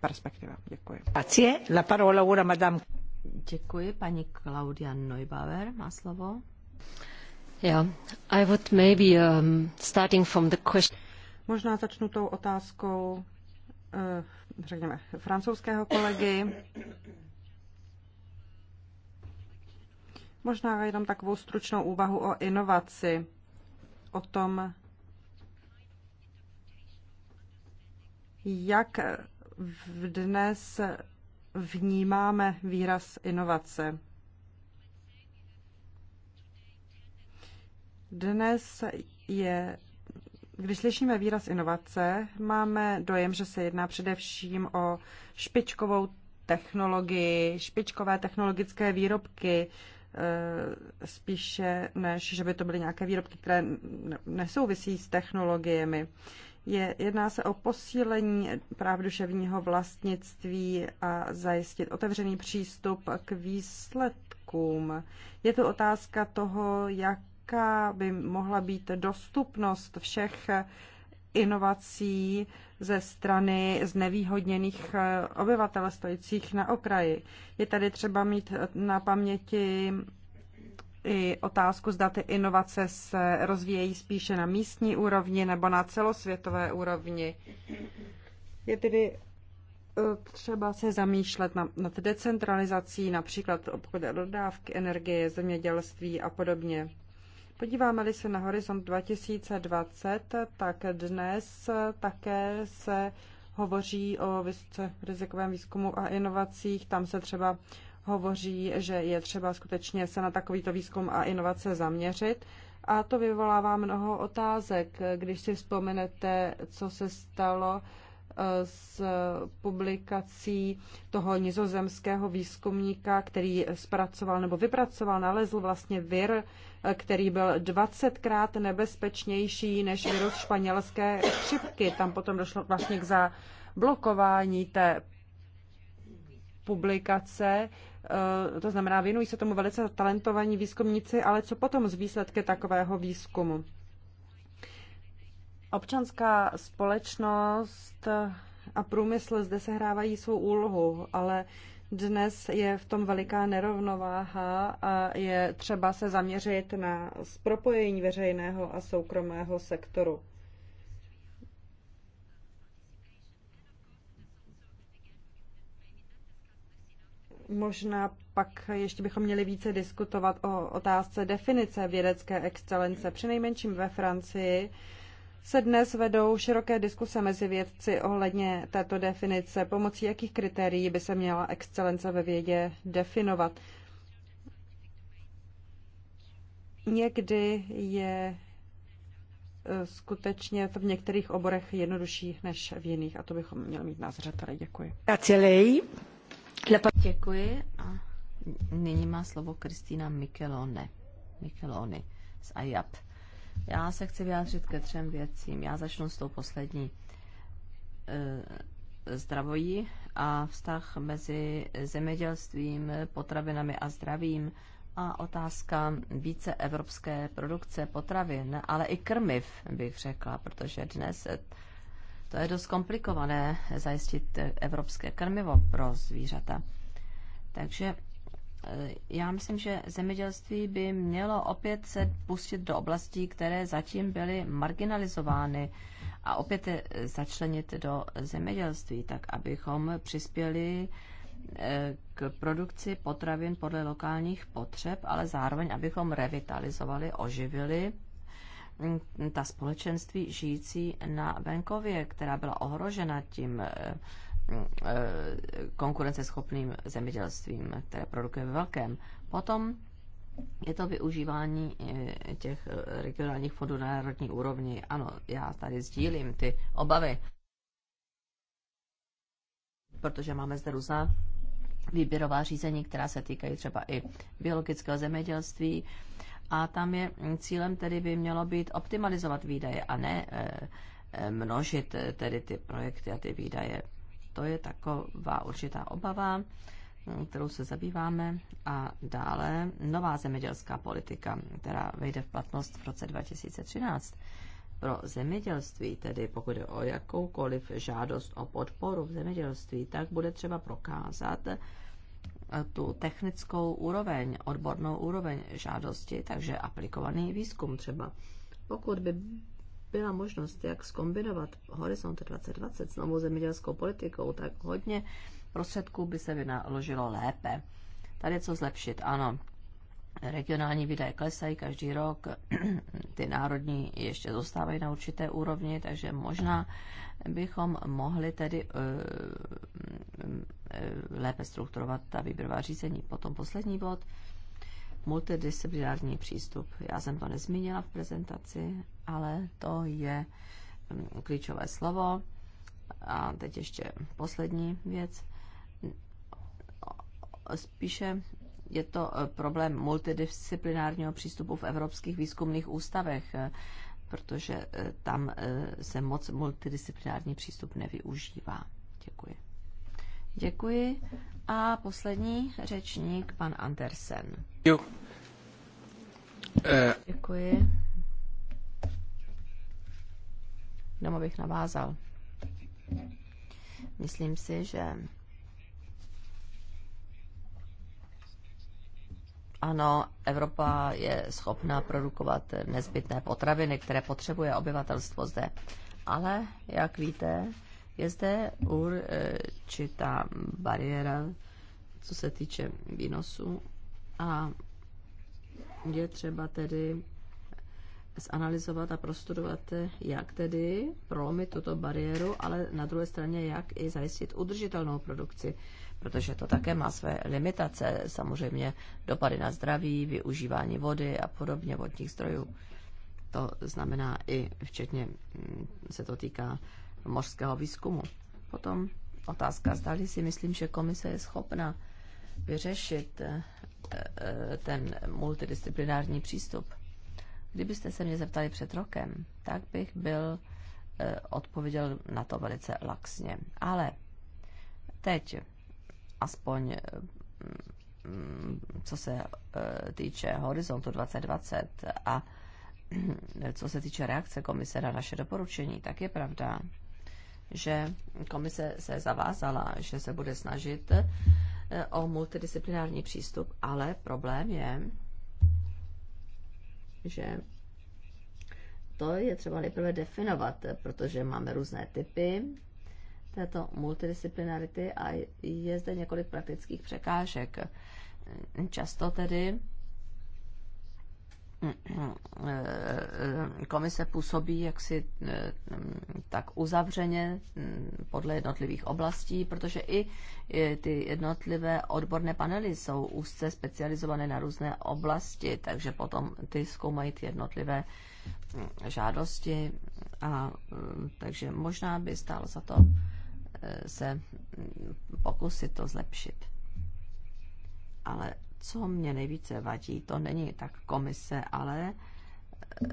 perspektiva. Děkuji. Pacie, La parola ora, madame. Děkuji. Paní Claudia Neubauer má slovo. Yeah, I would maybe um, starting from the question. Možná začnu tou otázkou, eh, řekněme, francouzského kolegy. Možná jenom takovou stručnou úvahu o inovaci, o tom, jak v dnes vnímáme výraz inovace. Dnes je, když slyšíme výraz inovace, máme dojem, že se jedná především o špičkovou technologii, špičkové technologické výrobky, eh, spíše než, že by to byly nějaké výrobky, které nesouvisí s technologiemi. Je, jedná se o posílení práv duševního vlastnictví a zajistit otevřený přístup k výsledkům. Je to otázka toho, jaká by mohla být dostupnost všech inovací ze strany znevýhodněných eh, obyvatel stojících na okraji. Je tady třeba mít na paměti i otázku, zda ty inovace se rozvíjejí spíše na místní úrovni nebo na celosvětové úrovni. Je tedy e, třeba se zamýšlet nad decentralizací, například obchod a dodávky energie, zemědělství a podobně. Podíváme-li se na horizont 2020, tak dnes také se hovoří o vysoce rizikovém výzkumu a inovacích. Tam se třeba hovoří, že je třeba skutečně se na takovýto výzkum a inovace zaměřit. A to vyvolává mnoho otázek. Když si vzpomenete, co se stalo eh, s publikací toho nizozemského výzkumníka, který zpracoval nebo vypracoval, nalezl vlastně vir, eh, který byl 20krát nebezpečnější než virus španělské chřipky. Tam potom došlo vlastně k zablokování té publikace Eh, to znamená, věnují se tomu velice talentovaní výzkumníci, ale co potom z výsledky takového výzkumu? Občanská společnost a průmysl zde sehrávají svou úlohu, ale dnes je v tom veliká nerovnováha a je třeba se zaměřit na propojení veřejného a soukromého sektoru. Možná pak ještě bychom měli více diskutovat o otázce definice vědecké excelence. Přinejmenším ve Francii se dnes vedou široké diskuse mezi vědci ohledně této definice, pomocí jakých kritérií by se měla excelence ve vědě definovat. Někdy je e, skutečně to v některých oborech jednodušší než v jiných a to bychom měli mít na zřeteli. Děkuji. Děkuji. Děkuji a nyní má slovo Kristýna Michelone. Micheloni z IAP. Já se chci vyjádřit ke třem věcím. Já začnu s tou poslední. E, zdravojí a vztah mezi zemědělstvím, potravinami a zdravím a otázka více evropské produkce potravin, ale i krmiv, bych řekla, protože dnes to je dost komplikované zajistit evropské krmivo pro zvířata. Takže eh, já myslím, že zemědělství by mělo opět se pustit do oblastí, které zatím byly marginalizovány a opět je eh, začlenit do zemědělství, tak abychom přispěli eh, k produkci potravin podle lokálních potřeb, ale zároveň abychom revitalizovali, oživili ta společenství žijící na venkově, která byla ohrožena tím eh, eh, konkurenceschopným zemědělstvím, které produkuje ve velkém. Potom je to využívání eh, těch regionálních fondů na národní úrovni. Ano, já tady sdílím ty obavy, protože máme zde různá výběrová řízení, která se týkají třeba i biologického zemědělství, a tam je mm, cílem tedy by mělo být optimalizovat výdaje a ne eh, eh, množit eh, tedy ty projekty a ty výdaje. To je taková určitá obava, mm, kterou se zabýváme. A dále nová zemědělská politika, která vejde v platnost v roce 2013. Pro zemědělství, tedy pokud je o jakoukoliv žádost o podporu v zemědělství, tak bude třeba prokázat, tu technickou úroveň, odbornou úroveň žádosti, takže aplikovaný výzkum třeba. Pokud by byla možnost, jak skombinovat Horizont 2020 s novou zemědělskou politikou, tak hodně prostředků by se vynaložilo lépe. Tady je co zlepšit, ano, regionální výdaje klesají každý rok, ty národní ještě zůstávají na určité úrovni, takže možná bychom mohli tedy eh, eh, lépe strukturovat ta výběrová řízení. Potom poslední bod, multidisciplinární přístup. Já jsem to nezmínila v prezentaci, ale to je mm, klíčové slovo. A teď ještě poslední věc. Spíše je to eh, problém multidisciplinárního přístupu v evropských výzkumných ústavech, eh, protože eh, tam se moc multidisciplinární přístup nevyužívá. Děkuji. Děkuji. A poslední řečník, pan Andersen. Děkuji. Jenom bych navázal. Myslím si, že ano, Evropa je schopná produkovat nezbytné potraviny, které potřebuje obyvatelstvo zde. Ale, jak víte, je zde určitá bariéra, co se týče výnosu a je třeba tedy zanalizovat a prostudovat, jak tedy prolomit tuto bariéru, ale na druhé straně, jak i zajistit udržitelnou produkci protože to také má své limitace, samozřejmě dopady na zdraví, využívání vody a podobně vodních zdrojů. To znamená i včetně mm, se to týká mořského výzkumu. Potom otázka, zdali si myslím, že komise je schopna vyřešit eh, eh, ten multidisciplinární přístup. Kdybyste se mě zeptali před rokem, tak bych byl eh, odpověděl na to velice laxně. Ale teď aspoň eh, mm, co se eh, týče horizontu 2020 a eh, co se týče reakce komise na naše doporučení, tak je pravda, že komise se zavázala, že se bude snažit o multidisciplinární přístup, ale problém je, že to je třeba nejprve definovat, protože máme různé typy této multidisciplinarity a je zde několik praktických překážek. Často tedy eh, komise působí jaksi eh, tak uzavřeně mm, podle jednotlivých oblastí, protože i ty jednotlivé odborné panely jsou úzce specializované na různé oblasti, takže potom ty zkoumají ty jednotlivé mm, žádosti a mm, takže možná by stálo za to se pokusit to zlepšit. Ale co mě nejvíce vadí, to není tak komise, ale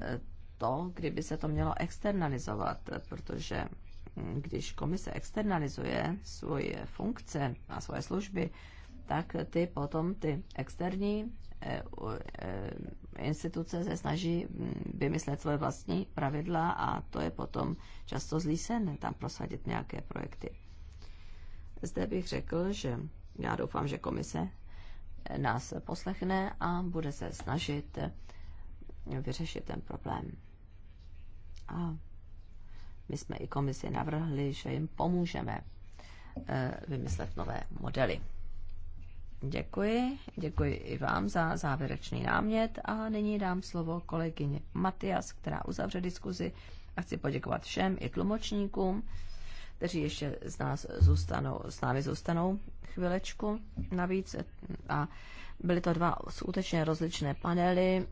e, to, kdyby se to mělo externalizovat, protože když komise externalizuje svoje funkce a svoje služby, tak ty potom ty externí Eh, eh, instituce se snaží mm, vymyslet svoje vlastní pravidla a to je potom často zlý sen tam prosadit nějaké projekty. Zde bych řekl, že já doufám, že komise eh, nás poslechne a bude se snažit vyřešit ten problém. A my jsme i komisi navrhli, že jim pomůžeme vymyslet nové modely. Děkuji, děkuji i vám za závěrečný námět a nyní dám slovo kolegyně Matias, která uzavře diskuzi a chci poděkovat všem i tlumočníkům, kteří ještě z nás zůstanou, s námi zůstanou chvilečku navíc a byly to dva skutečně rozličné panely,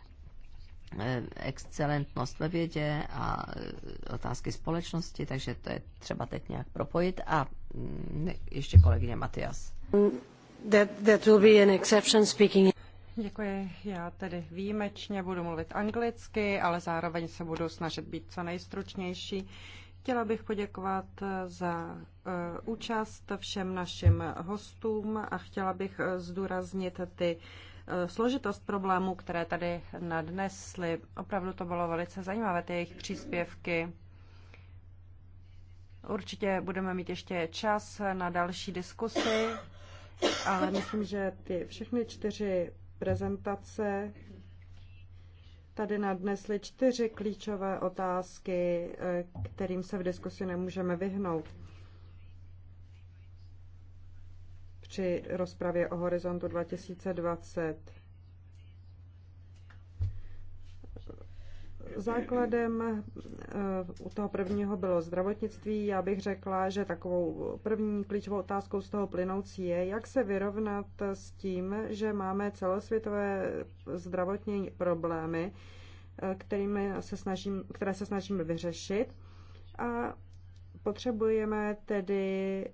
excelentnost ve vědě a otázky společnosti, takže to je třeba teď nějak propojit. A mm, ještě kolegyně Matias. Děkuji. Já tedy výjimečně budu mluvit anglicky, ale zároveň se budu snažit být co nejstručnější. Chtěla bych poděkovat za eh, účast všem našim hostům a chtěla bych eh, zdůraznit ty eh, složitost problémů, které tady nadnesly. Opravdu to bylo velice zajímavé, ty jejich příspěvky. Určitě budeme mít ještě čas na další diskusy ale myslím, že ty všechny čtyři prezentace tady nadnesly čtyři klíčové otázky, eh, kterým se v diskusi nemůžeme vyhnout. Při rozpravě o horizontu 2020 Základem eh, u toho prvního bylo zdravotnictví. Já bych řekla, že takovou první klíčovou otázkou z toho plynoucí je, jak se vyrovnat s tím, že máme celosvětové zdravotní problémy, eh, kterými se snažím, které se snažíme vyřešit. A potřebujeme tedy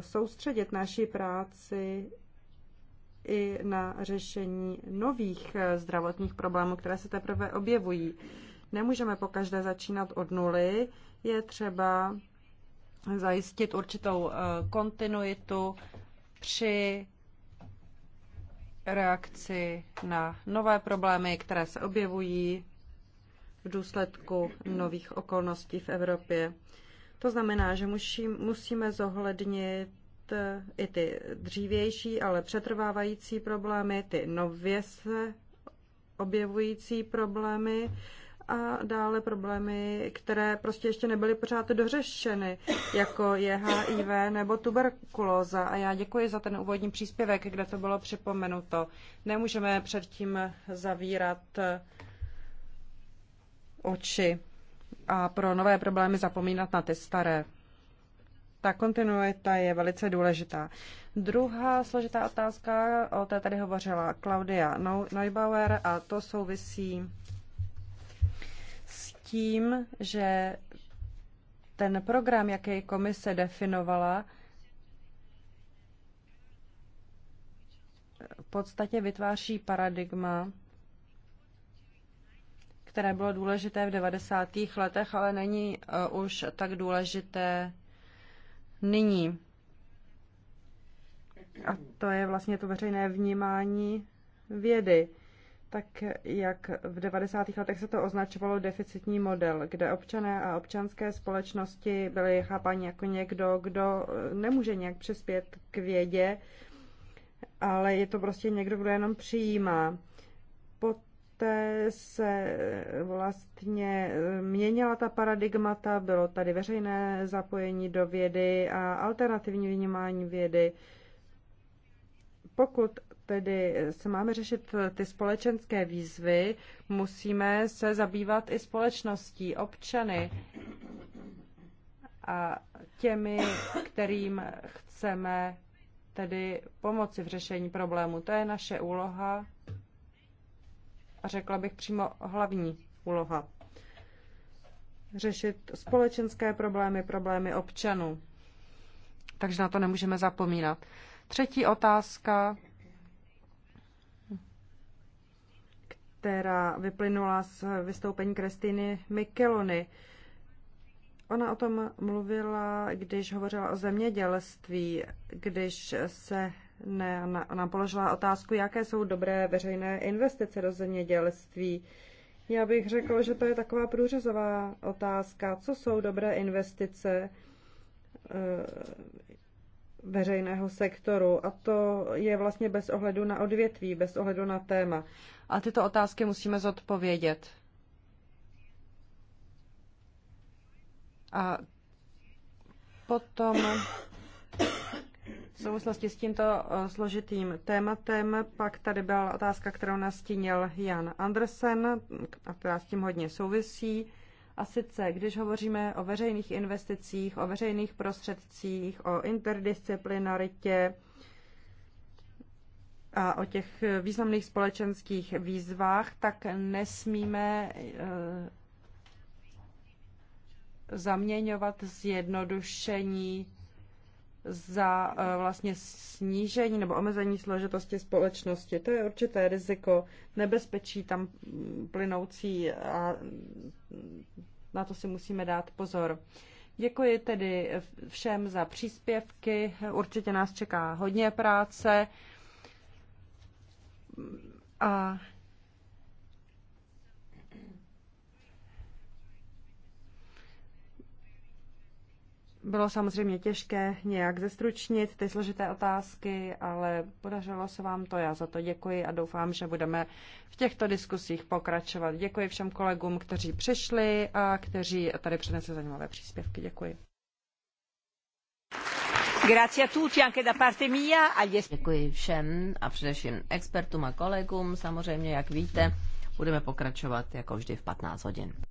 soustředit naší práci i na řešení nových eh, zdravotních problémů, které se teprve objevují. Nemůžeme po každé začínat od nuly, je třeba zajistit určitou eh, kontinuitu při reakci na nové problémy, které se objevují v důsledku nových okolností v Evropě. To znamená, že musí, musíme zohlednit E, i ty dřívější, ale přetrvávající problémy, ty nově se objevující problémy a dále problémy, které prostě ještě nebyly pořád dořešeny, jako je HIV nebo tuberkulóza. A já děkuji za ten úvodní příspěvek, kde to bylo připomenuto. Nemůžeme předtím zavírat e, oči a pro nové problémy zapomínat na ty staré ta kontinuita je velice důležitá. Druhá složitá otázka, o té tady hovořila Claudia Neubauer a to souvisí s tím, že ten program, jaký komise definovala, v podstatě vytváří paradigma, které bylo důležité v 90. letech, ale není eh, už tak důležité nyní. A to je vlastně to veřejné vnímání vědy. Tak jak v 90. letech se to označovalo deficitní model, kde občané a občanské společnosti byly chápáni jako někdo, kdo eh, nemůže nějak přispět k vědě, ale je to prostě někdo, kdo jenom přijímá poté se vlastně eh, měnila ta paradigmata, bylo tady veřejné zapojení do vědy a alternativní vnímání vědy. Pokud tedy se máme řešit ty společenské výzvy, musíme se zabývat i společností, občany a těmi, kterým chceme tedy pomoci v řešení problému. To je naše úloha a řekla bych přímo hlavní úloha. Řešit společenské problémy, problémy občanů. Takže na to nemůžeme zapomínat. Třetí otázka, která vyplynula z vystoupení Kristýny Mikelony. Ona o tom mluvila, když hovořila o zemědělství, když se ne, ona, ona položila otázku, jaké jsou dobré veřejné investice do zemědělství. Já bych řekl, že to je taková průřezová otázka, co jsou dobré investice eh, veřejného sektoru a to je vlastně bez ohledu na odvětví, bez ohledu na téma. A tyto otázky musíme zodpovědět. A potom v souvislosti s tímto eh, složitým tématem pak tady byla otázka, kterou nastínil Jan Andersen, a která s tím hodně souvisí. A sice, když hovoříme o veřejných investicích, o veřejných prostředcích, o interdisciplinaritě a o těch významných společenských výzvách, tak nesmíme eh, zaměňovat zjednodušení za eh, vlastně snížení nebo omezení složitosti společnosti. To je určité riziko, nebezpečí tam plynoucí a na to si musíme dát pozor. Děkuji tedy všem za příspěvky. Určitě nás čeká hodně práce. A Bylo samozřejmě těžké nějak zestručnit ty složité otázky, ale podařilo se vám to. Já za to děkuji a doufám, že budeme v těchto diskusích pokračovat. Děkuji všem kolegům, kteří přišli a kteří tady přinesli zajímavé příspěvky. Děkuji. Děkuji všem a především expertům a kolegům. Samozřejmě, jak víte, budeme pokračovat jako vždy v 15 hodin.